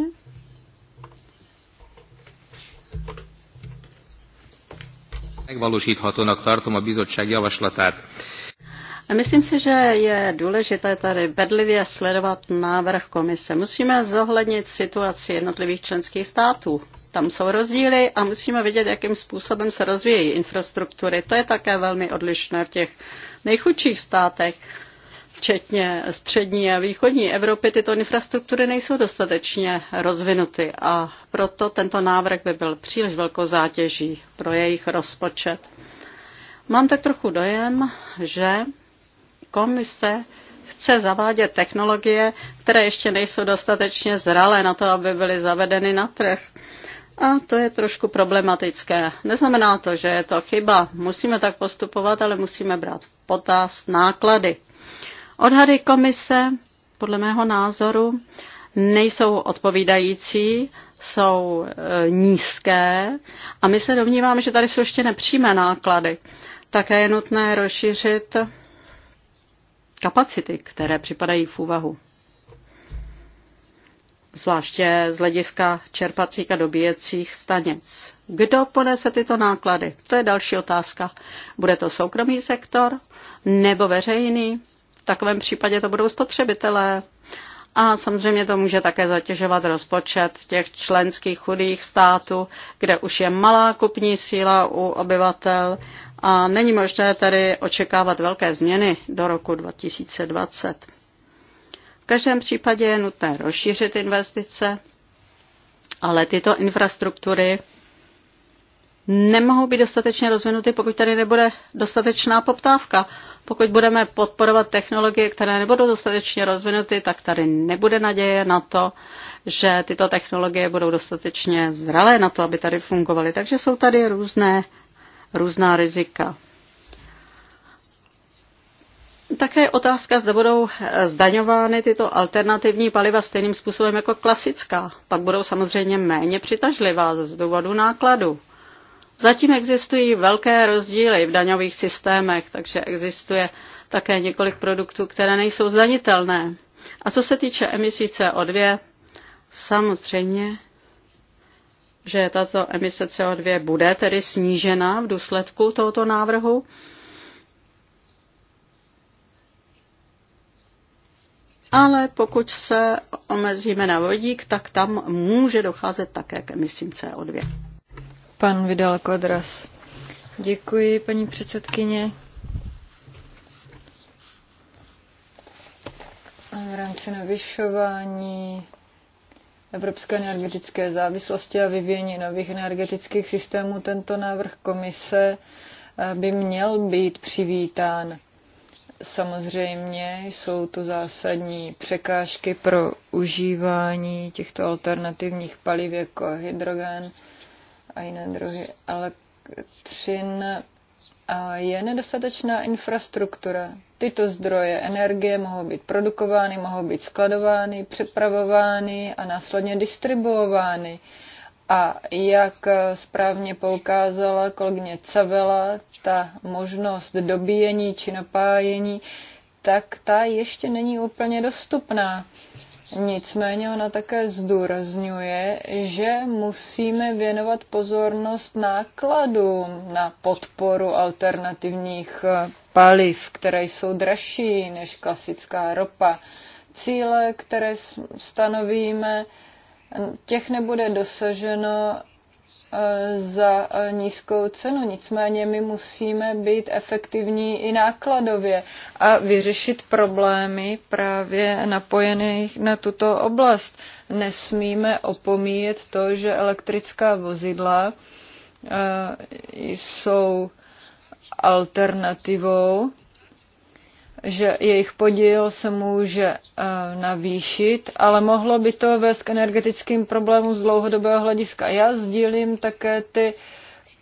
Speaker 4: Megvalósíthatónak tartom a bizottság javaslatát.
Speaker 1: A myslím si, že je důležité tady bedlivě sledovat návrh komise. Musíme zohlednit situaci jednotlivých členských států. Tam jsou rozdíly a musíme vidět, jakým způsobem se rozvíjí infrastruktury. To je také velmi odlišné v těch nejchudších státech včetně střední a východní Evropy, tyto infrastruktury nejsou dostatečně rozvinuty a proto tento návrh by byl příliš velkou zátěží pro jejich rozpočet. Mám tak trochu dojem, že komise chce zavádět technologie, které ještě nejsou dostatečně zralé na to, aby byly zavedeny na trh. A to je trošku problematické. Neznamená to, že je to chyba. Musíme tak postupovat, ale musíme brát v potaz náklady. Odhady komise podle mého názoru nejsou odpovídající, jsou e, nízké a my se domníváme, že tady jsou ještě nepřímé náklady. Také je nutné rozšířit kapacity, které připadají v úvahu. Zvláště z hlediska čerpacích a dobíjecích stanic. Kdo ponese tyto náklady? To je další otázka. Bude to soukromý sektor nebo veřejný? takovém případě to budou spotřebitelé. A samozřejmě to může také zatěžovat rozpočet těch členských chudých států, kde už je malá kupní síla u obyvatel a není možné tady očekávat velké změny do roku 2020. V každém případě je nutné rozšířit investice, ale tyto infrastruktury nemohou být dostatečně rozvinuty, pokud tady nebude dostatečná poptávka. Pokud budeme podporovat technologie, které nebudou dostatečně rozvinuty, tak tady nebude naděje na to, že tyto technologie budou dostatečně zralé na to, aby tady fungovaly. Takže jsou tady různé, různá rizika. Také je otázka, zda budou eh, zdaňovány tyto alternativní paliva stejným způsobem jako klasická. Pak budou samozřejmě méně přitažlivá z důvodu nákladu. Zatím existují velké rozdíly v daňových systémech, takže existuje také několik produktů, které nejsou zdanitelné. A co se týče emisí CO2, samozřejmě, že tato emise CO2 bude tedy snížena v důsledku tohoto návrhu. Ale pokud se omezíme na vodík, tak tam může docházet také k emisím CO2. Pan Vidal Kodras. Děkuji, paní předsedkyně.
Speaker 2: V rámci navyšování evropské energetické závislosti a vyvíjení nových energetických systémů tento návrh komise eh, by měl být přivítán. Samozřejmě jsou tu zásadní překážky pro užívání těchto alternativních paliv jako hydrogen, a jiné druhy elektřin a je nedostatečná infrastruktura. Tyto zdroje energie mohou být produkovány, mohou být skladovány, přepravovány a následně distribuovány. A jak správně poukázala kolegyně Cavela, ta možnost dobíjení či napájení, tak ta ještě není úplně dostupná. Nicméně ona také zdůrazňuje, že musíme věnovat pozornost nákladům na podporu alternativních eh, paliv, které jsou dražší než klasická ropa. Cíle, které stanovíme, těch nebude dosaženo E, za e, nízkou cenu. Nicméně my musíme být efektivní i nákladově a vyřešit problémy právě napojených na tuto oblast. Nesmíme opomíjet to, že elektrická vozidla e, jsou alternativou že jejich podíl se může eh, navýšit, ale mohlo by to vést k energetickým problémům z dlouhodobého hlediska. Já sdílím také ty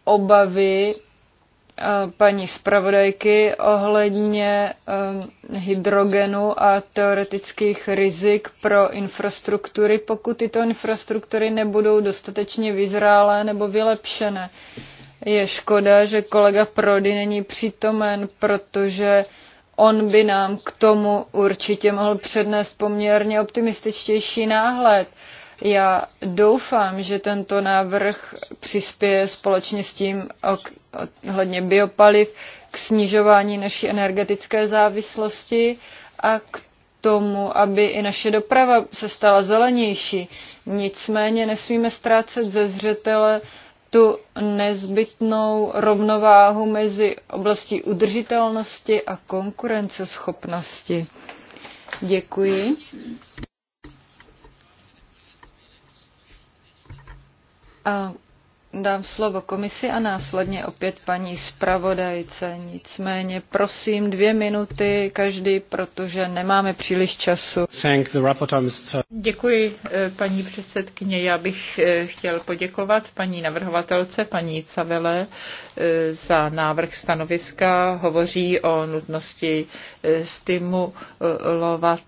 Speaker 2: obavy eh, paní zpravodajky ohledně eh, hydrogenu a teoretických rizik pro infrastruktury, pokud tyto infrastruktury nebudou dostatečně vyzrálé nebo vylepšené. Je škoda, že kolega Prody není přítomen, protože on by nám k tomu určitě mohl přednést poměrně optimističtější náhled. Já doufám, že tento návrh přispěje společně s tím ohledně biopaliv k snižování naší energetické závislosti a k tomu, aby i naše doprava se stala zelenější. Nicméně nesmíme ztrácet ze zřetele tu nezbytnou rovnováhu mezi oblastí udržitelnosti a konkurenceschopnosti. Děkuji. A dám slovo komisi a následně opět paní zpravodajce. Nicméně prosím dvě minuty
Speaker 3: každý, protože nemáme příliš času. Děkuji, eh, paní předsedkyně. Já bych eh, chtěl poděkovat paní navrhovatelce, paní Cavele, eh, za návrh stanoviska. Hovoří o nutnosti stimulovat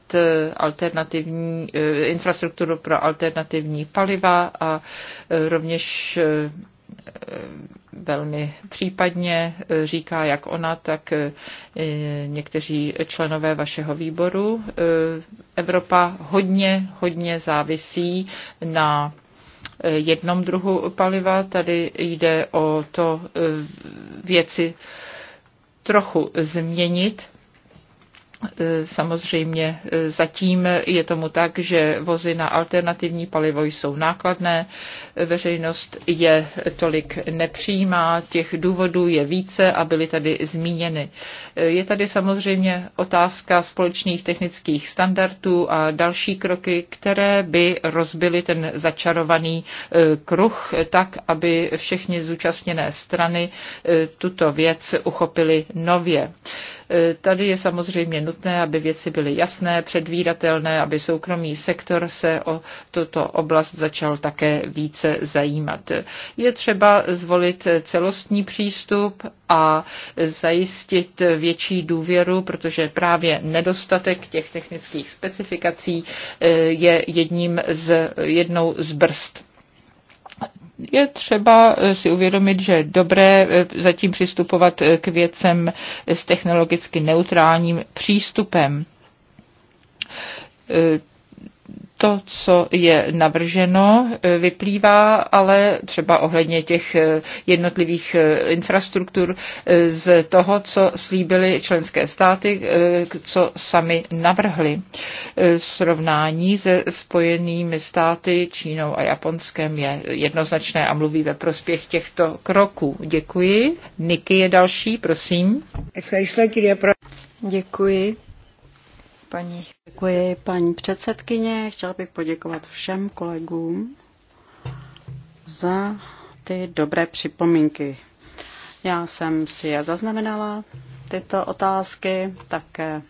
Speaker 3: alternativní, infrastrukturu pro alternativní paliva a rovněž velmi případně eh, říká jak ona, tak eh, někteří členové vašeho výboru. Eh, Evropa hodně, hodně závisí na jednom druhu paliva. Tady jde o to věci trochu změnit Eh, samozřejmě eh, zatím je tomu tak, že vozy na alternativní palivo jsou nákladné, veřejnost je tolik nepřijímá, těch důvodů je více a byly tady zmíněny. Eh, je tady samozřejmě otázka společných technických standardů a další kroky, které by rozbily ten začarovaný kruh tak, aby všechny zúčastněné strany tuto věc uchopily nově. E, tady je samozřejmě nutné, aby věci byly jasné, předvídatelné, aby soukromý sektor se o tuto oblast začal také více zajímat. Je třeba zvolit celostní přístup a zajistit větší důvěru, protože právě nedostatek těch technických specifikací e, je jedním z, jednou z brzd je třeba eh, si uvědomit, že je dobré eh, zatím přistupovat eh, k věcem s technologicky neutrálním přístupem to, co je navrženo, vyplývá ale třeba ohledně těch eh, jednotlivých eh, infrastruktur eh, z toho, co slíbily členské státy, co sami navrhli. Srovnání se spojenými státy, Čínou a Japonskem je jednoznačné a mluví ve prospěch těchto kroků. Děkuji. Niky je další, prosím. Děkuji paní. Děkuji, paní předsedkyně. Chtěla bych poděkovat všem
Speaker 1: kolegům za ty dobré připomínky. Já jsem si je zaznamenala, tyto otázky, také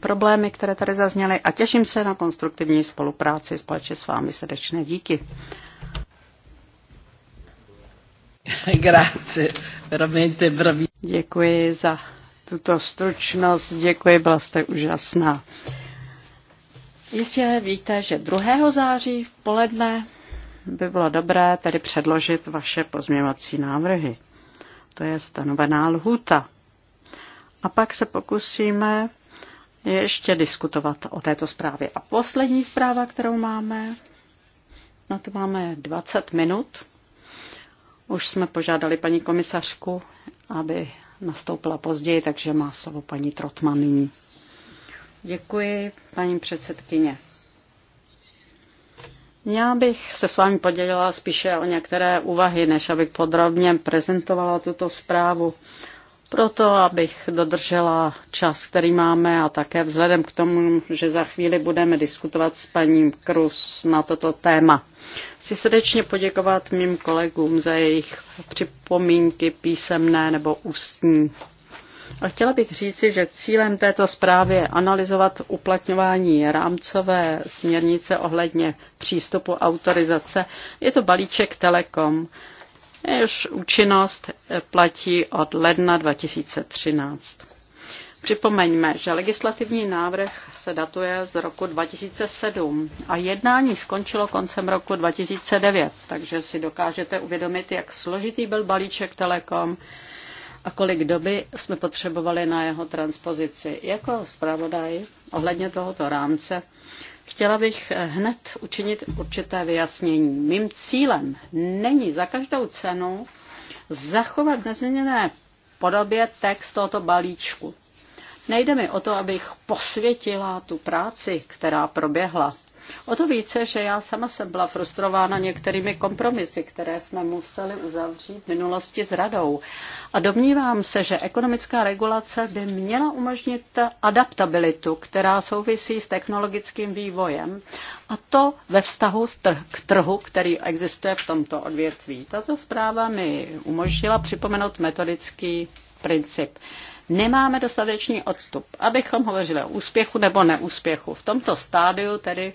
Speaker 1: problémy, které tady zazněly a těším se na konstruktivní spolupráci společně s vámi. Srdečné díky. Grazie, veramente bravi. Děkuji za tuto stručnost. Děkuji, byla jste úžasná. Jistě víte, že 2. září v poledne by bylo dobré tedy předložit vaše pozměvací návrhy. To je stanovená lhuta. A pak se pokusíme ještě diskutovat o této zprávě. A poslední zpráva, kterou máme, na no to máme 20 minut. Už jsme požádali paní komisařku, aby nastoupila později, takže má slovo paní Trotman nyní. Děkuji, paní předsedkyně. Já bych se s vámi podělila spíše o některé úvahy, než abych podrobně prezentovala tuto zprávu. Proto, abych dodržela čas, který máme a také vzhledem k tomu, že za chvíli budeme diskutovat s paním Krus na toto téma. Chci srdečně poděkovat mým kolegům za jejich připomínky písemné nebo ústní. A chtěla bych říci, že cílem této zprávy je analyzovat uplatňování rámcové směrnice ohledně přístupu autorizace. Je to balíček Telekom. Jež účinnost platí od ledna 2013. Připomeňme, že legislativní návrh se datuje z roku 2007 a jednání skončilo koncem roku 2009, takže si dokážete uvědomit, jak složitý byl balíček Telekom a kolik doby jsme potřebovali na jeho transpozici. Jako zpravodaj ohledně tohoto rámce chtěla bych hned učinit určité vyjasnění. Mým cílem není za každou cenu zachovat nezměněné podobě text tohoto balíčku. Nejde mi o to, abych posvětila tu práci, která proběhla. O to více, že já sama jsem byla frustrována některými kompromisy, které jsme museli uzavřít v minulosti s radou. A domnívám se, že ekonomická regulace by měla umožnit adaptabilitu, která souvisí s technologickým vývojem, a to ve vztahu k trhu, který existuje v tomto odvětví. Tato zpráva mi umožnila připomenout metodický princip nemáme dostatečný odstup, abychom hovořili o úspěchu nebo neúspěchu. V tomto stádiu tedy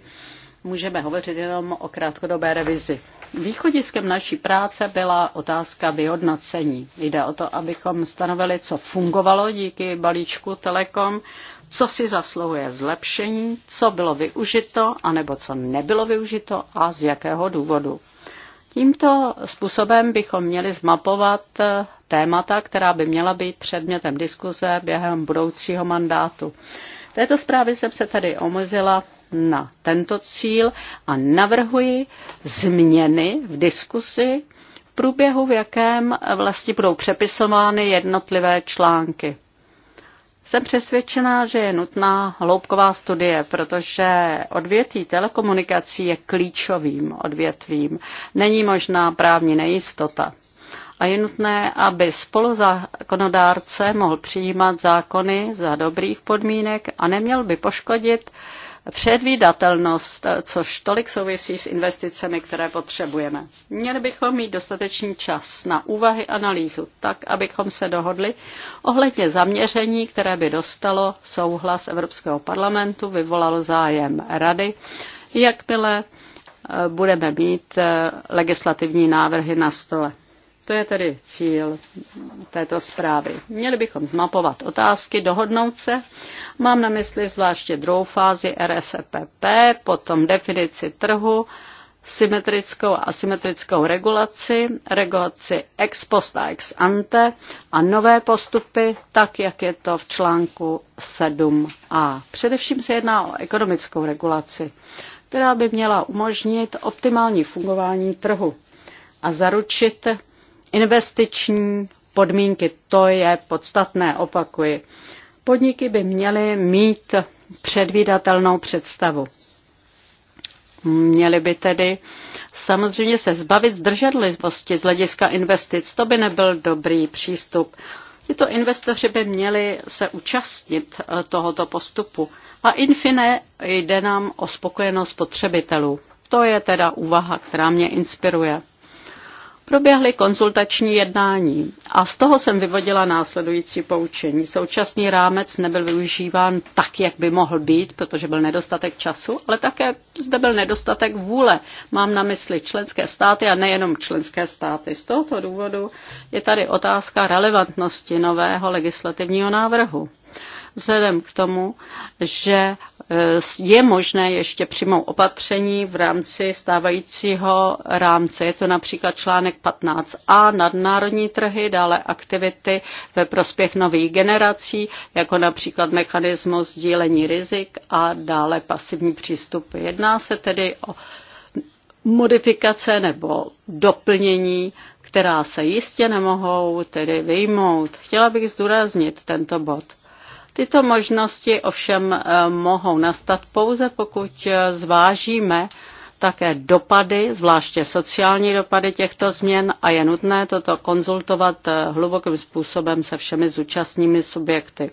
Speaker 1: můžeme hovořit jenom o krátkodobé revizi. Východiskem naší práce byla otázka vyhodnocení. Jde o to, abychom stanovili, co fungovalo díky balíčku Telekom, co si zasluhuje zlepšení, co bylo využito, anebo co nebylo využito a z jakého důvodu. Tímto způsobem bychom měli zmapovat eh, témata, která by měla být předmětem diskuze během budoucího mandátu. V této zprávě jsem se tedy omezila na tento cíl a navrhuji změny v diskusi v průběhu, v jakém eh, vlastně budou přepisovány jednotlivé články. Jsem přesvědčená, že je nutná hloubková studie, protože odvětví telekomunikací je klíčovým odvětvím. Není možná právní nejistota. A je nutné, aby spoluzákonodárce mohl přijímat zákony za dobrých podmínek a neměl by poškodit uh, předvídatelnost, což tolik souvisí s investicemi, které potřebujeme. Měli bychom mít dostatečný čas na úvahy analýzu, tak abychom se dohodli ohledně zaměření, které by dostalo souhlas Evropského parlamentu, vyvolalo zájem rady, jakmile eh, budeme mít eh, legislativní návrhy na stole. To je tedy cíl této zprávy. Měli bychom zmapovat otázky, dohodnout se. Mám na mysli zvláště druhou fázi RSPP, potom definici trhu, symetrickou a asymetrickou regulaci, regulaci ex post a ex ante a nové postupy, tak jak je to v článku 7a. Především se jedná o ekonomickou regulaci, která by měla umožnit optimální fungování trhu a zaručit Investiční podmínky, to je podstatné, opakuji. Podniky by měly mít předvídatelnou představu. Měly by tedy samozřejmě se zbavit zdrženlivosti, z hlediska investic. To by nebyl dobrý přístup. Tito investoři by měli se účastnit eh, tohoto postupu. A infine jde nám o spokojenost spotřebitelů. To je teda úvaha, která mě inspiruje proběhly konzultační jednání a z toho jsem vyvodila následující poučení. Současný rámec nebyl využíván tak, jak by mohl být, protože byl nedostatek času, ale také zde byl nedostatek vůle. Mám na mysli členské státy a nejenom členské státy. Z tohoto důvodu je tady otázka relevantnosti nového legislativního návrhu. Vzhledem k tomu, že eh, je možné ještě přijmout opatření v rámci stávajícího rámce. Je to například článek 15a nadnárodní trhy, dále aktivity ve prospěch nových generací, jako například mechanismus sdílení rizik a dále pasivní přístupy. Jedná se tedy o modifikace nebo doplnění, která se jistě nemohou tedy vyjmout. Chtěla bych zdůraznit tento bod. Tyto možnosti ovšem eh, mohou nastat pouze, pokud eh, zvážíme také dopady, zvláště sociální dopady těchto změn a je nutné toto konzultovat eh, hlubokým způsobem se všemi zúčastními subjekty.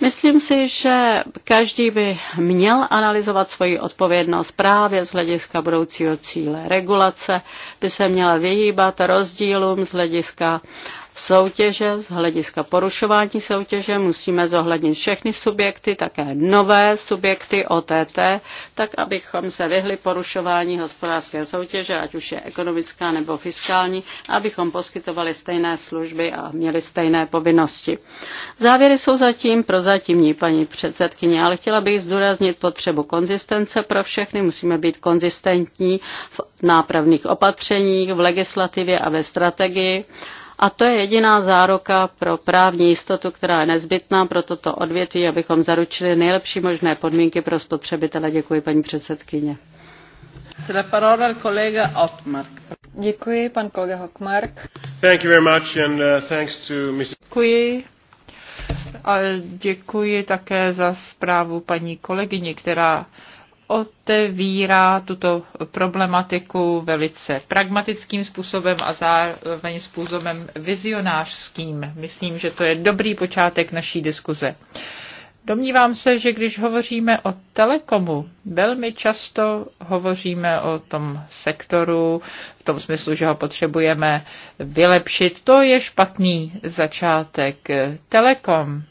Speaker 1: Myslím si, že každý by měl analyzovat svoji odpovědnost právě z hlediska budoucího cíle. Regulace by se měla vyhýbat rozdílům z hlediska soutěže, z hlediska porušování soutěže musíme zohlednit všechny subjekty, také nové subjekty OTT, tak abychom se vyhli porušování hospodářské soutěže, ať už je ekonomická nebo fiskální, abychom poskytovali stejné služby a měli stejné povinnosti. Závěry jsou zatím prozatímní, paní předsedkyně, ale chtěla bych zdůraznit potřebu konzistence pro všechny. Musíme být konzistentní v nápravných opatřeních, v legislativě a ve strategii a to je jediná záruka pro právní jistotu, která je nezbytná pro toto odvětví, abychom zaručili nejlepší možné podmínky pro spotřebitele. Děkuji, paní předsedkyně.
Speaker 2: Děkuji, pan kolega Hockmark.
Speaker 5: Thank you very much and uh, thanks to Mrs.
Speaker 3: Děkuji. A děkuji také za zprávu paní kolegyni, která otevírá tuto problematiku velice pragmatickým způsobem a zároveň způsobem vizionářským. Myslím, že to je dobrý počátek naší diskuze. Domnívám se, že když hovoříme o telekomu, velmi často hovoříme o tom sektoru v tom smyslu, že ho potřebujeme vylepšit. To je špatný začátek. Telekom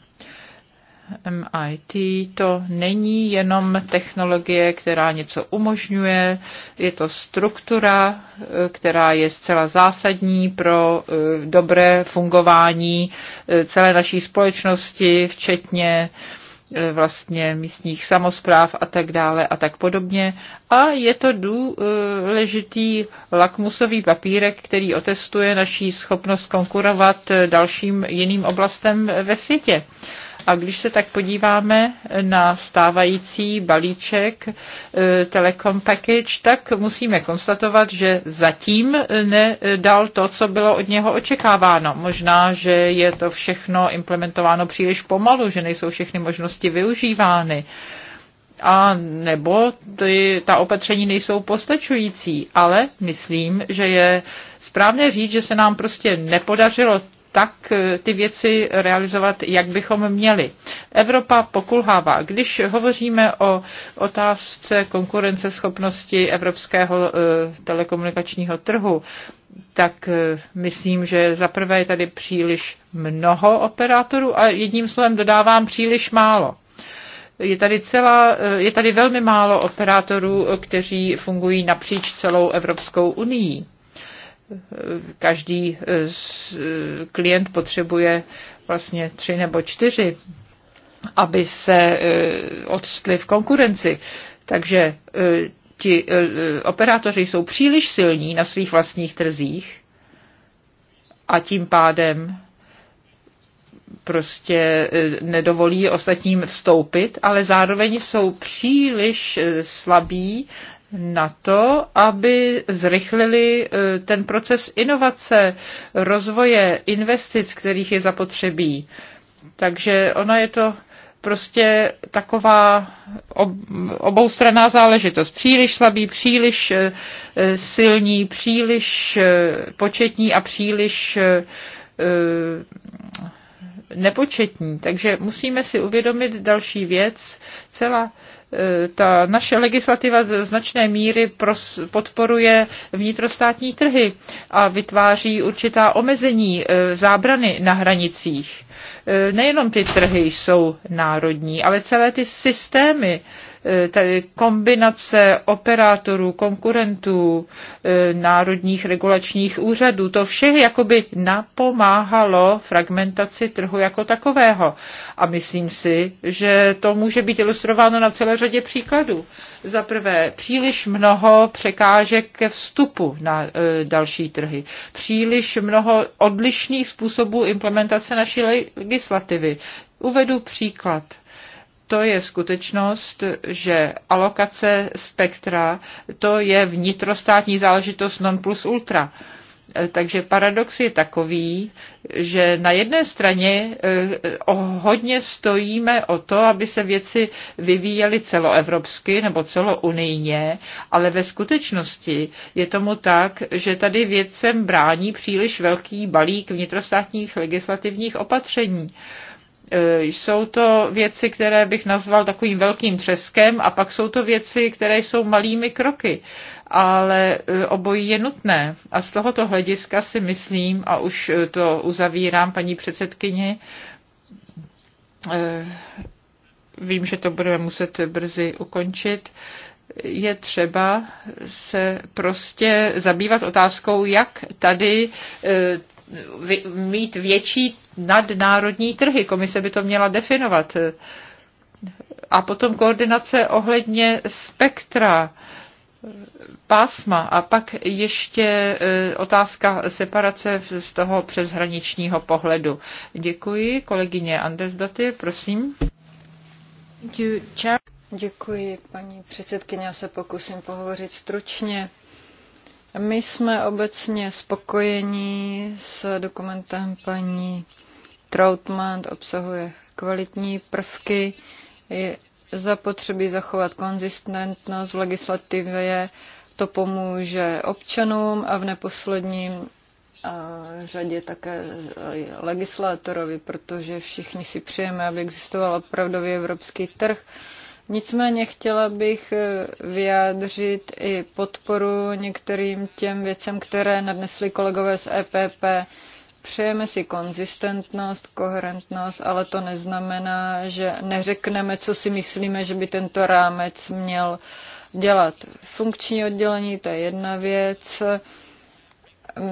Speaker 3: MIT to není jenom technologie, která něco umožňuje, je to struktura, eh, která je zcela zásadní pro eh, dobré fungování eh, celé naší společnosti, včetně vlastně místních samozpráv a tak dále a tak podobně. A je to důležitý lakmusový papírek, který otestuje naší schopnost konkurovat dalším jiným oblastem ve světě. A když se tak podíváme na stávající balíček eh, Telekom Package, tak musíme konstatovat, že zatím eh, nedal to, co bylo od něho očekáváno. Možná, že je to všechno implementováno příliš pomalu, že nejsou všechny možnosti využívány a nebo ty, ta opatření nejsou postačující, ale myslím, že je správné říct, že se nám prostě nepodařilo tak eh, ty věci realizovat, jak bychom měli. Evropa pokulhává. Když hovoříme o otázce konkurenceschopnosti evropského eh, telekomunikačního trhu, tak eh, myslím, že zaprvé je tady příliš mnoho operátorů a jedním slovem dodávám příliš málo. Je tady, celá, je tady velmi málo operátorů, kteří fungují napříč celou Evropskou unii. Každý eh, eh, klient potřebuje vlastně tři nebo čtyři, aby se eh, odstli v konkurenci. Takže ti operátoři jsou příliš silní na svých vlastních trzích a tím pádem prostě nedovolí ostatním vstoupit, ale zároveň jsou příliš slabí na to, aby zrychlili e, ten proces inovace, rozvoje investic, kterých je zapotřebí. Takže ona je to prostě taková oboustranná záležitost. Příliš slabý, příliš e, silní, příliš e, početní a příliš nepočetní. Takže musíme si uvědomit další věc. Celá e, ta naše legislativa z značné míry podporuje vnitrostátní trhy a vytváří určitá omezení, e, zábrany na hranicích. E, nejenom ty trhy jsou národní, ale celé ty systémy Eh, tady kombinace operátorů, konkurentů, eh, národních regulačních úřadů, to vše jakoby napomáhalo fragmentaci trhu jako takového. A myslím si, že to může být ilustrováno na celé řadě příkladů. Za prvé, příliš mnoho překážek ke vstupu na eh, další trhy. Příliš mnoho odlišných způsobů implementace naší legislativy. Uvedu příklad to je skutečnost, že alokace spektra, to je vnitrostátní záležitost non plus ultra. Takže paradox je takový, že na jedné straně eh, hodně stojíme o to, aby se věci vyvíjely celoevropsky nebo celounijně, ale ve skutečnosti je tomu tak, že tady vědcem brání příliš velký balík vnitrostátních legislativních opatření E, jsou to věci, které bych nazval takovým velkým třeskem a pak jsou to věci, které jsou malými kroky, ale e, obojí je nutné. A z tohoto hlediska si myslím, a už e, to uzavírám, paní předsedkyni, vím, že to budeme muset brzy ukončit, je třeba se prostě zabývat otázkou, jak tady mít větší nadnárodní trhy. Komise by to měla definovat. A potom koordinace ohledně spektra pásma a pak ještě e, otázka separace z toho přeshraničního pohledu. Děkuji. Kolegyně Andesdaty, prosím.
Speaker 2: Děkuji, paní předsedkyně. Já se pokusím pohovořit stručně. My jsme obecně spokojení s dokumentem paní Troutman, obsahuje kvalitní prvky, je zapotřebí zachovat konzistentnost v legislativě, to pomůže občanům a v neposledním řadě také e, legislátorovi, protože všichni si přejeme, aby existoval opravdový evropský trh Nicméně chtěla bych eh, vyjádřit i podporu některým těm věcem, které nadnesli kolegové z EPP. Přejeme si konzistentnost, koherentnost, ale to neznamená, že neřekneme, co si myslíme, že by tento rámec měl dělat. Funkční oddělení, to je jedna věc.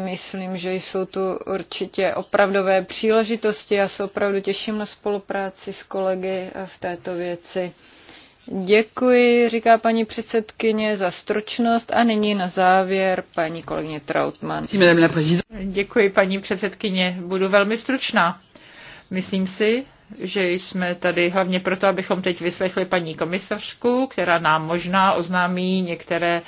Speaker 2: Myslím, že jsou tu určitě opravdové příležitosti. Já se opravdu těším na spolupráci s kolegy v této věci. Děkuji, říká paní předsedkyně, za stročnost a nyní na
Speaker 3: závěr paní kolegyně Trautmann. Děkuji, paní předsedkyně, budu velmi stručná. Myslím si, že jsme tady hlavně proto, abychom teď vyslechli paní komisařku, která nám možná oznámí některé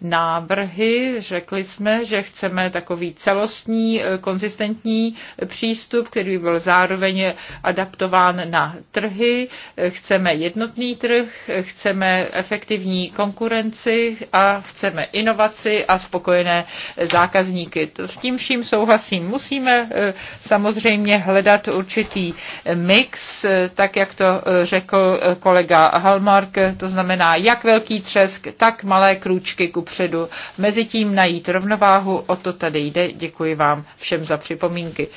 Speaker 3: návrhy. Řekli jsme, že chceme takový celostní, eh, konzistentní přístup, který by byl zároveň adaptován na trhy. Eh, chceme jednotný trh, eh, chceme efektivní konkurenci a chceme inovaci a spokojené zákazníky. S tím vším souhlasím. Musíme samozřejmě hledat určitý mix, tak jak to řekl kolega Halmark, to znamená jak velký třesk, tak malé krůčky ku mezi Mezitím najít rovnováhu, o to tady jde. Děkuji vám všem za připomínky.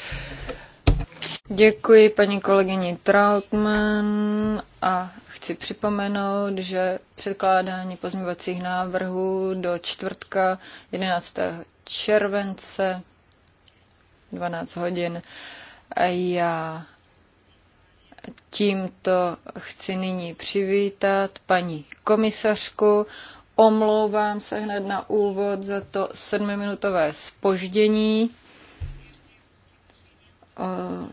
Speaker 2: Děkuji paní kolegyni Trautmann a chci připomenout, že předkládání pozměňovacích návrhů do čtvrtka 11. července 12 hodin. A já tímto chci nyní přivítat paní komisařku. Omlouvám se hned na úvod za to sedmiminutové spoždění.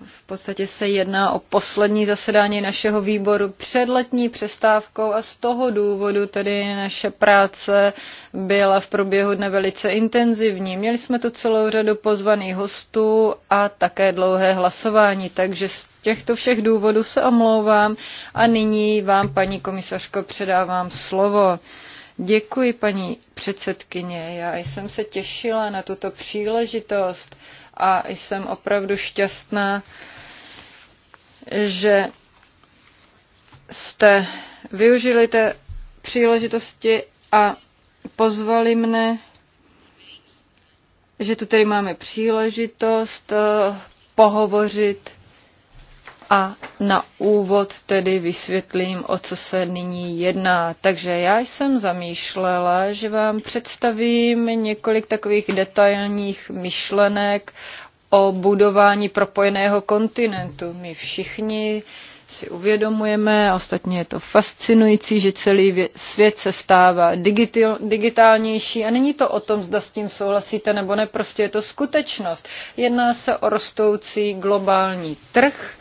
Speaker 2: V podstatě se jedná o poslední zasedání našeho výboru před letní přestávkou a z toho důvodu tedy naše práce byla v průběhu dne velice intenzivní. Měli jsme tu celou řadu pozvaných hostů a také dlouhé hlasování, takže z těchto všech důvodů se omlouvám a nyní vám, paní komisařko, předávám slovo. Děkuji, paní předsedkyně. Já jsem se těšila na tuto příležitost a jsem opravdu šťastná, že jste využili té příležitosti a pozvali mne, že tu tedy máme příležitost eh, pohovořit a na úvod tedy vysvětlím, o co se nyní jedná. Takže já jsem zamýšlela, že vám představím několik takových detailních myšlenek o budování propojeného kontinentu. My všichni si uvědomujeme, a ostatně je to fascinující, že celý svět se stává digital, digitálnější a není to o tom, zda s tím souhlasíte nebo ne, prostě je to skutečnost. Jedná se o rostoucí globální trh,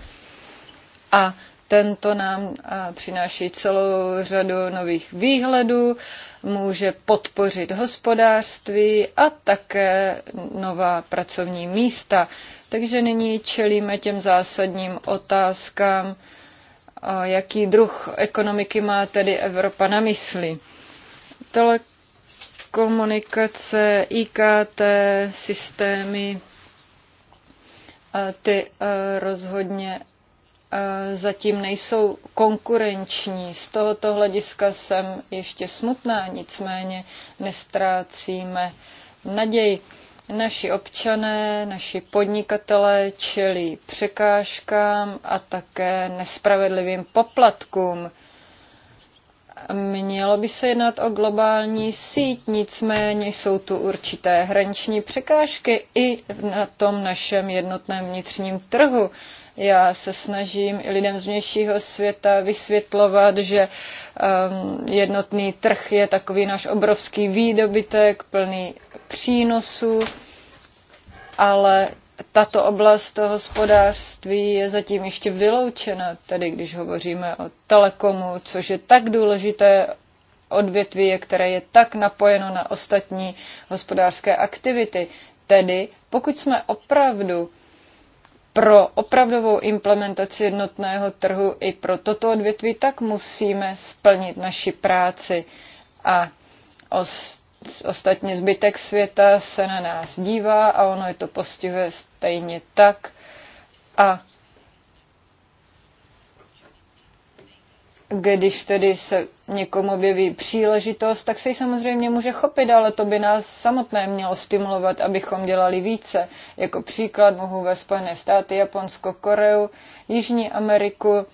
Speaker 2: a tento nám přináší celou řadu nových výhledů, může podpořit hospodářství a také nová pracovní místa. Takže nyní čelíme těm zásadním otázkám, jaký druh ekonomiky má tedy Evropa na mysli. Telekomunikace, IKT, systémy, ty rozhodně Eh, zatím nejsou konkurenční. Z tohoto hlediska jsem ještě smutná, nicméně nestrácíme naději. Naši občané, naši podnikatelé čelí překážkám a také nespravedlivým poplatkům. Mělo by se jednat o globální síť, nicméně jsou tu určité hraniční překážky i na tom našem jednotném vnitřním trhu. Já se snažím i lidem z vnějšího světa vysvětlovat, že um, jednotný trh je takový náš obrovský výdobytek, plný přínosů, ale tato oblast toho hospodářství je zatím ještě vyloučena, tedy když hovoříme o telekomu, což je tak důležité odvětví, které je tak napojeno na ostatní hospodářské aktivity. Tedy pokud jsme opravdu pro opravdovou implementaci jednotného trhu i pro toto odvětví, tak musíme splnit naši práci. A ostatně zbytek světa se na nás dívá a ono je to postihuje stejně tak. A když tedy se někomu objeví příležitost, tak se ji samozřejmě může chopit, ale to by nás samotné mělo stimulovat, abychom dělali více. Jako příklad mohu ve Spojené státy, Japonsko, Koreu, Jižní Ameriku.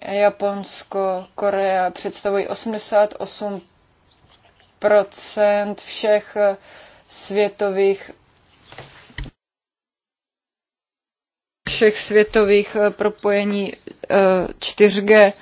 Speaker 2: Japonsko, Korea představují 88 všech světových všech světových propojení 4G. Eh,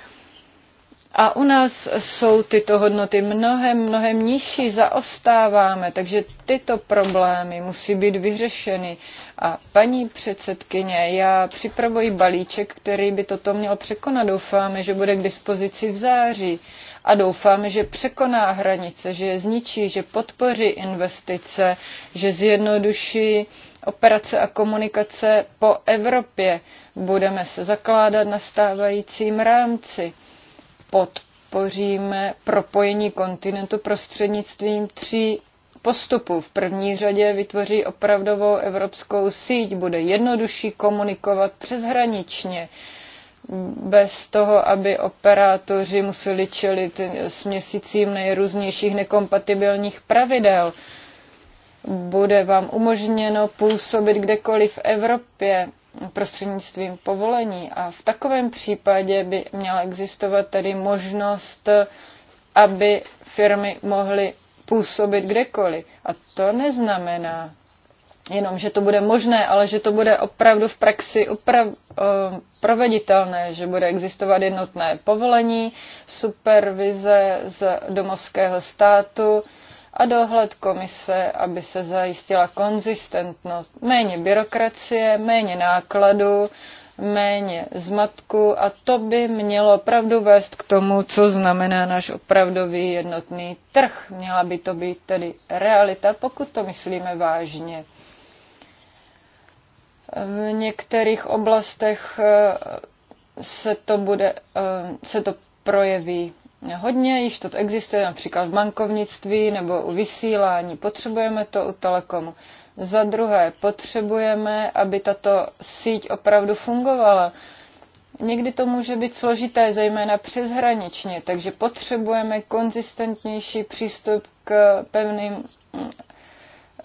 Speaker 2: a u nás jsou tyto hodnoty mnohem, mnohem nižší, zaostáváme, takže tyto problémy musí být vyřešeny. A paní předsedkyně, já připravuji balíček, který by toto měl překonat. Doufáme, že bude k dispozici v září a doufáme, že překoná hranice, že je zničí, že podpoří investice, že zjednoduší operace a komunikace po Evropě. Budeme se zakládat na stávajícím rámci podpoříme propojení kontinentu prostřednictvím tří postupů. V první řadě vytvoří opravdovou evropskou síť, bude jednodušší komunikovat přeshraničně bez toho, aby operátoři museli čelit s měsícím nejrůznějších nekompatibilních pravidel. Bude vám umožněno působit kdekoliv v Evropě prostřednictvím povolení. A v takovém případě by měla existovat tedy možnost, aby firmy mohly působit kdekoliv. A to neznamená jenom, že to bude možné, ale že to bude opravdu v praxi oprav, uh, proveditelné, že bude existovat jednotné povolení, supervize z domovského státu, a dohled komise, aby se zajistila konzistentnost, méně byrokracie, méně nákladů, méně zmatku a to by mělo opravdu vést k tomu, co znamená náš opravdový jednotný trh. Měla by to být tedy realita, pokud to myslíme vážně. V některých oblastech eh, se to, bude, eh, se to projeví hodně, již to existuje například v bankovnictví nebo u vysílání. Potřebujeme to u telekomu. Za druhé, potřebujeme, aby tato síť opravdu fungovala. Někdy to může být složité, zejména přeshraničně, takže potřebujeme konzistentnější přístup k pevným mm,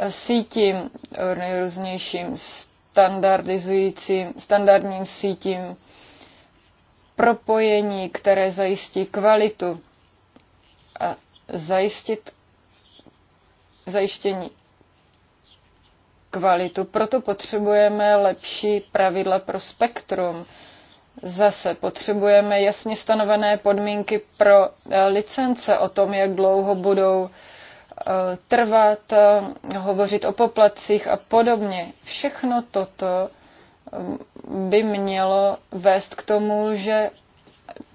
Speaker 2: sítím, nejrůznějším standardizujícím, standardním sítím propojení, které zajistí kvalitu a zajistit zajištění kvalitu. Proto potřebujeme lepší pravidla pro spektrum. Zase potřebujeme jasně stanovené podmínky pro eh, licence o tom, jak dlouho budou eh, trvat, eh, hovořit o poplacích a podobně. Všechno toto by mělo vést k tomu, že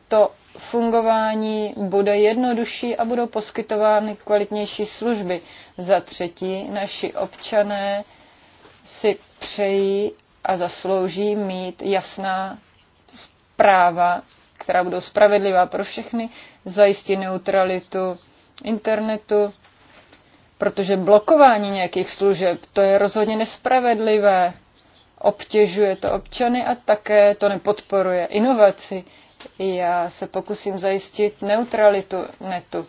Speaker 2: to fungování bude jednodušší a budou poskytovány kvalitnější služby. Za třetí, naši občané si přejí a zaslouží mít jasná zpráva, která budou spravedlivá pro všechny, zajistit neutralitu internetu, protože blokování nějakých služeb, to je rozhodně nespravedlivé obtěžuje to občany a také to nepodporuje inovaci. Já se pokusím zajistit neutralitu netu,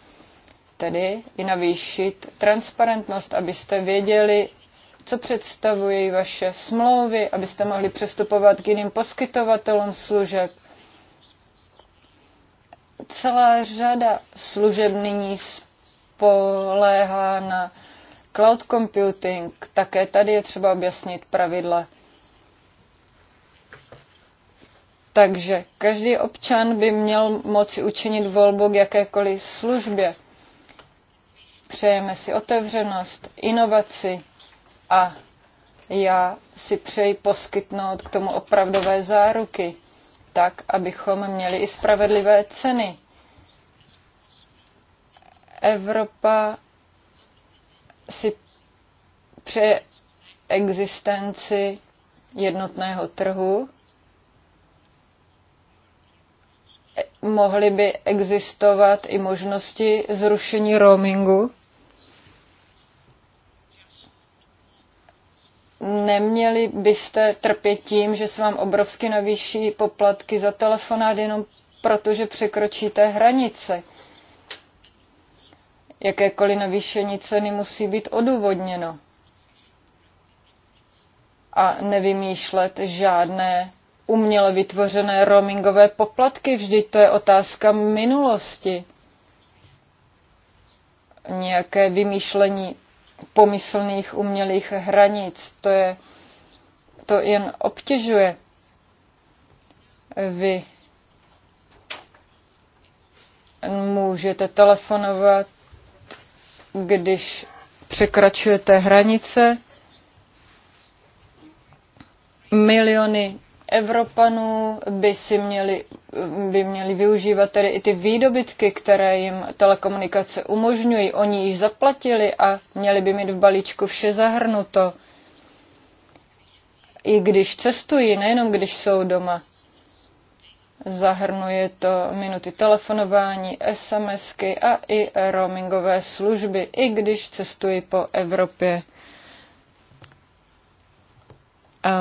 Speaker 2: tedy i navýšit transparentnost, abyste věděli, co představují vaše smlouvy, abyste mohli přestupovat k jiným poskytovatelům služeb. Celá řada služeb nyní spoléhá na cloud computing. Také tady je třeba objasnit pravidla Takže každý občan by měl moci učinit volbu k jakékoliv službě. Přejeme si otevřenost, inovaci a já si přeji poskytnout k tomu opravdové záruky, tak, abychom měli i spravedlivé ceny. Evropa si přeje existenci jednotného trhu, mohly by existovat i možnosti zrušení roamingu? Neměli byste trpět tím, že se vám obrovsky navýší poplatky za telefonát jenom proto, že překročíte hranice? Jakékoliv navýšení ceny musí být odůvodněno a nevymýšlet žádné uměle vytvořené roamingové poplatky. Vždyť to je otázka minulosti. Nějaké vymýšlení pomyslných umělých hranic. To, je, to jen obtěžuje. Vy můžete telefonovat, když překračujete hranice. Miliony Evropanů by si měli, by měli využívat tedy i ty výdobytky, které jim telekomunikace umožňují. Oni již zaplatili a měli by mít v balíčku vše zahrnuto. I když cestují, nejenom když jsou doma. Zahrnuje to minuty telefonování, SMSky a i roamingové služby, i když cestují po Evropě.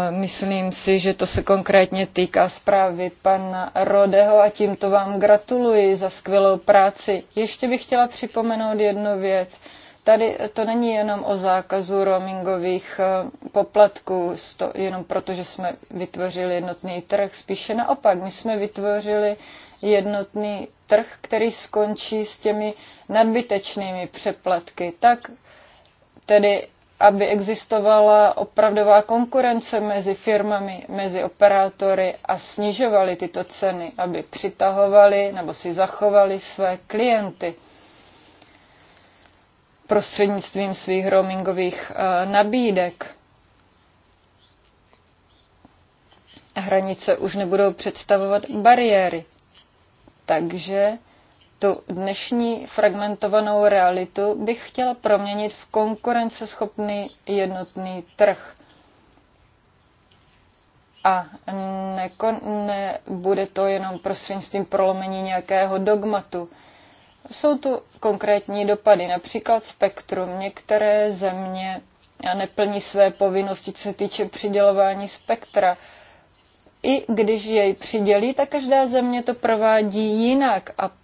Speaker 2: Myslím si, že to se konkrétně týká zprávy pana Rodeho a tímto vám gratuluji za skvělou práci. Ještě bych chtěla připomenout jednu věc. Tady to není jenom o zákazu roamingových eh, poplatků, jenom proto, že jsme vytvořili jednotný trh. Spíše naopak, my jsme vytvořili jednotný trh, který skončí s těmi nadbytečnými přeplatky. Tak tedy aby existovala opravdová konkurence mezi firmami, mezi operátory a snižovali tyto ceny, aby přitahovali nebo si zachovali své klienty prostřednictvím svých roamingových eh, nabídek. Hranice už nebudou představovat bariéry. Takže tu dnešní fragmentovanou realitu bych chtěla proměnit v konkurenceschopný jednotný trh. A nekon, ne, to jenom prostřednictvím prolomení nějakého dogmatu. Jsou tu konkrétní dopady, například spektrum. Některé země neplní své povinnosti, co se týče přidělování spektra. I když jej přidělí, tak každá země to provádí jinak a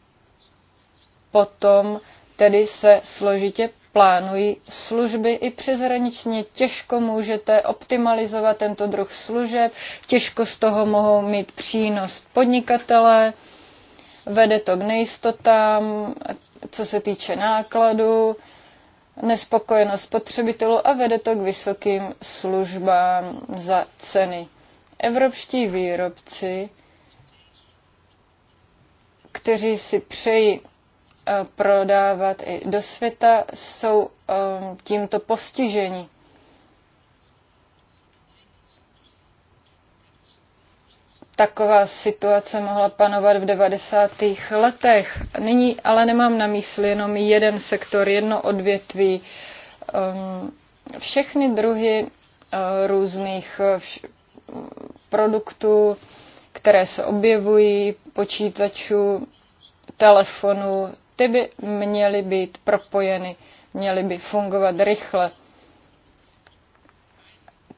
Speaker 2: potom tedy se složitě plánují služby i přeshraničně. Těžko můžete optimalizovat tento druh služeb, těžko z toho mohou mít přínos podnikatele vede to k nejistotám, co se týče nákladů, nespokojenost spotřebitelů a vede to k vysokým službám za ceny. Evropští výrobci, kteří si přejí prodávat i do světa, jsou um, tímto postiženi. Taková situace mohla panovat v 90. letech. Nyní ale nemám na mysli jenom jeden sektor, jedno odvětví. Um, všechny druhy uh, různých uh, produktů, které se objevují, počítačů, telefonu, ty by měly být propojeny, měly by fungovat rychle.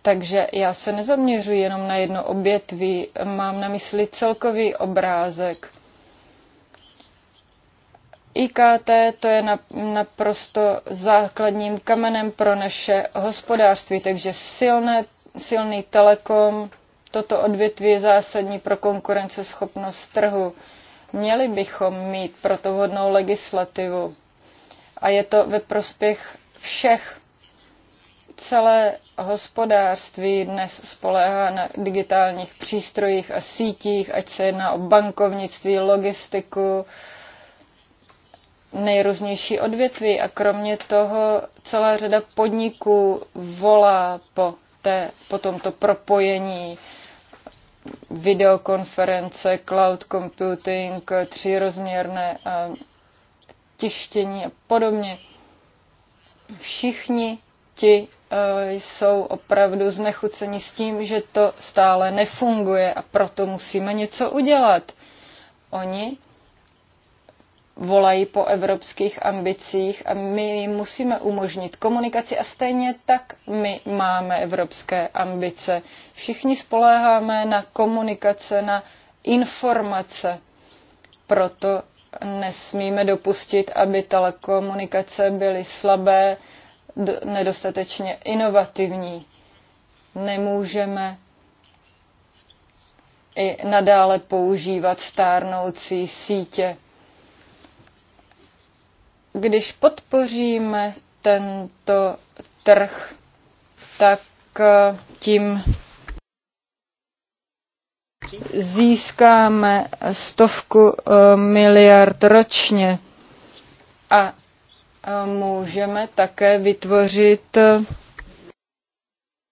Speaker 2: Takže já se nezaměřuji jenom na jedno obětví, mám na mysli celkový obrázek. IKT to je naprosto základním kamenem pro naše hospodářství, takže silné, silný telekom, toto odvětví je zásadní pro konkurenceschopnost trhu. Měli bychom mít proto vhodnou legislativu. A je to ve prospěch všech. Celé hospodářství dnes spoléhá na digitálních přístrojích a sítích, ať se jedná o bankovnictví, logistiku, nejrůznější odvětví a kromě toho celá řada podniků volá po, té, po tomto propojení videokonference, cloud computing, třírozměrné tištění a podobně. Všichni ti e, jsou opravdu znechuceni s tím, že to stále nefunguje a proto musíme něco udělat. Oni volají po evropských ambicích a my jim musíme umožnit komunikaci a stejně tak my máme evropské ambice. Všichni spoléháme na komunikace, na informace. Proto nesmíme dopustit, aby telekomunikace byly slabé, nedostatečně inovativní. Nemůžeme i nadále používat stárnoucí sítě když podpoříme tento trh, tak eh, tím získáme stovku eh, miliard ročně a eh, můžeme také vytvořit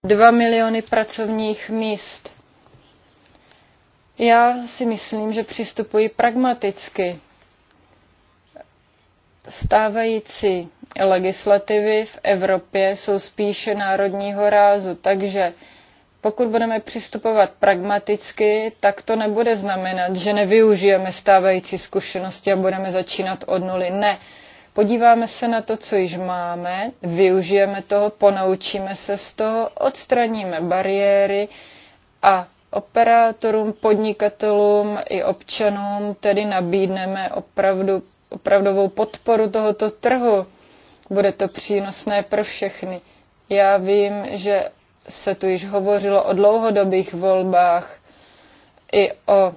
Speaker 2: 2 miliony pracovních míst. Já si myslím, že přistupuji pragmaticky stávající legislativy v Evropě jsou spíše národního rázu, takže pokud budeme přistupovat pragmaticky, tak to nebude znamenat, že nevyužijeme stávající zkušenosti a budeme začínat od nuly. Ne. Podíváme se na to, co již máme, využijeme toho, ponaučíme se z toho, odstraníme bariéry a operátorům, podnikatelům i občanům tedy nabídneme opravdu opravdovou podporu tohoto trhu. Bude to přínosné pro všechny. Já vím, že se tu již hovořilo o dlouhodobých volbách i o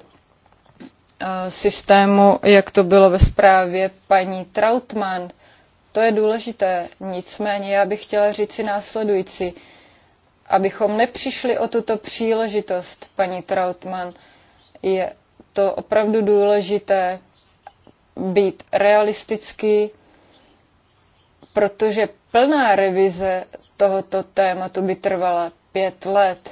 Speaker 2: systému, jak to bylo ve zprávě paní Trautmann. To je důležité. Nicméně já bych chtěla říci následující. Abychom nepřišli o tuto příležitost, paní Trautmann, je to opravdu důležité být realistický, protože plná revize tohoto tématu by trvala pět let.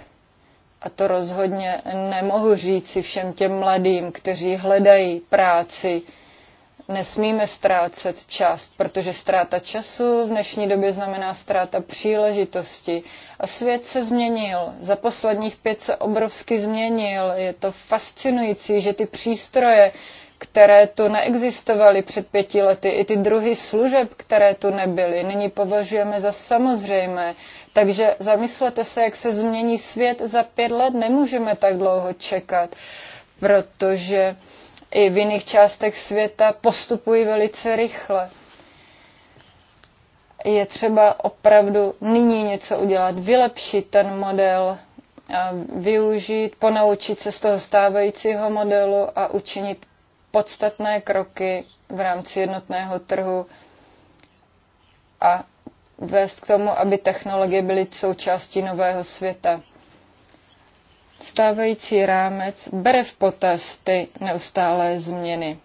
Speaker 2: A to rozhodně nemohu říci všem těm mladým, kteří hledají práci. Nesmíme ztrácet čas, protože ztráta času v dnešní době znamená ztráta příležitosti. A svět se změnil. Za posledních pět se obrovsky změnil. Je to fascinující, že ty přístroje, které tu neexistovaly před pěti lety, i ty druhy služeb, které tu nebyly, nyní považujeme za samozřejmé. Takže zamyslete se, jak se změní svět za pět let, nemůžeme tak dlouho čekat, protože i v jiných částech světa postupují velice rychle je třeba opravdu nyní něco udělat, vylepšit ten model, využít, ponaučit se z toho stávajícího modelu a učinit podstatné kroky v rámci jednotného trhu a vést k tomu, aby technologie byly součástí nového světa. Stávající rámec bere v potaz ty neustálé změny.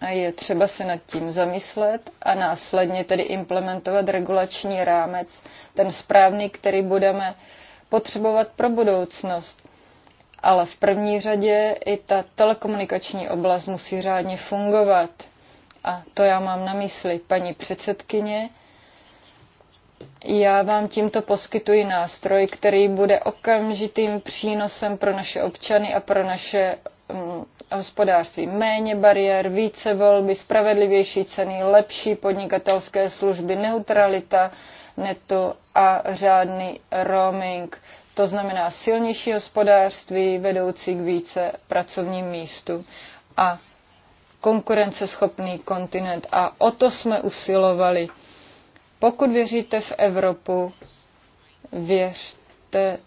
Speaker 2: A je třeba se nad tím zamyslet a následně tedy implementovat regulační rámec, ten správný, který budeme potřebovat pro budoucnost ale v první řadě i ta telekomunikační oblast musí řádně fungovat. A to já mám na mysli, paní předsedkyně. Já vám tímto poskytuji nástroj, který bude okamžitým přínosem pro naše občany a pro naše hm, hospodářství. Méně bariér, více volby, spravedlivější ceny, lepší podnikatelské služby, neutralita netu a řádný roaming. To znamená silnější hospodářství vedoucí k více pracovním místům a konkurenceschopný kontinent. A o to jsme usilovali. Pokud věříte v Evropu, věřte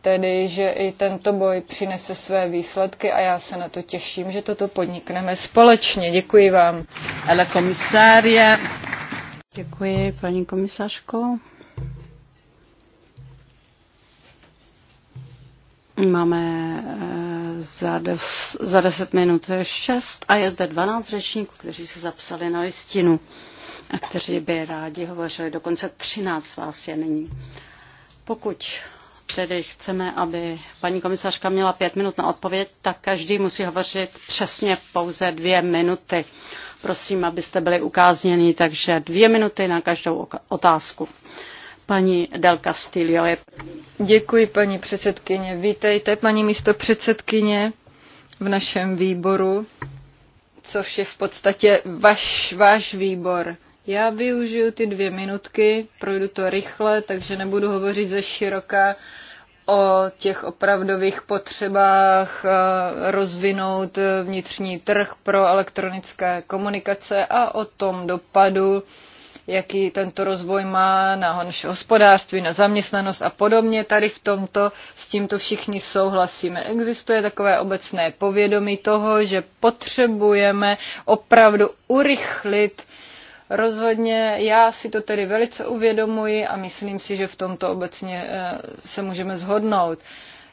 Speaker 2: tedy, že i tento boj přinese své výsledky a já se na to těším, že toto podnikneme společně. Děkuji
Speaker 1: vám. Ale komisária. Děkuji, paní komisařko. Máme eh, za, des, za deset minut šest a je zde dvanáct řečníků, kteří se zapsali na listinu a kteří by rádi hovořili. Dokonce třináct vás je nyní. Pokud tedy chceme, aby paní komisařka měla pět minut na odpověď, tak každý musí hovořit přesně pouze dvě minuty. Prosím, abyste byli ukázněni, takže dvě minuty na každou otázku. Paní Del Castillo je Děkuji, paní předsedkyně. Vítejte,
Speaker 2: paní místo předsedkyně v našem výboru, což je v podstatě vaš, váš výbor. Já využiju ty dvě minutky, projdu to rychle, takže nebudu hovořit ze široka o těch opravdových potřebách eh, rozvinout eh, vnitřní trh pro elektronické komunikace a o tom dopadu, jaký tento rozvoj má na naše hospodářství, na zaměstnanost a podobně. Tady v tomto s tímto všichni souhlasíme. Existuje takové obecné povědomí toho, že potřebujeme opravdu urychlit Rozhodně já si to tedy velice uvědomuji a myslím si, že v tomto obecně eh, se můžeme zhodnout.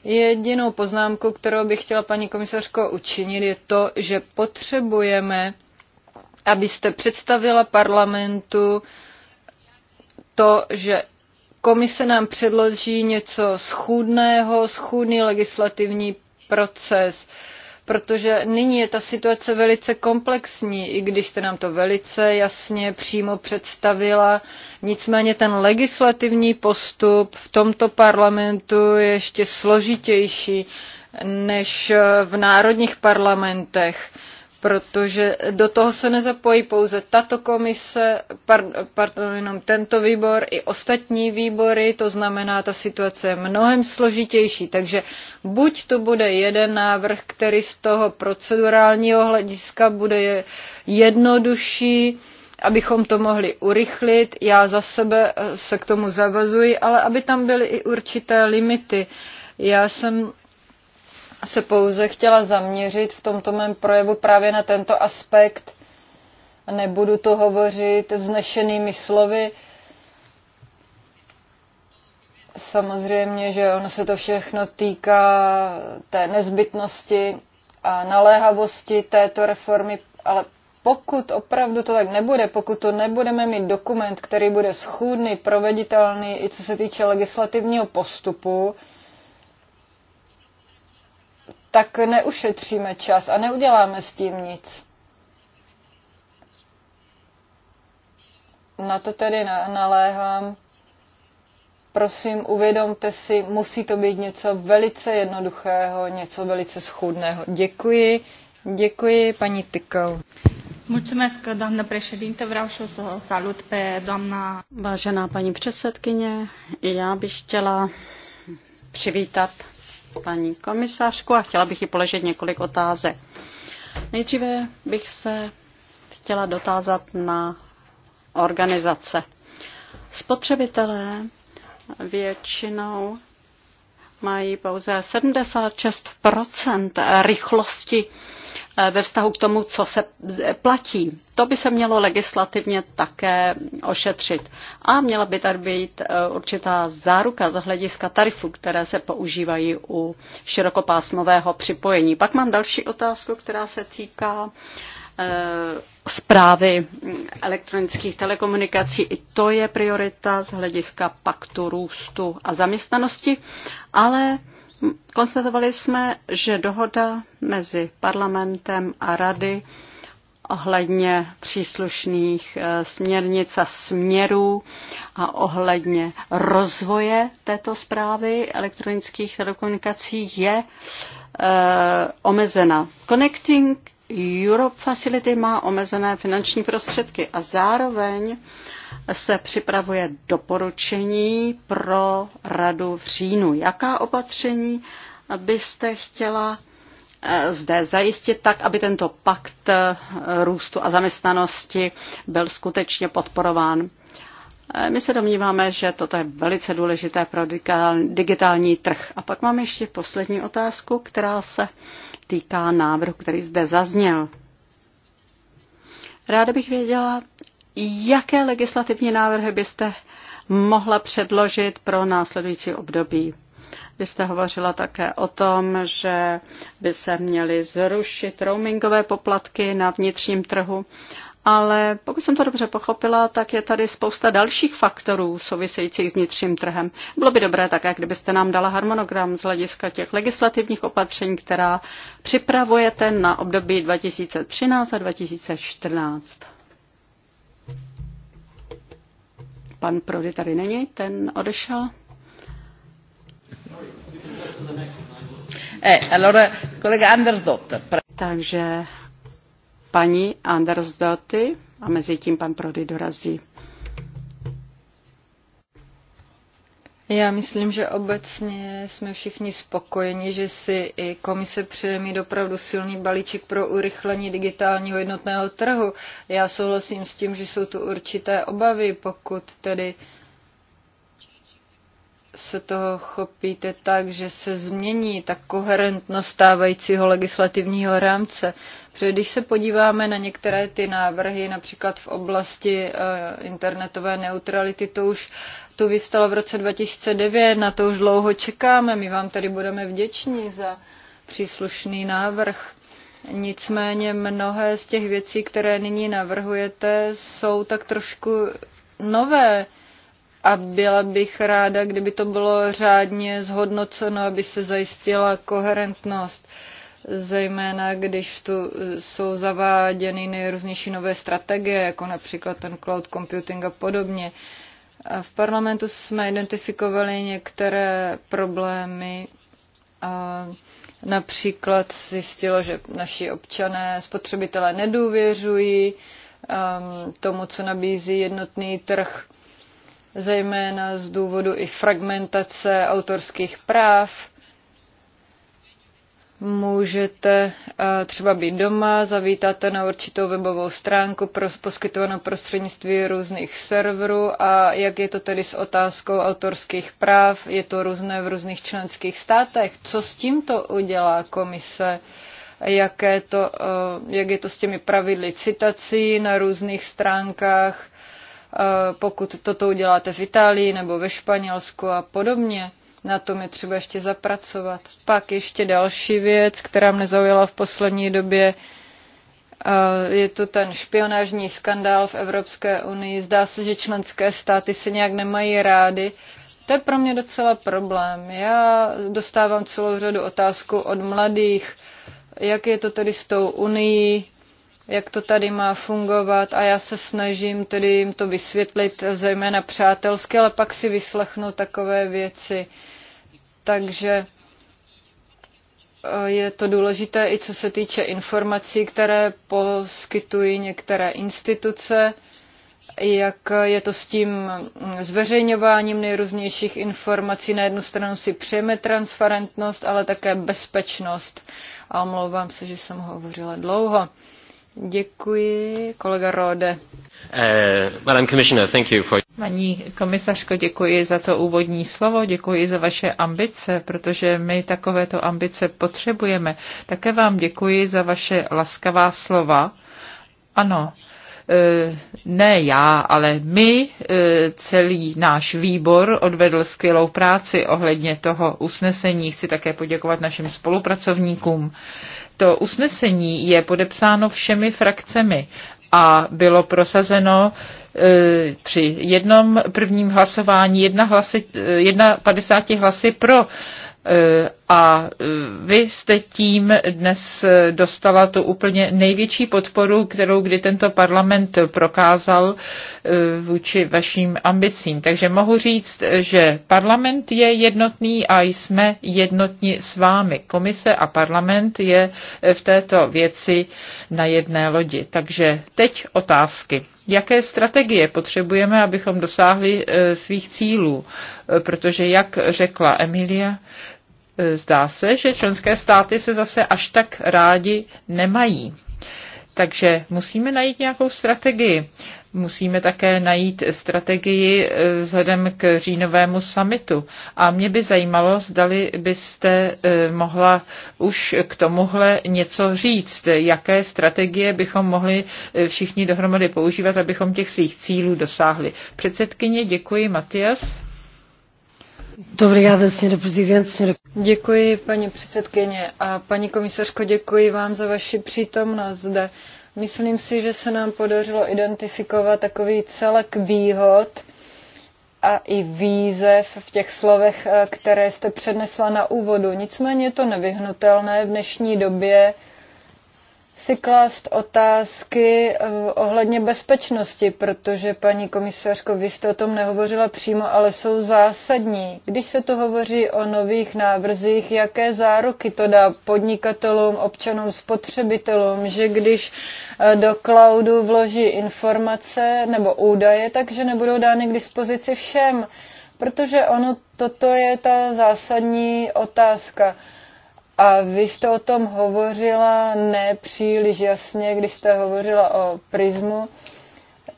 Speaker 2: Jedinou poznámku, kterou bych chtěla paní komisařko učinit, je to, že potřebujeme abyste představila parlamentu to, že komise nám předloží něco schůdného, schůdný legislativní proces, protože nyní je ta situace velice komplexní, i když jste nám to velice jasně přímo představila. Nicméně ten legislativní postup v tomto parlamentu je ještě složitější než v národních parlamentech protože do toho se nezapojí pouze tato komise, pardon, jenom tento výbor, i ostatní výbory, to znamená, ta situace je mnohem složitější. Takže buď to bude jeden návrh, který z toho procedurálního hlediska bude jednodušší, abychom to mohli urychlit. Já za sebe se k tomu zavazuji, ale aby tam byly i určité limity. Já jsem se pouze chtěla zaměřit v tomto mém projevu právě na tento aspekt. Nebudu to hovořit vznešenými slovy. Samozřejmě, že ono se to všechno týká té nezbytnosti a naléhavosti této reformy, ale pokud opravdu to tak nebude, pokud to nebudeme mít dokument, který bude schůdný, proveditelný, i co se týče legislativního postupu, tak neušetříme čas a neuděláme s tím nic. Na to tedy naléhám. Prosím, uvědomte si, musí to být něco velice jednoduchého, něco velice schůdného. Děkuji, děkuji paní Tykou.
Speaker 1: Mulțumesc, doamnă președinte. Vreau și să salut pe doamna... Vážená paní předsedkyně, já bych chtěla přivítat paní komisařku a chtěla bych ji položit několik otázek. Nejdříve bych se chtěla dotázat na organizace. Spotřebitelé většinou mají pouze 76 rychlosti Eh, ve vztahu k tomu, co se eh, platí. To by se mělo legislativně také ošetřit. A měla by tady být eh, určitá záruka z hlediska tarifů, které se používají u širokopásmového připojení. Pak mám další otázku, která se týká zprávy elektronických telekomunikací. I to je priorita z hlediska paktu růstu a zaměstnanosti, ale Konstatovali jsme, že dohoda mezi parlamentem a rady ohledně příslušných eh, směrnic a směrů a ohledně rozvoje této zprávy elektronických telekomunikací je eh, omezena. Connecting Europe Facility má omezené finanční prostředky a zároveň se připravuje doporučení pro radu v říjnu. Jaká opatření byste chtěla eh, zde zajistit tak, aby tento pakt eh, růstu a zaměstnanosti byl skutečně podporován? Eh, my se domníváme, že toto je velice důležité pro digitální trh. A pak mám ještě poslední otázku, která se týká návrhu, který zde zazněl. Ráda bych věděla, jaké legislativní návrhy byste mohla předložit pro následující období? Vy jste hovořila také o tom, že by se měly zrušit roamingové poplatky na vnitřním trhu, ale pokud jsem to dobře pochopila, tak je tady spousta dalších faktorů souvisejících s vnitřním trhem. Bylo by dobré také, kdybyste nám dala harmonogram z hlediska těch legislativních opatření, která připravujete na období 2013 a 2014. Pan Prody tady není, ten odešel. Eh, allora, kolega Andersdotter. Takže paní Andersdotty a mezi tím pan Prody dorazí.
Speaker 2: Já myslím, že obecně jsme všichni spokojeni,
Speaker 1: že si
Speaker 2: i komise přeje mi dopravdu silný balíček pro urychlení digitálního jednotného trhu. Já souhlasím s tím, že jsou tu určité obavy, pokud tedy uh, se toho chopíte tak, že se změní ta koherentnost stávajícího legislativního rámce. Protože když se podíváme na některé ty návrhy, například v oblasti eh, internetové neutrality, to už tu vystalo v roce 2009, na to už dlouho čekáme, my vám tady budeme vděční za příslušný návrh. Nicméně mnohé z těch věcí, které nyní navrhujete, jsou tak trošku nové a byla bych ráda, kdyby to bylo řádně zhodnoceno, aby se zajistila koherentnost zejména když tu jsou zaváděny nejrůznější nové strategie, jako například ten cloud computing a podobně. A v parlamentu jsme identifikovali některé problémy. A například zjistilo, že naši občané, spotřebitelé nedůvěřují um, tomu, co nabízí jednotný trh zejména z důvodu i fragmentace autorských práv. Můžete eh, třeba být doma, zavítáte na určitou webovou stránku pro poskytovanou prostřednictví různých serverů a jak je to tedy s otázkou autorských práv, je to různé v různých členských státech. Co s tímto udělá komise? Jaké to, eh, jak je to s těmi pravidly citací na různých stránkách? pokud toto uděláte v Itálii nebo ve Španělsku a podobně. Na tom je třeba ještě zapracovat. Pak ještě další věc, která mě zaujala v poslední době, je to ten špionážní skandál v Evropské unii. Zdá se, že členské státy se nějak nemají rády. To je pro mě docela problém. Já dostávám celou řadu otázku od mladých, jak je to tedy s tou unii, jak to tady má fungovat a já se snažím tedy jim to vysvětlit, zejména přátelsky, ale pak si vyslechnu takové věci. Takže eh, je to důležité i co se týče informací, které poskytují některé instituce, jak je to s tím zveřejňováním nejrůznějších informací. Na jednu stranu si přejeme transparentnost, ale také bezpečnost. A omlouvám se, že jsem hovořila dlouho. Děkuji,
Speaker 3: kolega Rode. Eh, Paní komisařko, děkuji za to úvodní slovo, děkuji za vaše ambice, protože my takovéto ambice potřebujeme. Také vám děkuji za vaše laskavá slova. Ano, eh, ne já, ale my, eh, celý náš výbor odvedl skvělou práci ohledně toho usnesení. Chci také poděkovat našim spolupracovníkům to usnesení je podepsáno všemi frakcemi a bylo prosazeno e, při jednom prvním hlasování jedna hlasy, e, jedna 50 hlasy pro. Eh, a eh, vy jste tím dnes eh, dostala tu úplně největší podporu, kterou kdy tento parlament prokázal vůči vaším ambicím. Takže mohu říct, že parlament je jednotný a jsme jednotní s vámi. Komise a parlament je v této věci na jedné lodi. Takže teď otázky. Jaké strategie potřebujeme, abychom dosáhli svých cílů? Protože, jak řekla Emilia, zdá se, že členské státy se zase až tak rádi nemají. Takže musíme najít nějakou strategii. Musíme také najít strategii eh, vzhledem k říjnovému summitu. A mě by zajímalo, zdali byste eh, mohla už k tomuhle něco říct. Jaké strategie bychom mohli eh, všichni dohromady používat, abychom těch svých cílů dosáhli. Předsedkyně, děkuji, Matias. Děkuji, paní předsedkyně.
Speaker 2: A paní komisařko, děkuji vám za vaši přítomnost zde. Myslím si, že se nám podařilo identifikovat takový celek výhod a i výzev v těch slovech, eh, které jste přednesla na úvodu. Nicméně je to nevyhnutelné v dnešní době si klást otázky eh, ohledně bezpečnosti, protože paní komisařko, vy jste o tom nehovořila přímo, ale jsou zásadní. Když se tu hovoří o nových návrzích, jaké záruky to dá podnikatelům, občanům, spotřebitelům, že když eh, do cloudu vloží informace nebo údaje, takže nebudou dány k dispozici všem, protože ono toto je ta zásadní otázka a vy jste o tom hovořila nepříliš jasně, když jste hovořila o prismu.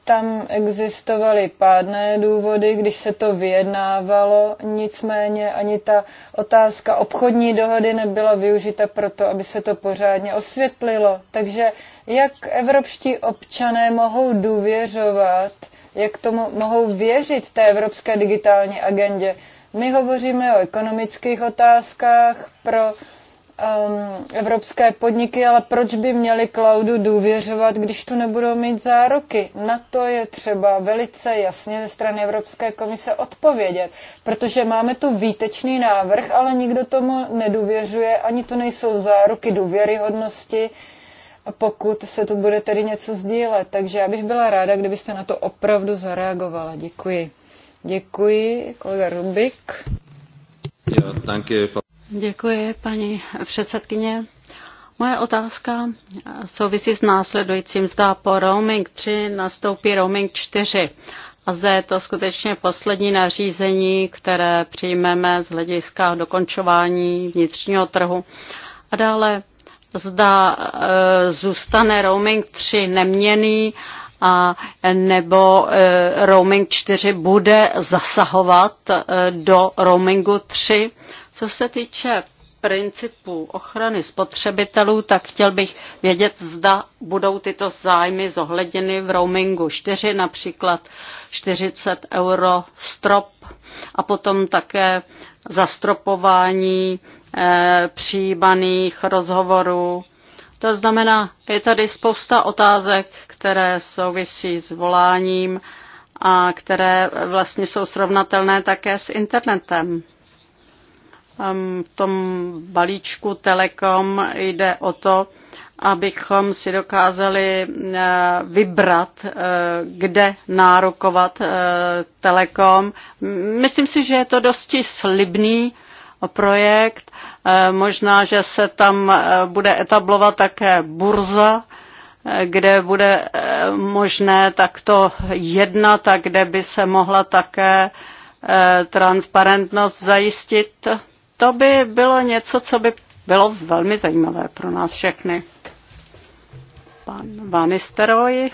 Speaker 2: Tam existovaly pádné důvody, když se to vyjednávalo, nicméně ani ta otázka obchodní dohody nebyla využita proto, aby se to pořádně osvětlilo. Takže jak evropští občané mohou důvěřovat, jak tomu mohou věřit té evropské digitální agendě? My hovoříme o ekonomických otázkách pro Um, evropské podniky, ale proč by měli cloudu důvěřovat, když to nebudou mít záruky? Na to je třeba velice jasně ze strany Evropské komise odpovědět, protože máme tu výtečný návrh, ale nikdo tomu nedůvěřuje, ani to nejsou záruky důvěryhodnosti, pokud se tu bude tedy něco sdílet. Takže já bych byla ráda, kdybyste na to opravdu zareagovala. Děkuji. Děkuji,
Speaker 1: kolega Rubik. thank you. Děkuji, paní předsedkyně. Moje otázka souvisí s následujícím. zda po roaming 3 nastoupí roaming 4. A zde je to skutečně poslední nařízení, které přijmeme z hlediska dokončování vnitřního trhu. A dále zda e, zůstane roaming 3 neměný a nebo e, roaming 4 bude zasahovat e, do roamingu 3 co se týče principu ochrany spotřebitelů, tak chtěl bych vědět, zda budou tyto zájmy zohledněny v roamingu 4, například 40 euro strop a potom také zastropování eh, přijímaných rozhovorů. To znamená, je tady spousta otázek, které souvisí s voláním a které vlastně jsou srovnatelné také s internetem v tom balíčku Telekom jde o to, abychom si dokázali eh, vybrat, eh, kde nárokovat eh, Telekom. Myslím si, že je to dosti slibný projekt. Možná, že se tam bude etablovat také burza, kde bude možné takto jednat a kde by se mohla také transparentnost zajistit to by bylo něco, co by bylo velmi zajímavé pro nás všechny. Pan Vanisteroj,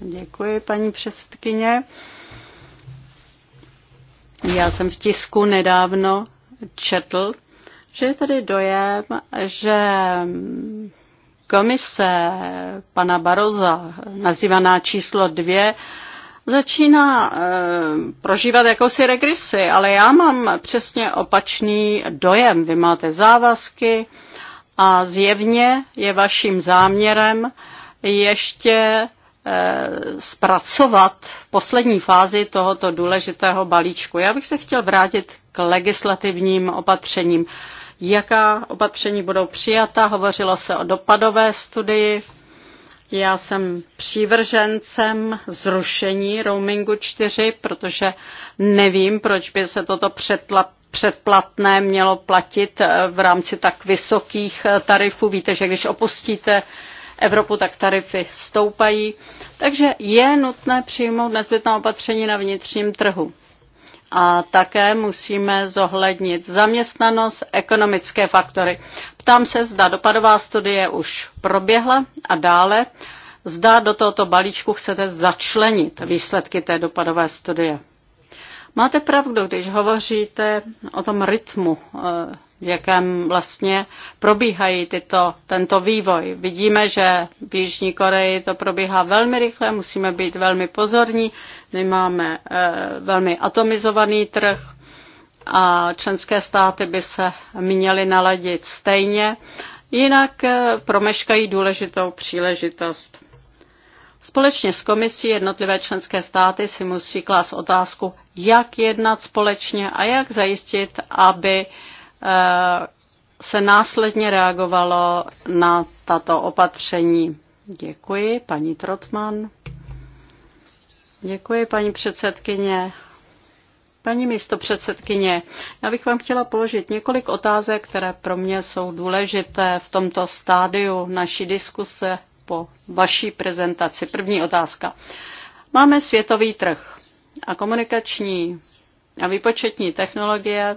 Speaker 1: děkuji paní předsedkyně. Já jsem v tisku nedávno četl, že je tady dojem, že komise pana Baroza, nazývaná číslo dvě, začíná e, prožívat jakousi regresi, ale já mám přesně opačný dojem. Vy máte závazky a zjevně je vaším záměrem ještě e, zpracovat poslední fázi tohoto důležitého balíčku. Já bych se chtěl vrátit k legislativním opatřením. Jaká opatření budou přijata? Hovořilo se o dopadové studii já jsem přívržencem zrušení roamingu 4, protože nevím, proč by se toto přetla, předplatné mělo platit eh, v rámci tak vysokých eh, tarifů. Víte, že když opustíte Evropu, tak tarify stoupají. Takže je nutné přijmout nezbytná opatření na vnitřním trhu a také musíme zohlednit zaměstnanost, ekonomické faktory. Ptám se, zda dopadová studie už proběhla a dále, zda do tohoto balíčku chcete začlenit výsledky té dopadové studie. Máte pravdu, když hovoříte o tom rytmu eh, v jakém vlastně probíhají tyto, tento vývoj. Vidíme, že v Jižní Koreji to probíhá velmi rychle, musíme být velmi pozorní. My máme e, velmi atomizovaný trh a členské státy by se měly naladit stejně, jinak e, promeškají důležitou příležitost. Společně s komisí jednotlivé členské státy si musí klást otázku, jak jednat společně a jak zajistit, aby Eh, se následně reagovalo na tato opatření. Děkuji, paní Trotman. Děkuji, paní předsedkyně. Paní místo předsedkyně, já bych vám chtěla položit několik otázek, které pro mě jsou důležité v tomto stádiu naší diskuse po vaší prezentaci. První otázka. Máme světový trh a komunikační a výpočetní technologie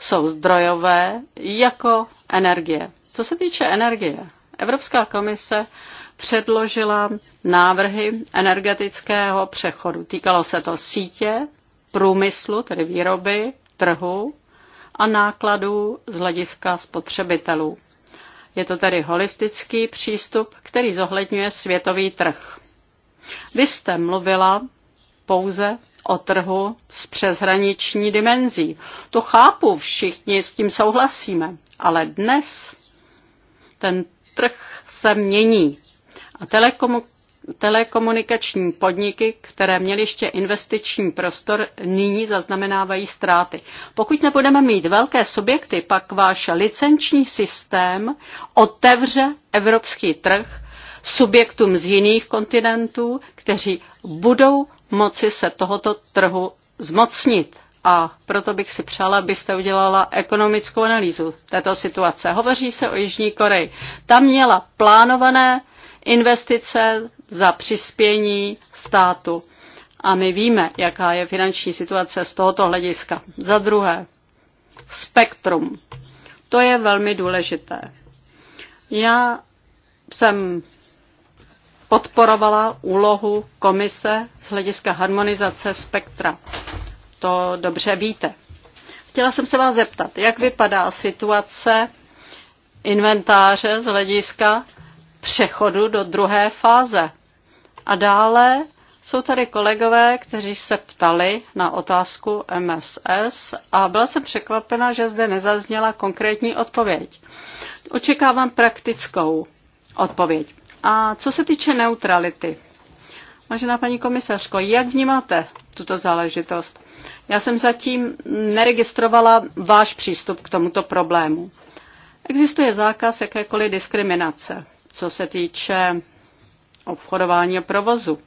Speaker 1: jsou zdrojové jako energie. Co se týče energie, Evropská komise předložila návrhy energetického přechodu. Týkalo se to sítě, průmyslu, tedy výroby, trhu a nákladů z hlediska spotřebitelů. Je to tedy holistický přístup, který zohledňuje světový trh. Vy jste mluvila pouze o trhu s přeshraniční dimenzí. To chápu, všichni s tím souhlasíme, ale dnes ten trh se mění a telekomu- telekomunikační podniky, které měly ještě investiční prostor, nyní zaznamenávají ztráty. Pokud nebudeme mít velké subjekty, pak váš licenční systém otevře evropský trh subjektům z jiných kontinentů, kteří budou moci se tohoto trhu zmocnit. A proto bych si přála, abyste udělala ekonomickou analýzu této situace. Hovoří se o Jižní Koreji. Tam měla plánované investice za přispění státu. A my víme, jaká je finanční situace z tohoto hlediska. Za druhé, spektrum. To je velmi důležité. Já jsem podporovala úlohu komise z hlediska harmonizace spektra. To dobře víte. Chtěla jsem se vás zeptat, jak vypadá situace inventáře z hlediska přechodu do druhé fáze. A dále jsou tady kolegové, kteří se ptali na otázku MSS a byla jsem překvapena, že zde nezazněla konkrétní odpověď. Očekávám praktickou odpověď. A co se týče neutrality, vážená paní komisařko, jak vnímáte tuto záležitost? Já jsem zatím neregistrovala váš přístup k tomuto problému. Existuje zákaz jakékoliv diskriminace, co se týče obchodování a provozu.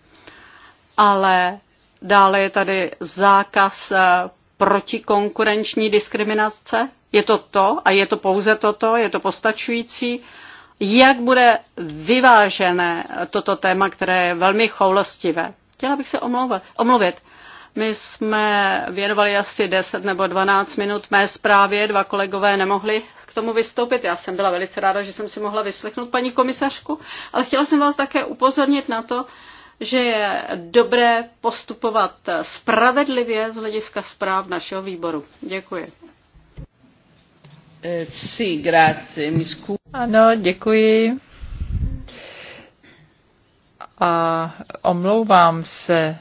Speaker 1: Ale dále je tady zákaz eh, protikonkurenční diskriminace. Je to to a je to pouze toto, je to postačující jak bude vyvážené toto téma, které je velmi choulostivé. Chtěla bych se omlouvat, omluvit. My jsme věnovali asi 10 nebo 12 minut mé zprávě, dva kolegové nemohli k tomu vystoupit. Já jsem byla velice ráda, že jsem si mohla vyslechnout paní komisařku, ale chtěla jsem vás také upozornit na to, že je dobré postupovat spravedlivě z hlediska zpráv našeho výboru. Děkuji.
Speaker 3: Eh, ano, děkuji. A omlouvám se,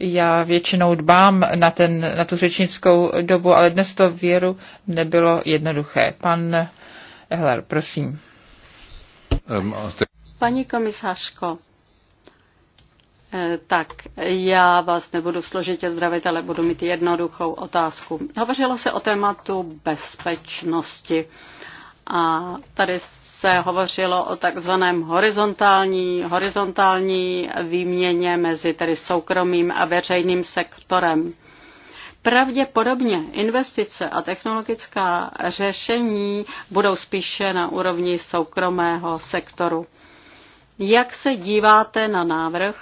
Speaker 3: já většinou dbám na, ten, na tu řečnickou dobu, ale dnes to věru nebylo jednoduché. Pan Ehler, prosím.
Speaker 4: Ehm,
Speaker 1: Paní komisařko, Eh, tak já vás nebudu složitě zdravit, ale budu mít jednoduchou otázku. Hovořilo se o tématu bezpečnosti a tady se hovořilo o takzvaném horizontální, horizontální výměně mezi tedy soukromým a veřejným sektorem. Pravděpodobně investice a technologická řešení budou spíše na úrovni soukromého sektoru. Jak se díváte na návrh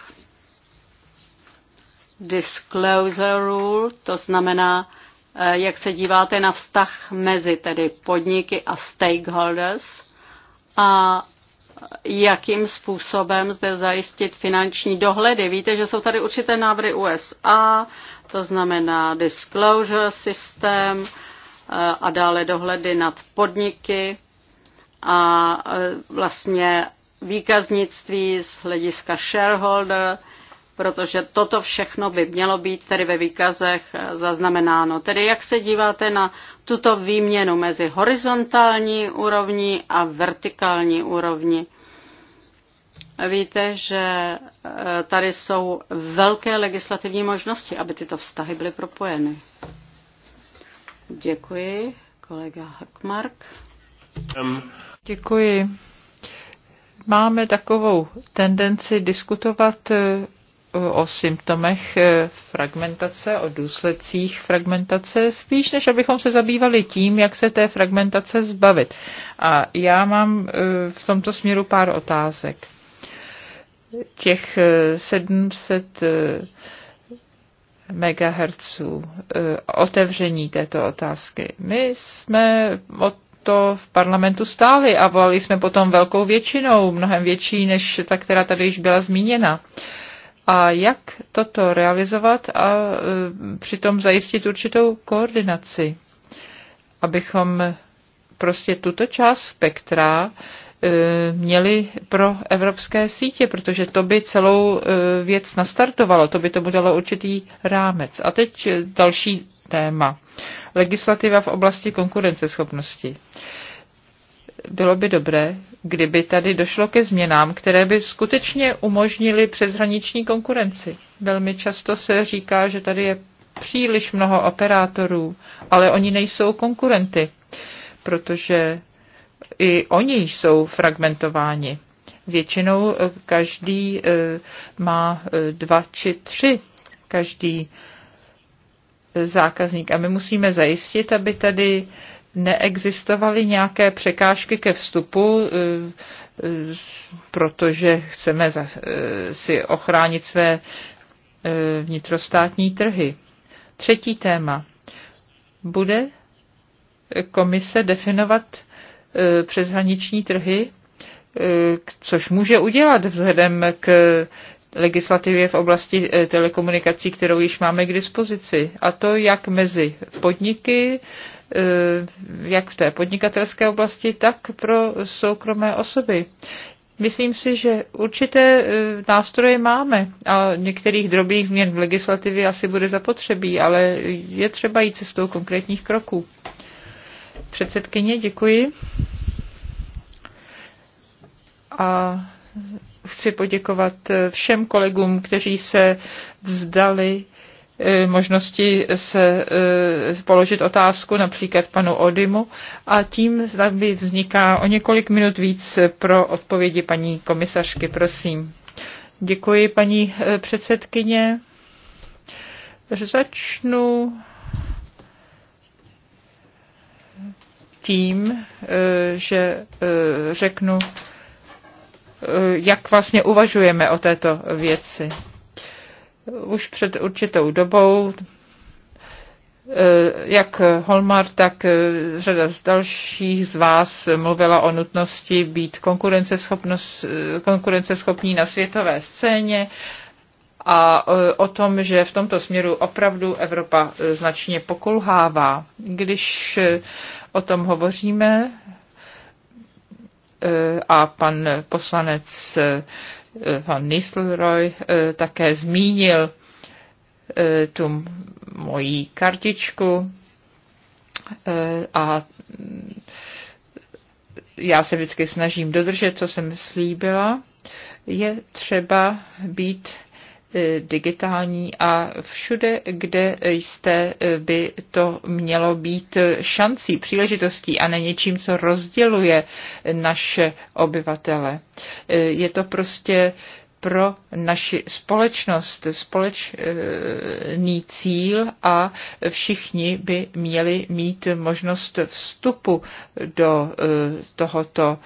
Speaker 1: disclosure rule, to znamená, eh, jak se díváte na vztah mezi tedy podniky a stakeholders a jakým způsobem zde zajistit finanční dohledy. Víte, že jsou tady určité návrhy USA, to znamená disclosure systém eh, a dále dohledy nad podniky a eh, vlastně výkaznictví z hlediska shareholder protože toto všechno by mělo být tedy ve výkazech zaznamenáno. Tedy jak se díváte na tuto výměnu mezi horizontální úrovní a vertikální úrovní? Víte, že eh, tady jsou velké legislativní možnosti, aby tyto vztahy byly propojeny.
Speaker 3: Děkuji, kolega Hackmark. Um. Děkuji. Máme takovou tendenci diskutovat eh, o symptomech e, fragmentace, o důsledcích fragmentace, spíš než abychom se zabývali tím, jak se té fragmentace zbavit. A já mám e, v tomto směru pár otázek. Těch 700 e, MHz otevření této otázky. My jsme od to v parlamentu stáli a volali jsme potom velkou většinou, mnohem větší než ta, která tady již byla zmíněna. Uh, a jak toto realizovat a e, přitom zajistit určitou koordinaci, abychom prostě tuto část spektra e, měli pro evropské sítě, protože to by celou e, věc nastartovalo, to by to dalo určitý rámec. A teď další téma. Legislativa v oblasti konkurenceschopnosti. Bylo by dobré, kdyby tady došlo ke změnám, které by skutečně umožnily přeshraniční konkurenci. Velmi často se říká, že tady je příliš mnoho operátorů, ale oni nejsou konkurenty, protože i oni jsou fragmentováni. Většinou eh, každý eh, má eh, dva či tři, každý zákazník. A my musíme zajistit, aby tady neexistovaly nějaké překážky ke vstupu, e, e, protože chceme e, si ochránit své vnitrostátní trhy. Třetí téma. Bude komise definovat přeshraniční trhy, což může udělat vzhledem k legislativě v oblasti eh, telekomunikací, kterou již máme k dispozici. A to jak mezi podniky, eh, jak v té podnikatelské oblasti, tak pro soukromé osoby. Myslím si, že určité eh, nástroje máme a některých drobných změn v legislativě asi bude zapotřebí, ale je třeba jít cestou konkrétních kroků. Předsedkyně, děkuji. A chci poděkovat eh, všem kolegům, kteří se vzdali eh, možnosti se eh, položit otázku například panu Odimu a tím by vzniká o několik minut víc pro odpovědi paní komisařky, prosím. Děkuji, paní předsedkyně. Začnu tím, že řeknu, Eh, jak vlastně uvažujeme o této věci. Už před určitou dobou eh, jak Holmar, tak eh, řada z dalších z vás mluvila o nutnosti být konkurenceschopní na světové scéně a o tom, že v tomto směru opravdu Evropa značně pokulhává. Když o tom hovoříme, a pan poslanec eh, pan Nisleroy eh, také zmínil eh, tu mojí kartičku a mm, já se vždycky snažím dodržet, co jsem slíbila. Je třeba být E, digitální a všude, kde jste, e, by to mělo být šancí, příležitostí a ne něčím, co rozděluje naše obyvatele. E, je to prostě pro naši společnost společný cíl a všichni by měli mít možnost vstupu do tohoto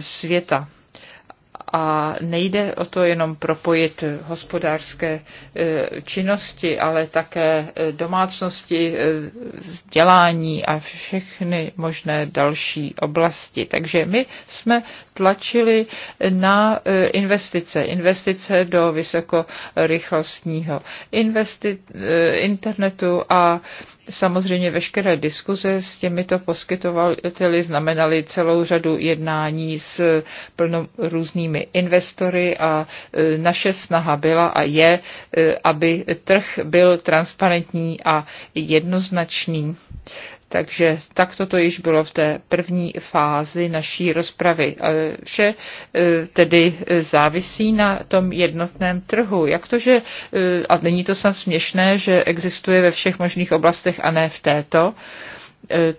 Speaker 3: světa. A nejde o to jenom propojit hospodářské e, činnosti, ale také e, domácnosti, e, vzdělání a všechny možné další oblasti. Takže my jsme tlačili na investice. Investice do vysokorychlostního investi- internetu a Samozřejmě veškeré diskuze s těmito poskytovateli znamenaly celou řadu jednání s plno různými investory a e, naše snaha byla a je, e, aby trh byl transparentní a jednoznačný. Takže tak toto již bylo v té první fázi naší rozpravy. Vše e, tedy e, závisí na tom jednotném trhu. Jak to, že, e, a není to snad směšné, že existuje ve všech možných oblastech a ne v této,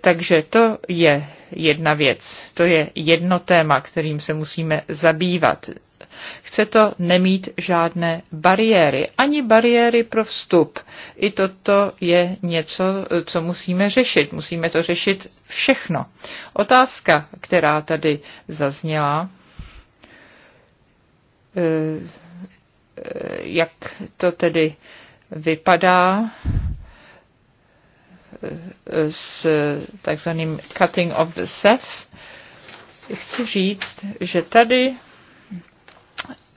Speaker 3: takže to je jedna věc, to je jedno téma, kterým se musíme zabývat. Chce to nemít žádné bariéry, ani bariéry pro vstup. I toto je něco, co musíme řešit. Musíme to řešit všechno. Otázka, která tady zazněla, eh, jak to tedy vypadá eh, s takzvaným cutting of the SEF, chci říct, že tady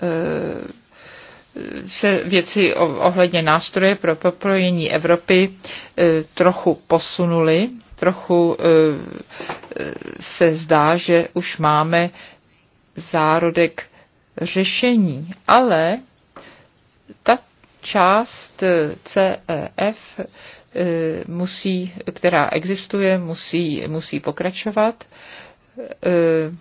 Speaker 3: Eh, se věci ohledně nástroje pro propojení Evropy eh, trochu posunuly, trochu eh, se zdá, že už máme zárodek řešení, ale ta část CEF, musí, která existuje, musí, musí pokračovat Eh,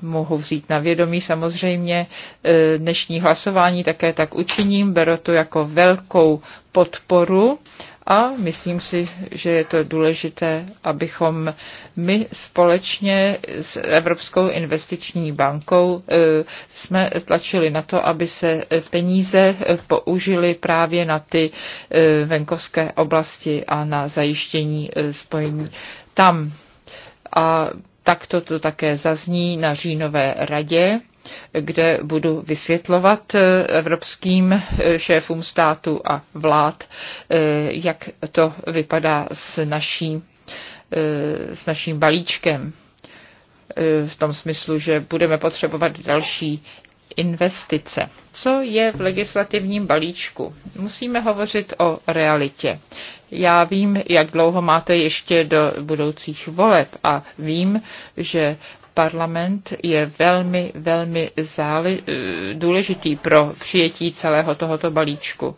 Speaker 3: mohu vzít na vědomí. Samozřejmě eh, dnešní hlasování také tak učiním, beru to jako velkou podporu a myslím si, že je to důležité, abychom my společně s Evropskou investiční bankou eh, jsme tlačili na to, aby se peníze použily právě na ty venkovské oblasti a na zajištění spojení tam. A Takto to také zazní na říjnové radě kde budu vysvětlovat eh, evropským eh, šéfům státu a vlád, eh, jak to vypadá s, naší, s naším balíčkem v tom smyslu, že budeme potřebovat další investice. Co je v legislativním balíčku? Musíme hovořit o realitě. Já vím, jak dlouho máte ještě do budoucích voleb a vím, že parlament je velmi, velmi záli, eh, důležitý pro přijetí celého tohoto balíčku.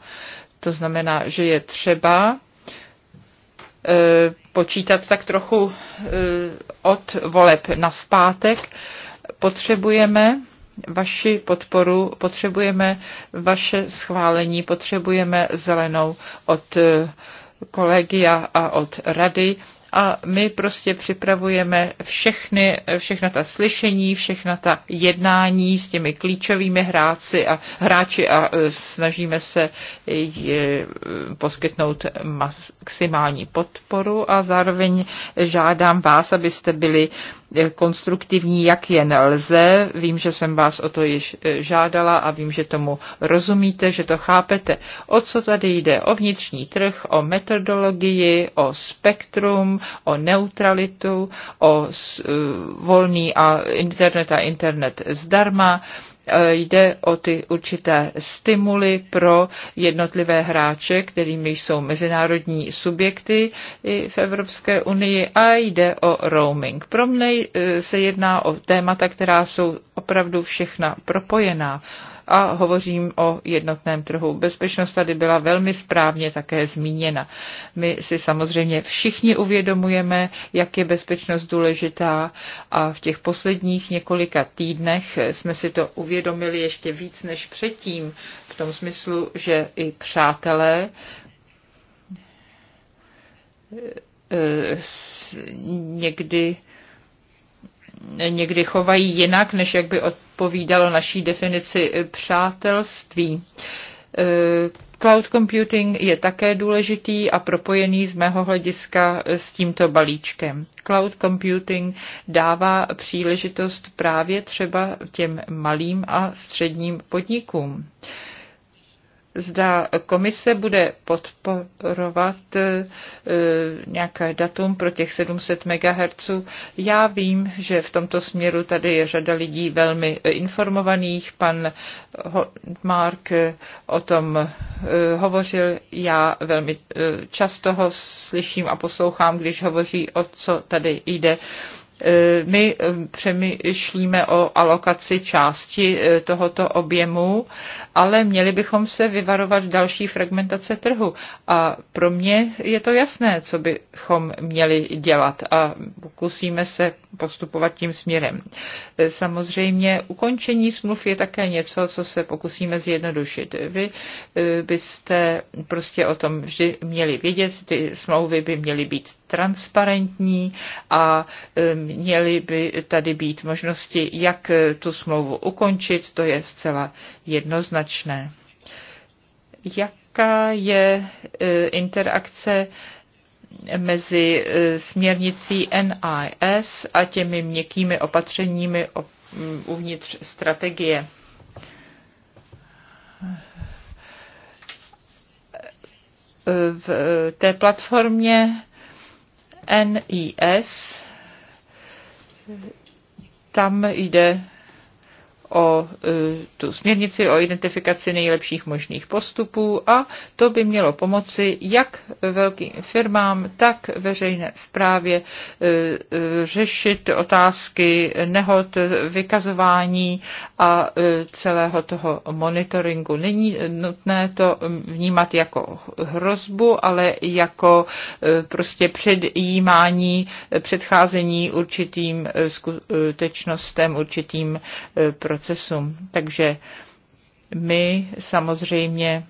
Speaker 3: To znamená, že je třeba eh, počítat tak trochu eh, od voleb na zpátek. Potřebujeme vaši podporu, potřebujeme vaše schválení, potřebujeme zelenou od eh, kolegia a od rady a my prostě připravujeme všechny, všechna ta slyšení, všechna ta jednání s těmi klíčovými hráci a hráči a eh, snažíme se je eh, poskytnout maximální podporu a zároveň žádám vás, abyste byli konstruktivní, jak jen lze. Vím, že jsem vás o to již eh, žádala a vím, že tomu rozumíte, že to chápete. O co tady jde? O vnitřní trh, o metodologii, o spektrum, o neutralitu, o eh, volný a internet a internet zdarma Jde o ty určité stimuly pro jednotlivé hráče, kterými jsou mezinárodní subjekty v Evropské unii a jde o roaming. Pro mne eh, se jedná o témata, která jsou opravdu všechna propojená a hovořím o jednotném trhu. Bezpečnost tady byla velmi správně také zmíněna. My si samozřejmě všichni uvědomujeme, jak je bezpečnost důležitá a v těch posledních několika týdnech jsme si to uvědomili ještě víc než předtím, v tom smyslu, že i přátelé eh, někdy někdy chovají jinak, než jak by od odpovídalo naší definici eh, přátelství. Eh, cloud computing je také důležitý a propojený z mého hlediska eh, s tímto balíčkem. Cloud computing dává příležitost právě třeba těm malým a středním podnikům. Uh, zda komise bude podporovat e, nějaké datum pro těch 700 MHz. Já vím, že v tomto směru tady je řada lidí velmi e, informovaných. Pan Mark e, o tom hovořil. Já velmi často ho slyším a poslouchám, když hovoří o co tady jde. E, my e, přemýšlíme o alokaci části e, tohoto objemu, ale měli bychom se vyvarovat další fragmentace trhu. A pro mě je to jasné, co bychom měli dělat a pokusíme se postupovat tím směrem. Samozřejmě ukončení smluv je také něco, co se pokusíme zjednodušit. Vy byste prostě o tom vždy měli vědět, ty smlouvy by měly být transparentní a e, měly by tady být možnosti, jak e, tu smlouvu ukončit, to je zcela jednoznačné. Jaká je e, interakce mezi směrnicí NIS a těmi měkkými opatřeními uvnitř strategie? v té platformě NIS, tam jde o e, tu směrnici o identifikaci nejlepších možných postupů a to by mělo pomoci jak velkým firmám, tak veřejné správě e, e, řešit otázky nehod, vykazování a celého toho monitoringu. Není nutné to vnímat jako hrozbu, ale jako prostě předjímání, předcházení určitým skutečnostem, určitým procesům procesům. Takže my samozřejmě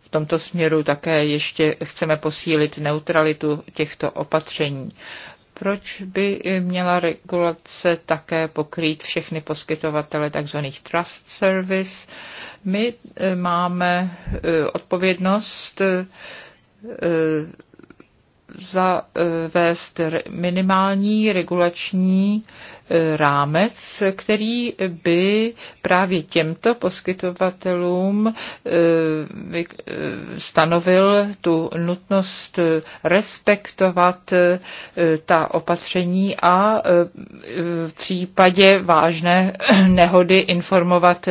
Speaker 3: v tomto směru také ještě chceme posílit neutralitu těchto opatření. Proč by měla regulace také pokrýt všechny poskytovatele tzv. trust service? My eh, máme eh, odpovědnost eh, zavést minimální regulační rámec, který by právě těmto poskytovatelům eh, eh, stanovil tu nutnost respektovat eh, ta opatření a v případě vážné nehody informovat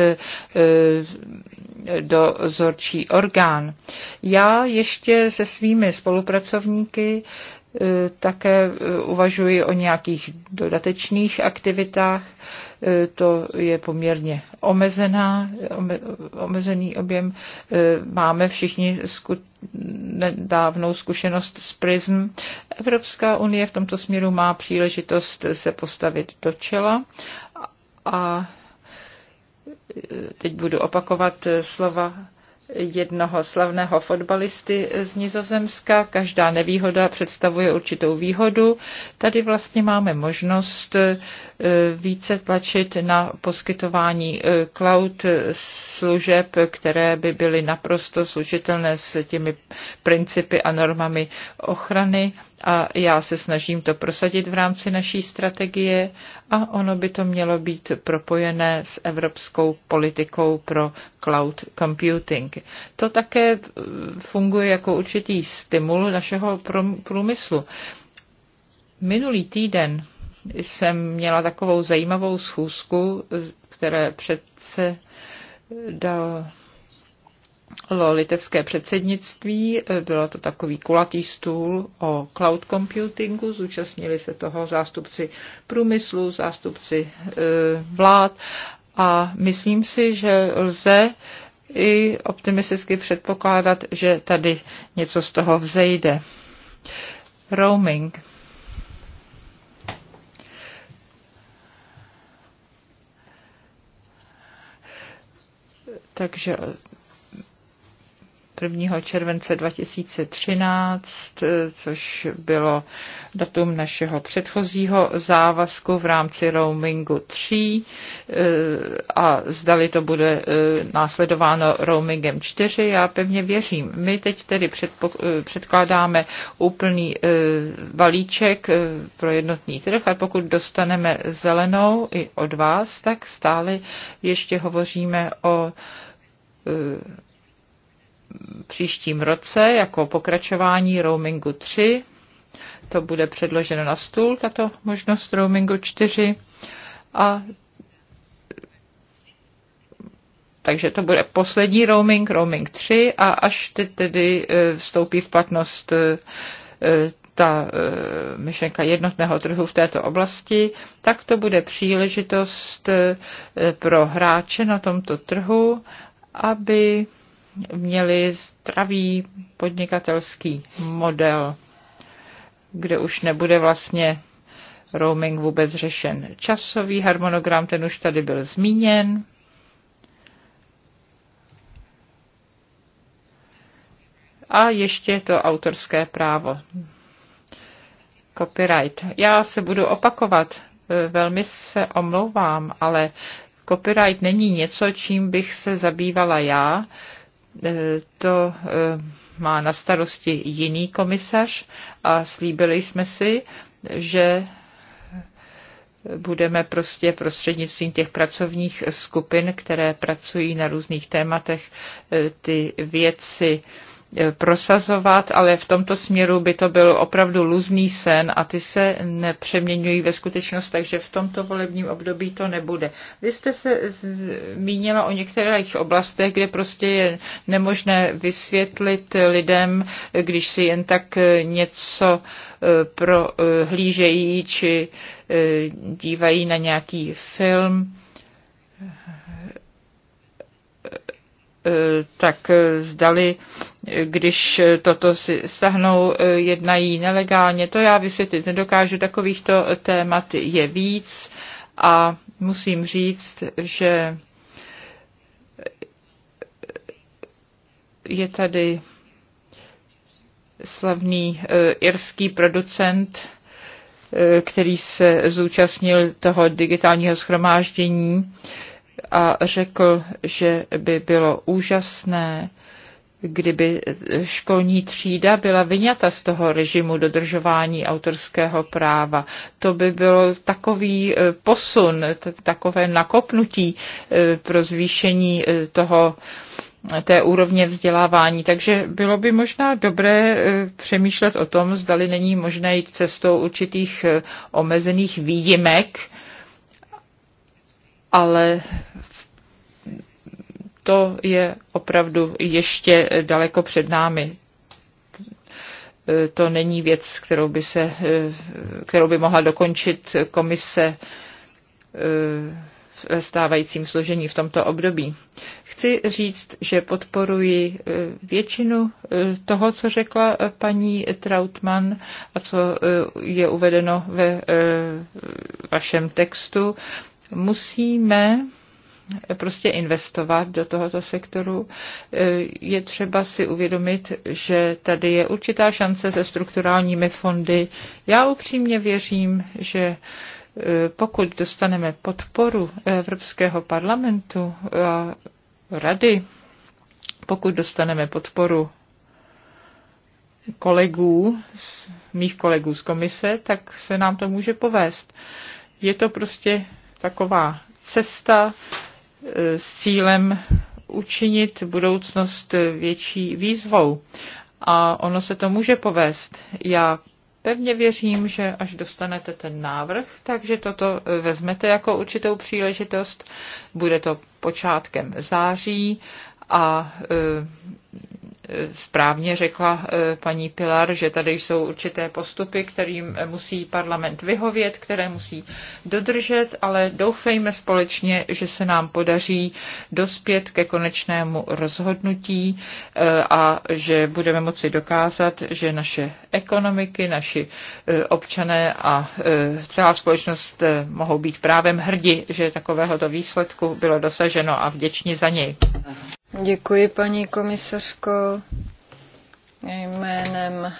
Speaker 3: dozorčí orgán. Já ještě se svými spolupracovníky Eh, také eh, uvažuji o nějakých dodatečných aktivitách. Eh, to je poměrně omezená, omezený objem. Máme všichni zku, nedávnou zkušenost s PRISM. Evropská unie v tomto směru má příležitost se postavit do čela a teď budu opakovat slova jednoho slavného fotbalisty z Nizozemska. Každá nevýhoda představuje určitou výhodu. Tady vlastně máme možnost eh, více tlačit na poskytování eh, cloud služeb, které by byly naprosto služitelné s těmi principy a normami ochrany a já se snažím to prosadit v rámci naší strategie a ono by to mělo být propojené s evropskou politikou pro cloud computing. To také eh, funguje jako určitý stimul našeho průmyslu. Minulý týden jsem měla takovou zajímavou schůzku, které předsedal litevské předsednictví. Eh, bylo to takový kulatý stůl o cloud computingu. Zúčastnili se toho zástupci průmyslu, zástupci eh, vlád a myslím si, že lze i optimisticky předpokládat, že tady něco z toho vzejde. Roaming. Takže 1. července 2013, eh, což bylo datum našeho předchozího závazku v rámci roamingu 3 eh, a zdali to bude eh, následováno roamingem 4, já pevně věřím. My teď tedy předkládáme úplný balíček pro jednotný trh a pokud dostaneme zelenou i od vás, tak stále ještě hovoříme o příštím roce jako pokračování roamingu 3. To bude předloženo na stůl, tato možnost roamingu 4. A takže to bude poslední roaming, roaming 3 a až teď tedy e, vstoupí v platnost e, e, ta myšlenka jednotného trhu v této oblasti, tak to bude příležitost pro hráče na tomto trhu, aby měli zdravý podnikatelský model, kde už nebude vlastně roaming vůbec řešen. Časový harmonogram, ten už tady byl zmíněn. A ještě to autorské právo. Copyright. Já se budu opakovat, velmi se omlouvám, ale copyright není něco, čím bych se zabývala já. Eh, to eh, má na starosti jiný komisař a slíbili jsme si, že budeme prostě prostřednictvím těch pracovních skupin, které pracují na různých tématech, eh, ty věci E, prosazovat, ale v tomto směru by to byl opravdu luzný sen a ty se nepřeměňují ve skutečnost, takže v tomto volebním období to nebude. Vy jste se zmínila o některých oblastech, kde prostě je nemožné vysvětlit lidem, když si jen tak něco e, prohlížejí či e, dívají na nějaký film Eh, tak eh, zdali, eh, když toto si stahnou, jednají nelegálně. To já vysvětlit nedokážu, takovýchto témat je víc a musím říct, že je tady slavný irský producent, který se zúčastnil toho digitálního schromáždění a řekl, že by bylo úžasné, kdyby školní třída byla vyňata z toho režimu dodržování autorského práva. To by byl takový e, posun, takové nakopnutí e, pro zvýšení e, toho té úrovně vzdělávání. Takže bylo by možná dobré přemýšlet o tom, zdali není možné jít cestou určitých omezených výjimek, ale to je opravdu ještě daleko před námi. To není věc, kterou by, se, kterou by mohla dokončit komise ve stávajícím složení v tomto období. Chci říct, že podporuji eh, většinu eh, toho, co řekla eh, paní Trautmann a co je uvedeno ve vašem textu. Musíme prostě investovat do tohoto sektoru, e, je třeba si uvědomit, že tady je určitá šance se strukturálními fondy. Já upřímně věřím, že e, pokud dostaneme podporu Evropského parlamentu a rady, pokud dostaneme podporu kolegů, mých kolegů z komise, tak se nám to může povést. Je to prostě taková cesta e, s cílem učinit budoucnost větší výzvou. A ono se to může povést. Já pevně věřím, že až dostanete ten návrh, takže toto vezmete jako určitou příležitost. Bude to počátkem září a e, Eh, správně řekla eh, paní Pilar, že tady jsou určité postupy, kterým musí parlament vyhovět, které musí dodržet, ale doufejme společně, že se nám podaří dospět ke konečnému rozhodnutí eh, a že budeme moci dokázat, že naše ekonomiky, naši občané a celá společnost mohou být právem hrdi, že takovéhoto výsledku bylo dosaženo a vděční za něj. Děkuji, paní
Speaker 2: komisařko. Jménem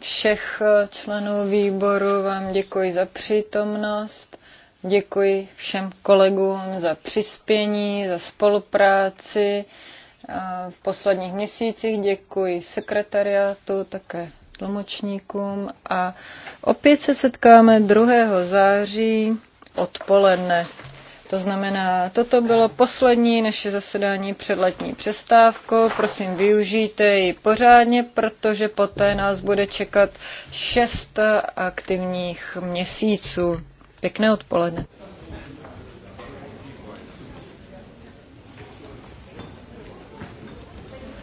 Speaker 2: všech členů výboru vám děkuji za přítomnost. Děkuji všem kolegům za přispění, za spolupráci. V posledních měsících děkuji sekretariátu, také tlumočníkům a opět se setkáme 2. září odpoledne. To znamená, toto bylo poslední naše zasedání před letní přestávkou. Prosím, využijte ji pořádně, protože poté nás bude čekat šest aktivních měsíců. Pěkné odpoledne.